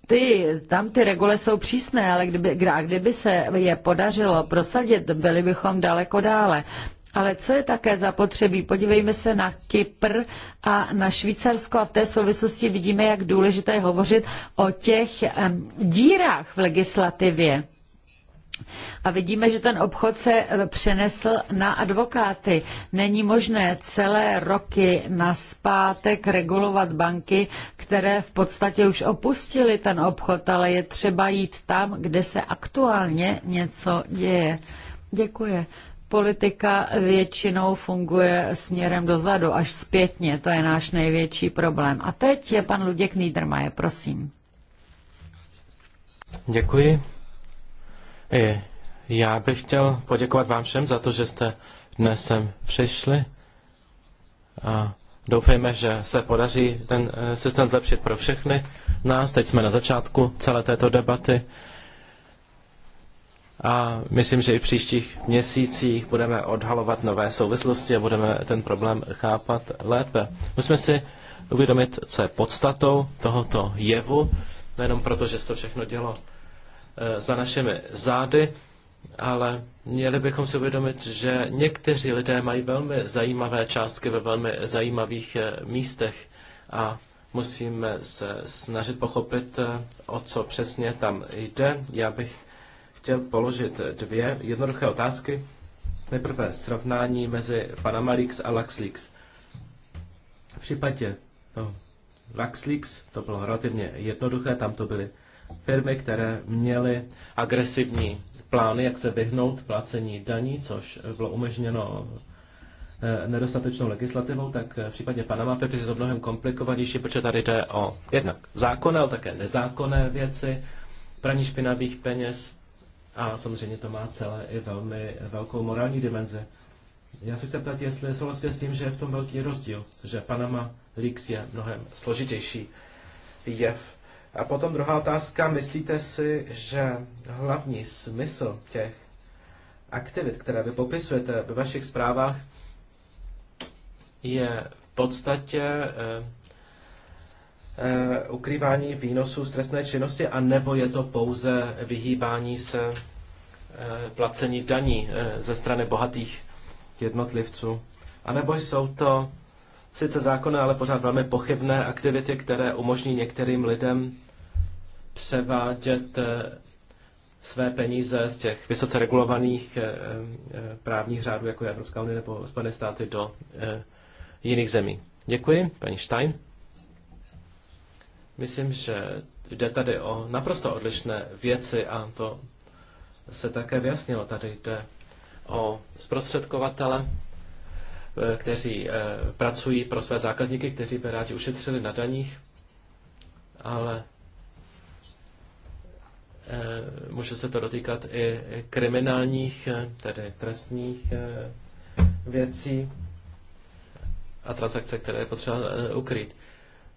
ty, tam ty regule jsou přísné, ale kdyby, a kdyby se je podařilo prosadit, byli bychom daleko dále. Ale co je také zapotřebí? Podívejme se na Kypr a na Švýcarsko a v té souvislosti vidíme, jak důležité je hovořit o těch dírách v legislativě. A vidíme, že ten obchod se eh, přenesl na advokáty. Není možné celé roky naspátek regulovat banky, které v podstatě už opustily ten obchod, ale je třeba jít tam, kde se aktuálně něco děje. Děkuji politika většinou funguje směrem dozadu, až zpětně, to je náš největší problém. A teď je pan Luděk Niedermayer, prosím. Děkuji. E, já bych chtěl poděkovat vám všem za to, že jste dnes sem přišli a doufejme, že se podaří ten e, systém zlepšit pro všechny nás. Teď jsme na začátku celé této debaty a myslím, že i v příštích měsících budeme odhalovat nové souvislosti a budeme ten problém chápat lépe. Musíme si uvědomit, co je podstatou tohoto jevu, nejenom proto, že se to všechno dělo e, za našimi zády, ale měli bychom si uvědomit, že někteří lidé mají velmi zajímavé částky ve velmi zajímavých e, místech a musíme se snažit pochopit, e, o co přesně tam jde. Já bych chtěl položit dvě jednoduché otázky. Nejprve srovnání mezi Panama Leaks a LuxLeaks. V případě no, LuxLeaks to bylo relativně jednoduché, tam to byly firmy, které měly agresivní plány, jak se vyhnout placení daní, což bylo umožněno eh, nedostatečnou legislativou, tak eh, v případě Panama Papers je to mnohem komplikovanější, protože tady jde o jednak zákonné, ale také nezákonné věci, praní špinavých peněz, a samozřejmě to má celé i velmi velkou morální dimenzi. Já se chci ptát, jestli souhlasíte s tím, že je v tom velký rozdíl, že Panama Leaks je mnohem složitější jev. A potom druhá otázka, myslíte si, že hlavní smysl těch aktivit, které vy popisujete ve vašich zprávách, je v podstatě eh, Eh, ukrývání výnosů z trestné činnosti, anebo je to pouze vyhýbání se eh, placení daní eh, ze strany bohatých jednotlivců. A nebo jsou to sice zákonné, ale pořád velmi pochybné aktivity, které umožní některým lidem převádět své peníze z těch vysoce regulovaných právních řádů, jako je Evropská unie nebo Spojené státy, do jiných zemí. Děkuji, paní Stein. Myslím, že jde tady o naprosto odlišné věci a to se také vyjasnilo. Tady jde o zprostředkovatele, eh, kteří eh, pracují pro své zákazníky, kteří by rádi ušetřili na daních, ale eh, může se to dotýkat i kriminálních, tedy trestních věcí a transakce, které je potřeba ukryt.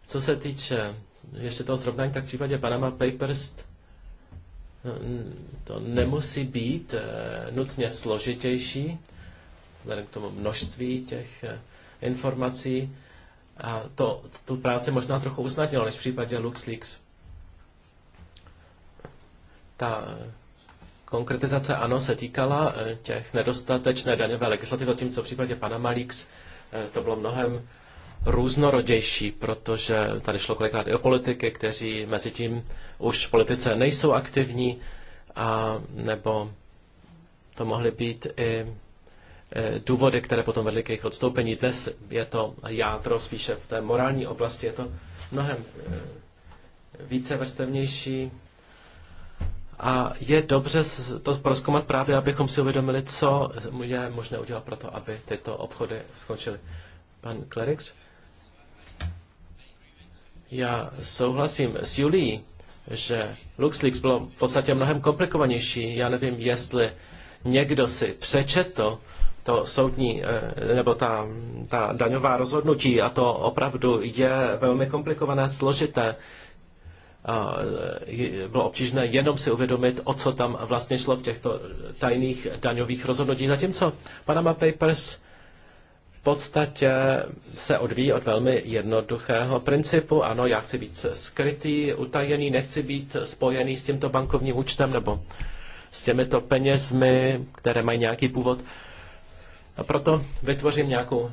Co se týče ještě toho srovnání, tak v případě Panama Papers eh, to nemusí být eh, nutně složitější, vzhledem k tomu množství těch eh, informací. A to, tu práci možná trochu usnadnilo, než v případě LuxLeaks. Ta konkretizace ano se týkala těch nedostatečné daňové legislativy, tím, co v případě Panama Leaks to bylo mnohem různorodější, protože tady šlo kolikrát i o politiky, kteří mezi tím už v politice nejsou aktivní, a nebo to mohly být i e, důvody, které potom vedly k jejich odstoupení. Dnes je to jádro spíše v té morální oblasti, je to mnohem e, více vrstevnější. A je dobře to proskoumat právě, abychom si uvědomili, co je možné udělat pro to, aby tyto obchody skončily. Pan Klerix? Já souhlasím s Julií, že LuxLeaks bylo v podstatě mnohem komplikovanější. Já nevím, jestli někdo si přečetl to soudní, eh, nebo ta, ta daňová rozhodnutí a to opravdu je velmi komplikované, složité. Eh, bylo obtížné jenom si uvědomit, o co tam vlastně šlo v těchto tajných daňových rozhodnutí. Zatímco Panama Papers podstatě se odvíjí od velmi jednoduchého principu. Ano, já chci být skrytý, utajený, nechci být spojený s tímto bankovním účtem nebo s těmito penězmi, které mají nějaký původ. A proto vytvořím nějakou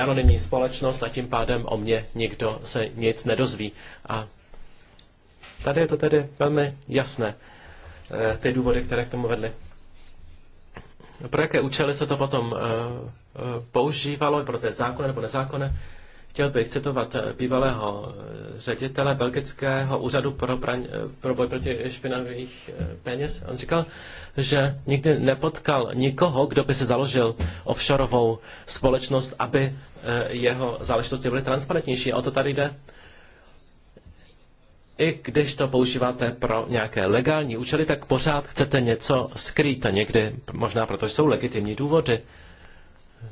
anonymní společnost a tím pádem o mě nikdo se nic nedozví. A tady je to tedy velmi jasné, eh, ty důvody, které k tomu vedly. Pro jaké účely se to potom eh, eh, používalo, pro té zákony nebo nezákony? Chtěl bych citovat eh, bývalého ředitele Belgického úřadu pro, praň, pro boj proti špinavých peněz. On říkal, že nikdy nepotkal nikoho, kdo by se založil offshoreovou společnost, aby jeho záležitosti byly transparentnější. A o to tady jde i když to používáte pro nějaké legální účely, tak pořád chcete něco skrýt a někdy, možná protože jsou legitimní důvody,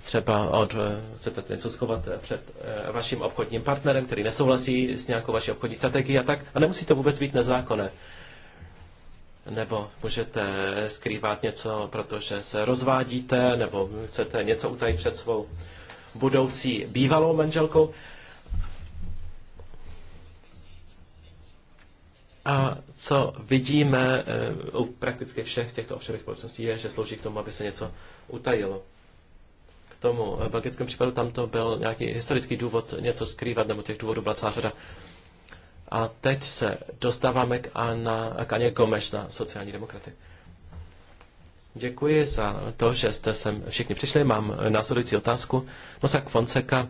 třeba od, eh, chcete něco schovat eh, před eh, vaším obchodním partnerem, který nesouhlasí s nějakou vaší obchodní strategií a tak, a nemusí to vůbec být nezákonné. Nebo můžete skrývat něco, protože se rozvádíte, nebo chcete něco utajit před svou budoucí bývalou manželkou. A co vidíme eh, u prakticky všech těchto obšerových společností je, že slouží k tomu, aby se něco utajilo. K tomu eh, v belgickém případu tam to byl nějaký historický důvod něco skrývat, nebo těch důvodů byla celá řada. A teď se dostáváme k, Anna, k Aně Gomeš na sociální demokraty. Děkuji za to, že jste sem všichni přišli. Mám následující otázku. Nosak Fonseca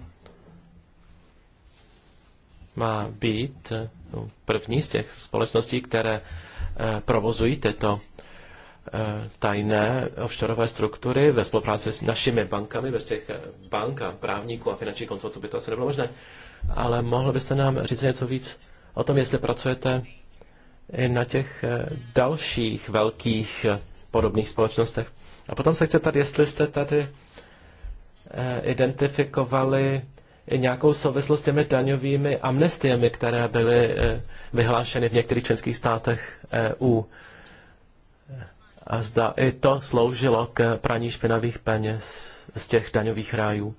má být no, první z těch společností, které eh, provozují tyto eh, tajné offshoreové struktury ve spolupráci s našimi bankami, bez těch eh, bank a právníků a finančních konzultů by to asi nebylo možné. Ale mohl byste nám říct něco víc o tom, jestli pracujete i na těch dalších velkých podobných společnostech. A potom se chci tady, jestli jste tady identifikovali nějakou souvislost s těmi daňovými amnestiemi, které byly eh, vyhlášeny v některých členských státech EU. A zda i to sloužilo k praní špinavých peněz z těch daňových rájů.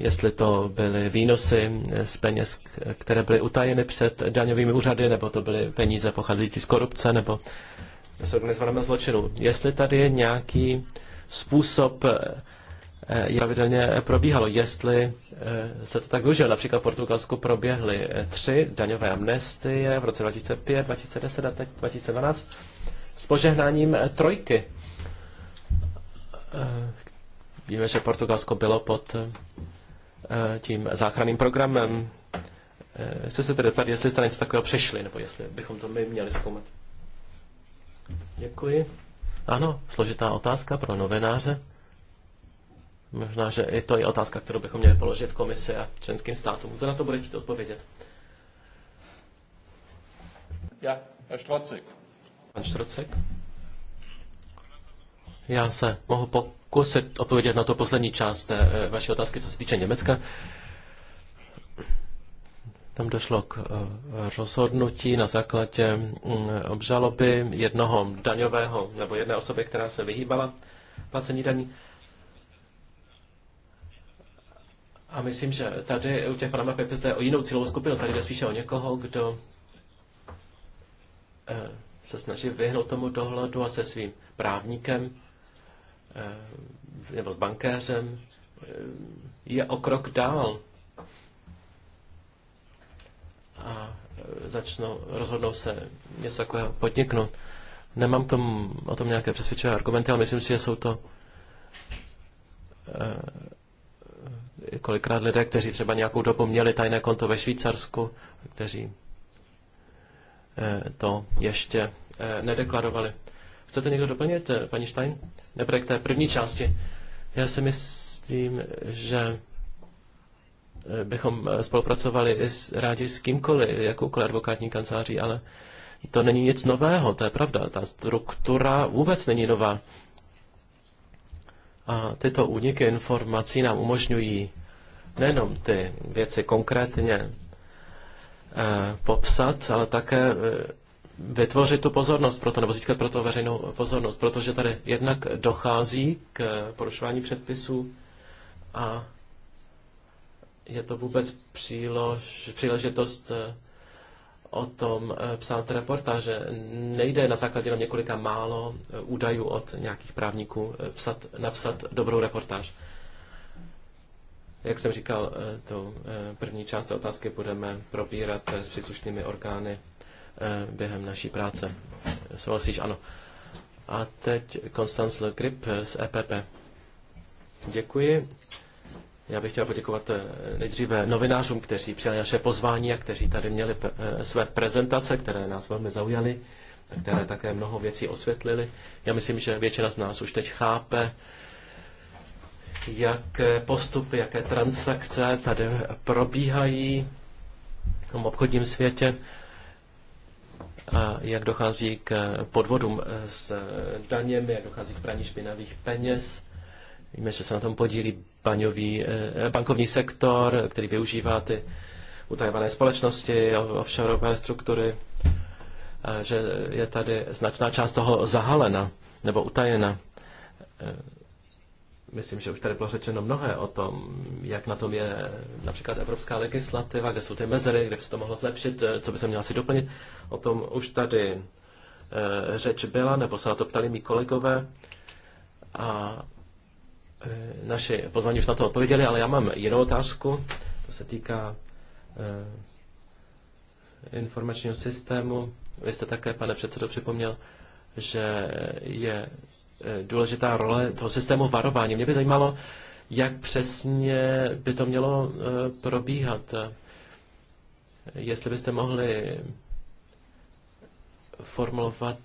jestli to byly výnosy z peněz, které byly utajeny před daňovými úřady, nebo to byly peníze pocházející z korupce, nebo z organizovaného zločinu. Jestli tady je nějaký způsob eh, eh, pravidelně probíhalo. Jestli eh, se to tak využilo, například v Portugalsku proběhly tři daňové amnestie v roce 2005, 2010 a teď 2012 s požehnáním trojky. Víme, že Portugalsko bylo pod tím záchranným programem. Chce se tedy ptát, jestli jste něco takového přešli, nebo jestli bychom to my měli zkoumat. Děkuji. Ano, složitá otázka pro novináře. Možná, že je to i otázka, kterou bychom měli položit komisi a členským státům. Kdo na to bude chtít odpovědět? Já, Herr Štrocek. Pan Štrocek? Já se mohu pokusit odpovědět na to poslední část eh, vaší otázky, co se týče Německa. Tam došlo k eh, rozhodnutí na základě mm, obžaloby jednoho daňového nebo jedné osoby, která se vyhýbala placení daní. A myslím, že tady u těch Panama Papers jde o jinou cílovou skupinu, tady jde spíše o někoho, kdo eh, se snaží vyhnout tomu dohledu a se svým právníkem eh, nebo s bankéřem je o krok dál a e, začnou, rozhodnou se něco takového podniknout. Nemám tom, o tom nějaké přesvědčené argumenty, ale myslím si, že jsou to e, e, kolikrát lidé, kteří třeba nějakou dobu měli tajné konto ve Švýcarsku, kteří e, to ještě e, nedeklarovali. Chcete někdo doplnit, e, paní Stein? Nebo k té první části. Já si myslím, že bychom eh, spolupracovali i s, rádi s kýmkoliv, jakoukoliv advokátní kanceláří, ale to není nic nového, to je pravda. Ta struktura vůbec není nová. A tyto úniky informací nám umožňují nejenom ty věci konkrétně eh, popsat, ale také eh, vytvořit tu pozornost pro to, nebo získat pro to veřejnou pozornost, protože tady jednak dochází k porušování předpisů a je to vůbec přílož, příležitost eh, o tom eh, psát reportáže. Nejde na základě jenom několika málo eh, údajů od nějakých právníků psat, napsat dobrou reportáž. Jak jsem říkal, tu první část otázky budeme probírat s příslušnými orgány během naší práce. Souhlasíš? Ano. A teď Konstanz Le Grip z EPP. Děkuji. Já bych chtěl poděkovat eh, nejdříve novinářům, kteří přijali naše pozvání a kteří tady měli eh, své prezentace, které nás velmi zaujaly a které také mnoho věcí osvětlili. Já myslím, že většina z nás už teď chápe, jak eh, postupy, jaké transakce tady probíhají v tom obchodním světě a jak dochází k podvodům s daněmi, jak dochází k praní špinavých peněz. Víme, že se na tom podílí baňový, eh, bankovní sektor, který využívá ty utajované společnosti, offshore struktury, že je tady značná část toho zahalena nebo utajena. Eh, myslím, že už tady bylo řečeno mnohé o tom, jak na tom je například evropská legislativa, kde jsou ty mezery, kde by se to mohlo zlepšit, eh, co by se mělo asi doplnit. O tom už tady řeč byla, nebo se na to ptali mý kolegové. A Eh, naše pozvání už na to odpověděli, ale já mám jednu otázku. To se týká eh, informačního systému. Vy jste také, pane předsedo, připomněl, že je eh, důležitá role toho systému varování. Mě by zajímalo, jak přesně by to mělo probíhat. Jestli byste mohli formulovat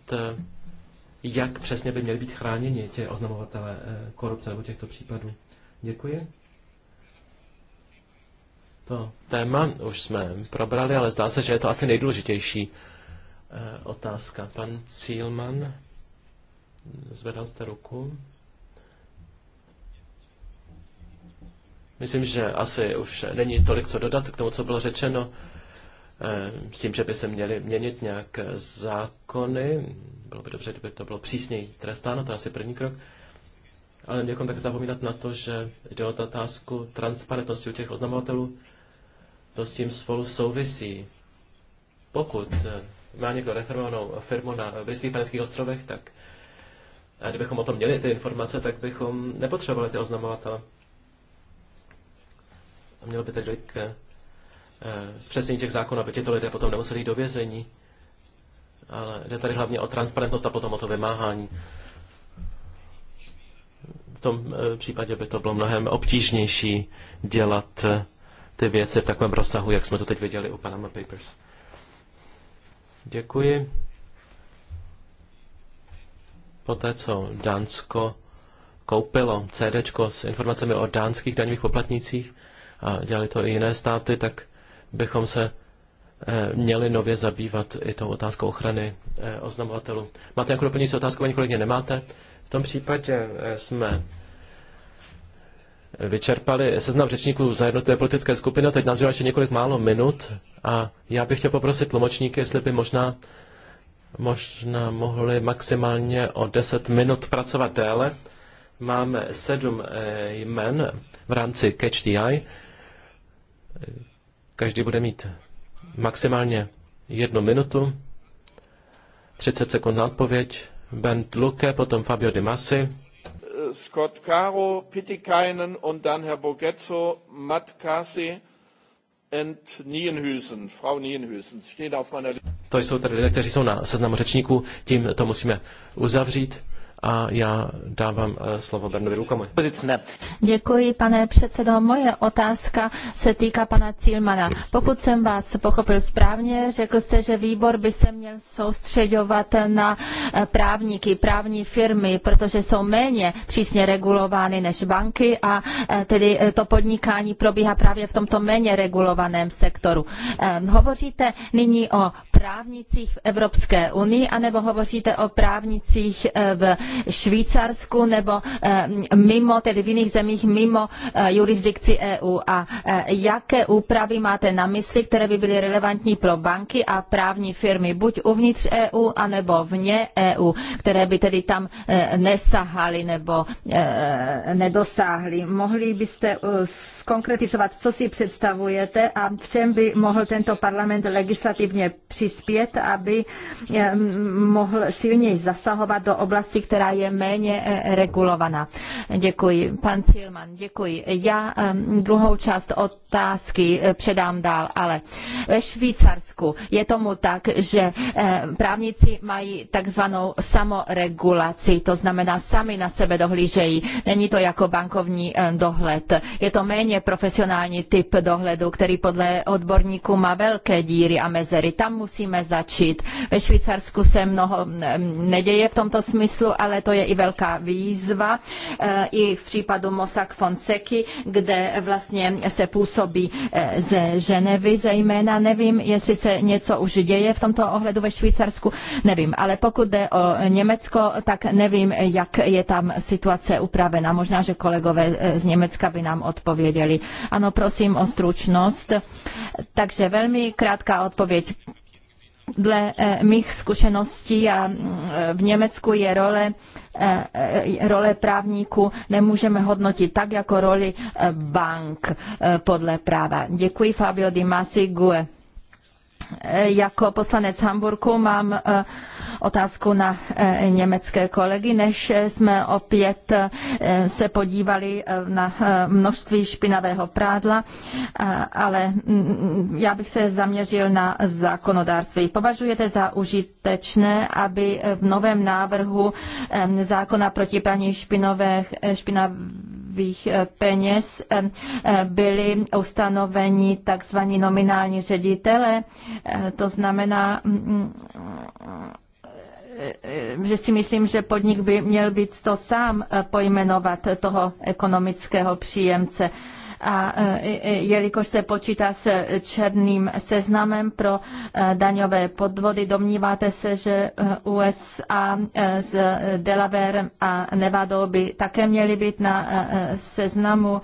jak přesně by měli být chráněni tě oznamovatele eh, korupce nebo těchto případů. Děkuji. To téma už jsme probrali, ale zdá se, že je to asi nejdůležitější eh, otázka. Pan Cílman, zvedal jste ruku. Myslím, že asi už není tolik co dodat k tomu, co bylo řečeno. Eh, s tím, že by se měly měnit nějak zákony. Bylo by dobře, kdyby to bylo přísněji trestáno, to je asi první krok. Ale bychom také zapomínat na to, že jde o otázku transparentnosti u těch oznamovatelů. To s tím spolu souvisí. Pokud eh, má někdo reformovanou firmu na Britských Panenských ostrovech, tak a kdybychom o tom měli ty informace, tak bychom nepotřebovali ty oznamovatele. A mělo by tedy dojít k Eh, zpřesnění těch zákonů, aby tyto lidé potom nemuseli jít do vězení. Ale jde tady hlavně o transparentnost a potom o to vymáhání. V tom eh, případě by to bylo mnohem obtížnější dělat eh, ty věci v takovém rozsahu, jak jsme to teď viděli u Panama Papers. Děkuji. Poté, co Dánsko koupilo CD s informacemi o dánských daňových poplatnících a dělali to i jiné státy, tak bychom se eh, měli nově zabývat i tou otázkou ochrany eh, oznamovatelů. Máte nějakou doplňující otázku, ani kolegyně? Nemáte? V tom případě eh, jsme vyčerpali seznam řečníků za jednotlivé politické skupiny. Teď nám zbývá ještě několik málo minut a já bych chtěl poprosit tlumočníky, jestli by možná, možná mohli maximálně o 10 minut pracovat déle. Máme sedm jmen v rámci Catch the Eye Každý bude mít maximálně jednu minutu, 30 sekund na odpověď, Bent Luke, potom Fabio Di Massi. Scott Caro, Pitikainen und dann Herr Borgezzo, Matt Kasi and Nienhüsen, Frau Nienhüsen. Steht auf meiner To jsou tady lidé, kteří jsou na seznamu řečníků, tím to musíme uzavřít a já dávám eh, slovo Bernovi Lukovi. Děkuji, pane předsedo. Moje otázka se týká pana Cílmana. Pokud jsem vás pochopil správně, řekl jste, že výbor by se měl soustředovat na eh, právníky, právní firmy, protože jsou méně přísně regulovány než banky a eh, tedy to podnikání probíhá právě v tomto méně regulovaném sektoru. Ehm, hovoříte nyní o právnicích v Evropské unii, anebo hovoříte o právnicích v Švýcarsku nebo eh, mimo, tedy v jiných zemích mimo eh, jurisdikci EU a eh, jaké úpravy máte na mysli, které by byly relevantní pro banky a právní firmy, buď uvnitř EU, anebo vně EU, které by tedy tam nesahaly nebo nedosáhly. Mohli byste skonkretizovat, co si představujete a v čem by mohl tento parlament legislativně přispět, aby mohl silněji zasahovat do oblasti, která která je méně eh, regulovaná. Děkuji. Pan Silman, děkuji. Já ehm, druhou část otázky eh, předám dál, ale ve Švýcarsku je tomu tak, že eh, právníci mají takzvanou samoregulaci, to znamená sami na sebe dohlížejí. Není to jako bankovní dohled. Je to méně profesionální typ dohledu, který podle odborníků má velké díry a mezery. Tam musíme začít. Ve Švýcarsku se mnoho ehm, neděje v tomto smyslu, ale ale to je i velká výzva eh, i v případu Mossack Fonseky, kde vlastně se působí eh, ze Ženevy zejména. Nevím, jestli se něco už děje v tomto ohledu ve Švýcarsku, nevím, ale pokud jde o Německo, tak nevím, jak je tam situace upravena. Možná, že kolegové eh, z Německa by nám odpověděli. Ano, prosím o stručnost. Takže velmi krátká odpověď Dle eh, mých zkušeností a mm, v Německu je role, eh, eh, role právníků nemůžeme hodnotit tak, jako roli bank podle práva. Děkuji Fabio Di Masi Gue. Eh, jako poslanec Hamburku mám eh, otázku na eh, německé kolegy. Než jsme opět se podívali na množství špinavého prádla, ale mm, já bych se zaměřil na zákonodárství. Považujete za užitečné, aby v novém návrhu zákona proti praní špinavých daňových eh, peněz eh, eh, byli ustanoveni takzvaní nominální ředitele. To znamená, mm, mm, že si myslím, že podnik by měl být to sám pojmenovat toho ekonomického příjemce a e, e, jelikož se počítá s černým seznamem pro e, daňové podvody, domníváte se, že USA s Delaware a Nevadou by také měly být na seznamu.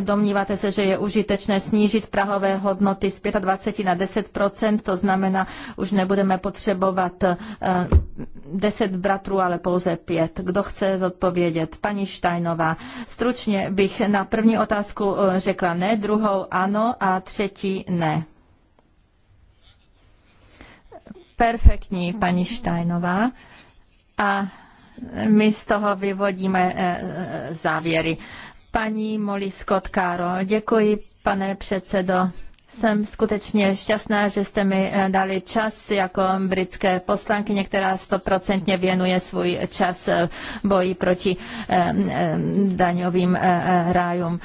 Domníváte se, že je užitečné snížit prahové hodnoty z 25 na 10 to znamená, už nebudeme potřebovat 10 bratrů, ale pouze 5. Kdo chce zodpovědět? Paní Štajnová, stručně bych na první otázku řekla ne, druhou ano a třetí ne. Perfektní, paní Štajnová. A my z toho vyvodíme eh, eh, závěry. Paní Molly Scott Caro, děkuji, pane předsedo. Jsem skutečně šťastná, že jste mi eh, dali čas jako britské poslankyně, která stoprocentně věnuje svůj čas eh, boji proti daňovým eh, rájům.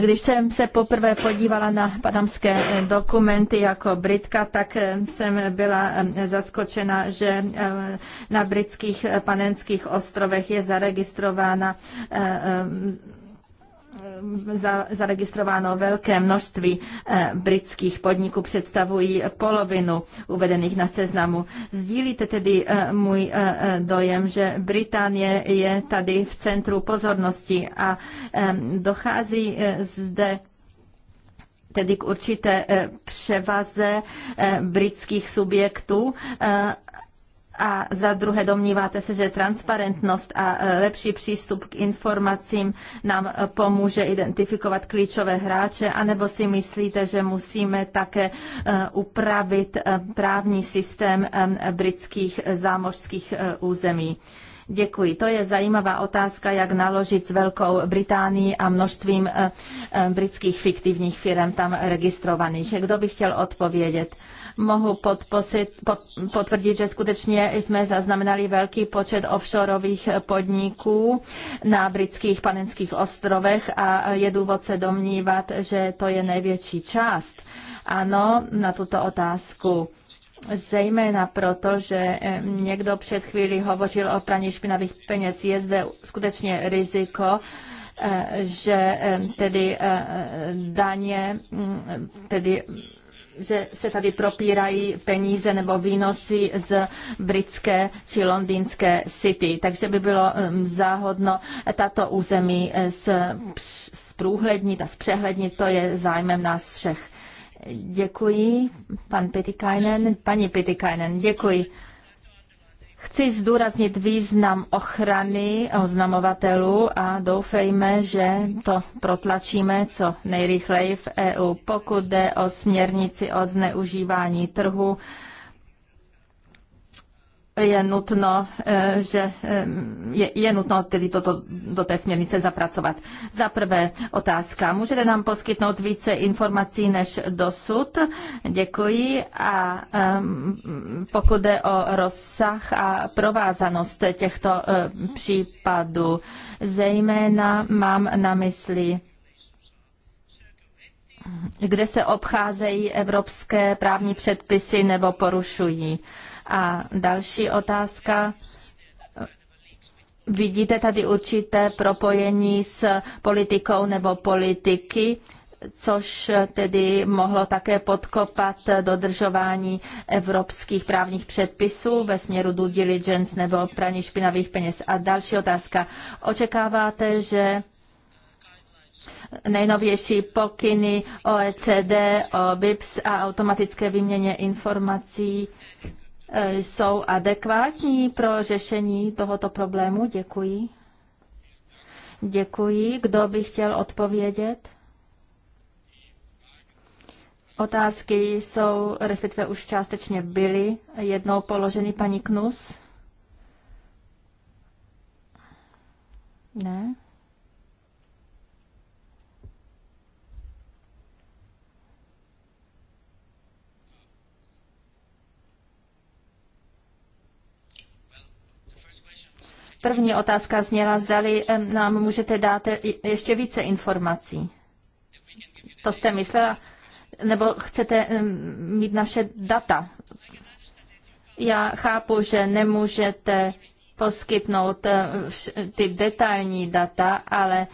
Když jsem se poprvé podívala na panamské dokumenty jako Britka, tak jsem byla zaskočena, že na britských panenských ostrovech je zaregistrována Eh, zaregistrováno velké množství eh, britských podniků, představují polovinu uvedených na seznamu. Sdílíte tedy eh, můj dojem, že Británie je tady v centru pozornosti a dochází zde tedy k určité převaze britských subjektů a za druhé, domníváte se, že transparentnost a e, lepší přístup k informacím nám e, pomůže identifikovat klíčové hráče, anebo si myslíte, že musíme také e, upravit právní systém britských zámořských území? Děkuji. To je zajímavá otázka, jak naložit s Velkou Británií a množstvím britských fiktivních firm tam registrovaných. Kdo by chtěl odpovědět? mohu podposit, pod, potvrdit, že skutečně jsme zaznamenali velký počet offshoreových podniků na britských panenských ostrovech a je důvod se domnívat, že to je největší část. Ano, na tuto otázku zejména proto, že někdo před chvílí hovořil o praní špinavých peněz. Je zde skutečně riziko, eh, že tedy eh, daně, mm, tedy že se tady propírají peníze nebo výnosy z britské či londýnské city. Takže by bylo um, záhodno tato území eh, zprůhlednit a zpřehlednit. To je zájmem nás všech. Děkuji, pan Pitikainen. Paní Pitikainen, děkuji. Chci zdůraznit význam ochrany oznamovatelů a doufejme, že to protlačíme co nejrychleji v EU. Pokud jde o směrnici o zneužívání trhu, je nutno, eh, že eh, je, je nutno tedy toto do té směrnice zapracovat. Za prvé otázka. Můžete nám poskytnout více informací než dosud? Děkuji. A um, pokud jde o rozsah a provázanost těchto eh, případů, zejména mám na mysli kde se obcházejí evropské právní předpisy nebo porušují. Uh, a další otázka. Vidíte tady určité propojení s politikou nebo politiky, což tedy mohlo také podkopat dodržování evropských právních předpisů ve směru due diligence nebo praní špinavých peněz. A další otázka. Očekáváte, že nejnovější pokyny OECD o e BIPS a automatické výměně informací E, jsou adekvátní pro řešení tohoto problému? Děkuji. Děkuji. Kdo by chtěl odpovědět? Otázky jsou, respektive už částečně byly, jednou položeny paní Knus. Ne? První otázka zněla, zdali nám můžete dát ještě více informací. To jste myslela? Nebo chcete mít naše data? Já chápu, že nemůžete poskytnout eh, ty detailní data, ale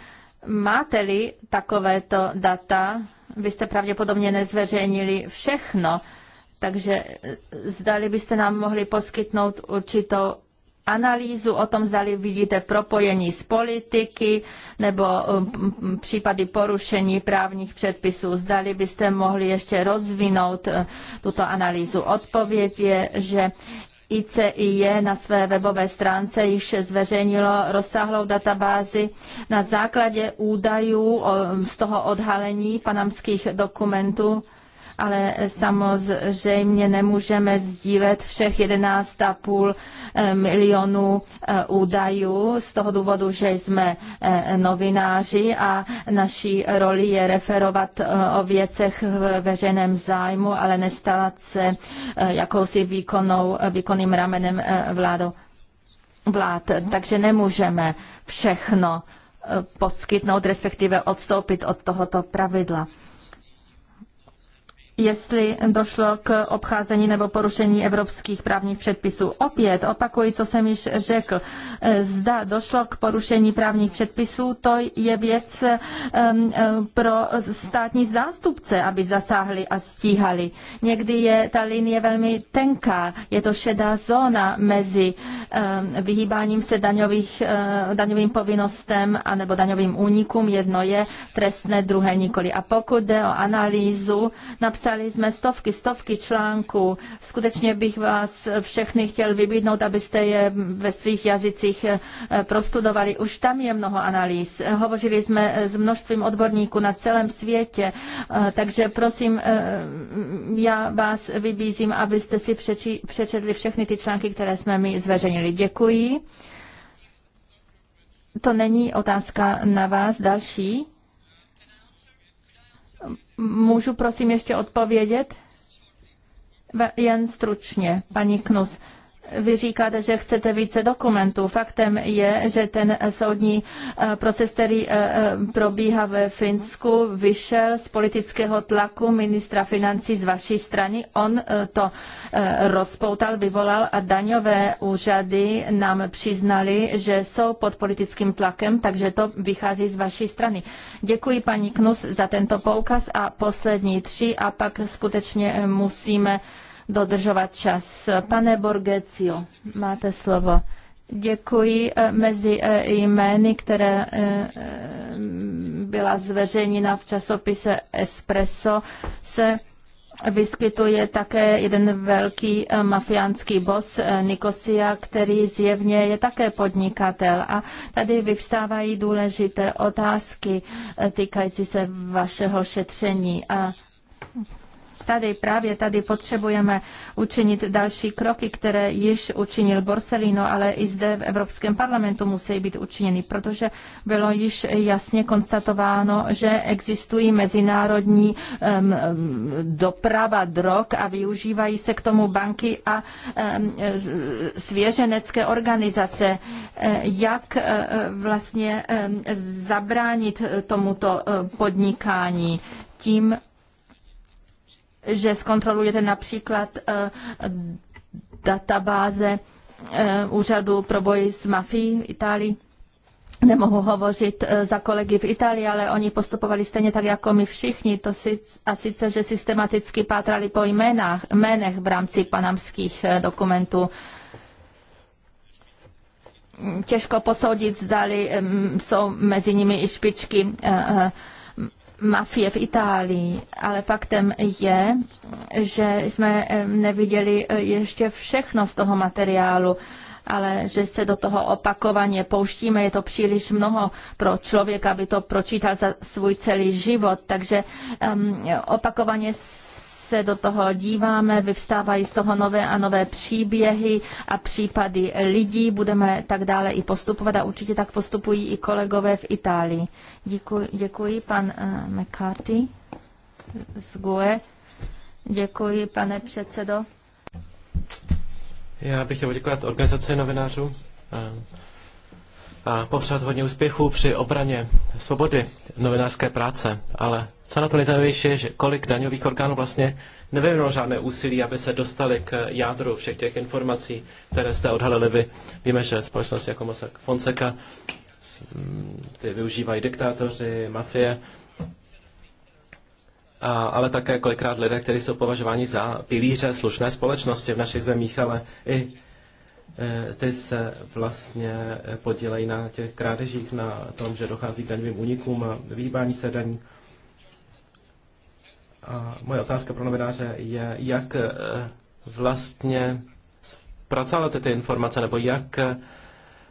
máte-li takovéto data, vy jste pravděpodobně nezveřejnili všechno, takže eh, zdali byste nám mohli poskytnout určitou analýzu o tom, zdali vidíte propojení s politiky nebo um, případy porušení právních předpisů. Zdali byste mohli ještě rozvinout eh, tuto analýzu. Odpověď je, že je na své webové stránce již zveřejnilo rozsáhlou databázi na základě údajů z toho odhalení panamských dokumentů ale samozřejmě nemůžeme sdílet všech 11,5 eh, milionů eh, údajů z toho důvodu, že jsme eh, novináři a naší roli je referovat o věcech v veřejném zájmu, ale nestalat se jakousi výkonou, výkonným ramenem vládu, vlád. Takže nemůžeme všechno poskytnout, respektive odstoupit od tohoto pravidla jestli došlo k obcházení nebo porušení evropských právních předpisů. Opět opakuji, co jsem již řekl. Zda došlo k porušení právních předpisů, to je věc pro státní zástupce, aby zasáhli a stíhali. Někdy je ta linie velmi tenká, je to šedá zóna mezi vyhýbáním se daňových, eh, daňovým povinnostem anebo daňovým únikům. Jedno je trestné, druhé nikoli. A pokud jde o analýzu, napsal Napsali jsme stovky, stovky článků. Skutečně bych vás všechny chtěl vybídnout, abyste je ve svých jazycích eh, prostudovali. Už tam je mnoho analýz. Hovořili jsme eh, s množstvím odborníků na celém světě, eh, takže prosím, já vás vybízím, abyste si přeči, přečetli všechny ty články, které jsme my zveřejnili. Děkuji. To není otázka na vás. Další. Můžu prosím ještě odpovědět? Jen stručně, paní Knus. Vy říkáte, že chcete více dokumentů. Faktem je, že ten soudní eh, proces, který eh, eh, probíhá ve Finsku, vyšel z politického tlaku ministra financí z vaší strany. On to rozpoutal, vyvolal a daňové úřady nám přiznali, že jsou pod politickým tlakem, takže to vychází z vaší strany. Děkuji paní Knus za tento poukaz a poslední tři a pak skutečně musíme dodržovat čas. Pane Borgecio, máte slovo. Děkuji. Eh, mezi eh, jmény, které eh, byla zveřejněna v časopise Espresso, se vyskytuje také jeden velký mafiánský bos Nikosia, který zjevně je také podnikatel. A tady vyvstávají důležité otázky týkající se vašeho šetření. A tady, právě tady potřebujeme učinit další kroky, které již učinil Borsellino, ale i zde v Evropském parlamentu musí být učiněny, protože bylo již jasně konstatováno, že existují mezinárodní um, doprava drog a využívají se k tomu banky a um, svěřenecké organizace. E, jak e, vlastně zabránit tomuto e, podnikání? Tím že zkontrolujete například eh, databáze eh, úřadu pro boj s mafií v Itálii? nemohu hovořit eh, za kolegy v Itálii, ale oni postupovali stejně tak jako my všichni, to si, a sice, že systematicky pátrali po jménách, jménech v rámci panamských dokumentů. Těžko posoudit, zdali jsou mezi nimi i špičky mafie v Itálii, ale faktem je, že jsme neviděli e, ještě všechno z toho materiálu, ale že se do toho opakovaně pouštíme, je to příliš mnoho pro člověka, aby to pročítal za svůj celý život, takže um, opakovaně se do toho díváme, vyvstávají z toho nové a nové příběhy a případy lidí. Budeme tak dále i postupovat a určitě tak postupují i kolegové v Itálii. Děkuji, děkuji pan uh, McCarthy z GUE. Děkuji, pane předsedo. Já bych chtěl poděkovat organizaci novinářů eh, a popřát hodně úspěchů při obraně svobody novinářské práce, ale co na to nejzajímavější je, že kolik daňových orgánů vlastně nevyvinulo žádné úsilí, aby se dostali k jádru všech těch informací, které jste odhalili vy. Víme, že společnosti jako Mossack Fonseca ty využívají diktátoři, mafie, a, ale také kolikrát lidé, kteří jsou považováni za pilíře slušné společnosti v našich zemích, ale i Eh, ty se vlastně eh, podílejí na těch krádežích, na tom, že dochází k daňovým únikům a vyhýbání se daní. A moje otázka pro novináře je, jak eh, vlastně zpracováváte ty informace, nebo jak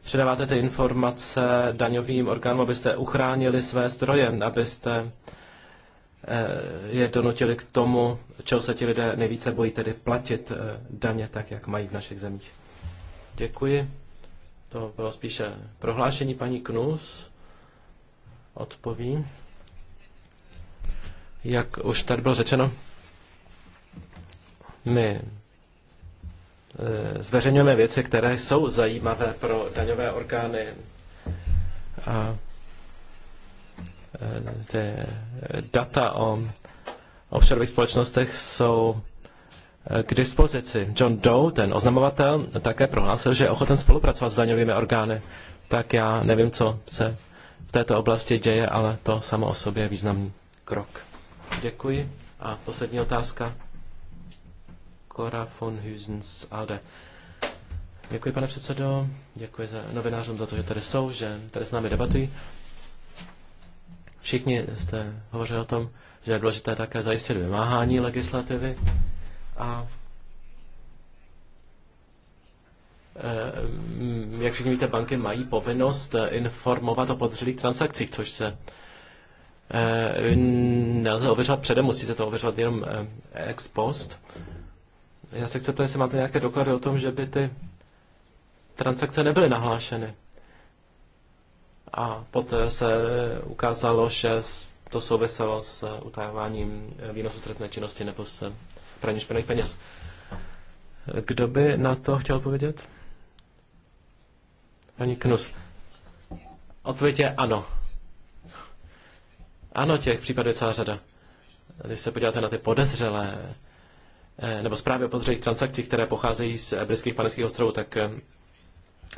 předáváte ty informace daňovým orgánům, abyste uchránili své zdroje, abyste je donutili k tomu, čeho se ti lidé nejvíce bojí, tedy platit daně tak, jak mají v našich zemích. Děkuji. To bylo spíše prohlášení paní Knus. Odpovím. Jak už tady bylo řečeno, my eh, zveřejňujeme věci, které jsou zajímavé pro daňové orgány. A eh, ty data o offshore společnostech jsou k dispozici. John Doe, ten oznamovatel, také prohlásil, že je ochoten spolupracovat s daňovými orgány. Tak já nevím, co se v této oblasti děje, ale to samo o sobě je významný krok. Děkuji. A poslední otázka. Cora von z ALDE. Děkuji, pane předsedo. Děkuji za novinářům za to, že tady jsou, že tady s námi debatují. Všichni jste hovořili o tom, že je důležité také zajistit vymáhání legislativy a eh, jak všichni víte, banky mají povinnost eh, informovat o podřelých transakcích, což se eh, nelze ověřovat předem, musíte to ověřovat jenom ex post. Já se chci ptát, jestli máte nějaké doklady o tom, že by ty transakce nebyly nahlášeny. A poté se ukázalo, že to souviselo s utajováním výnosu trestné činnosti nebo se praní špinavých peněz. Kdo by na to chtěl povědět? Paní Knus. Odpověď je ano. Ano, těch případů je celá řada. Když se podíváte na ty podezřelé, eh, nebo zprávy o podezřelých transakcích, které pocházejí z eh, britských panických ostrovů, tak eh,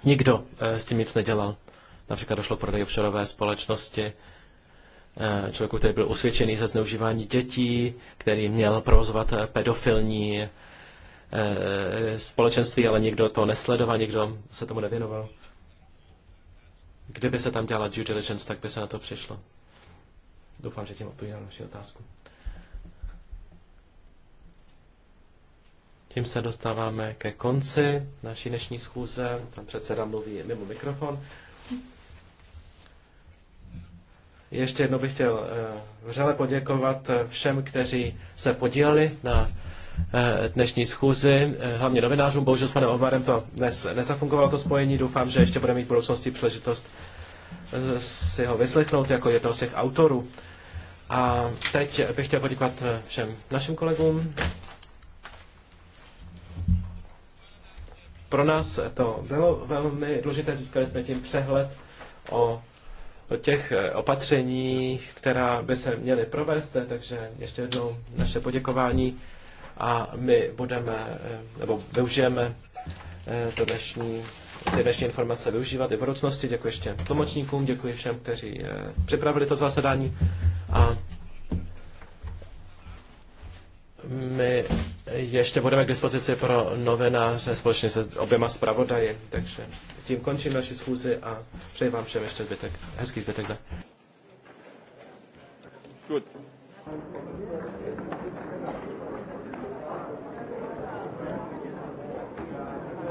nikdo s tím nic nedělal. Například došlo k prodeji offshoreové společnosti Eh, člověku, který byl usvědčený za zneužívání dětí, který měl provozovat eh, pedofilní eh, společenství, ale nikdo to nesledoval, nikdo se tomu nevěnoval. Kdyby se tam dělala due diligence, tak by se na to přišlo. Doufám, že tím odpovídám na vaši otázku. Tím se dostáváme ke konci naší dnešní schůze. Pan předseda mluví mimo mikrofon. Ještě jednou bych chtěl eh, vřele poděkovat eh, všem, kteří se podíleli na eh, dnešní schůzi, hlavně novinářům. Bohužel s panem Omarem to dnes nezafungovalo to spojení. Doufám, že ještě bude mít v budoucnosti příležitost si ho vyslechnout jako jednoho z těch autorů. A teď bych chtěl poděkovat všem našim kolegům. Pro nás to bylo velmi důležité, získali jsme tím přehled o o těch eh, opatření, která by se měly provést, takže ještě jednou naše poděkování a my budeme, eh, nebo využijeme eh, to dnešní, ty dnešní informace využívat i v budoucnosti. Děkuji ještě tlumočníkům, děkuji všem, kteří připravili to zasedání a my ještě budeme k dispozici pro novináře společně se oběma zpravodaji. Takže tím končím naši schůzi a přeji vám všem ještě zbytek, hezký zbytek. Good.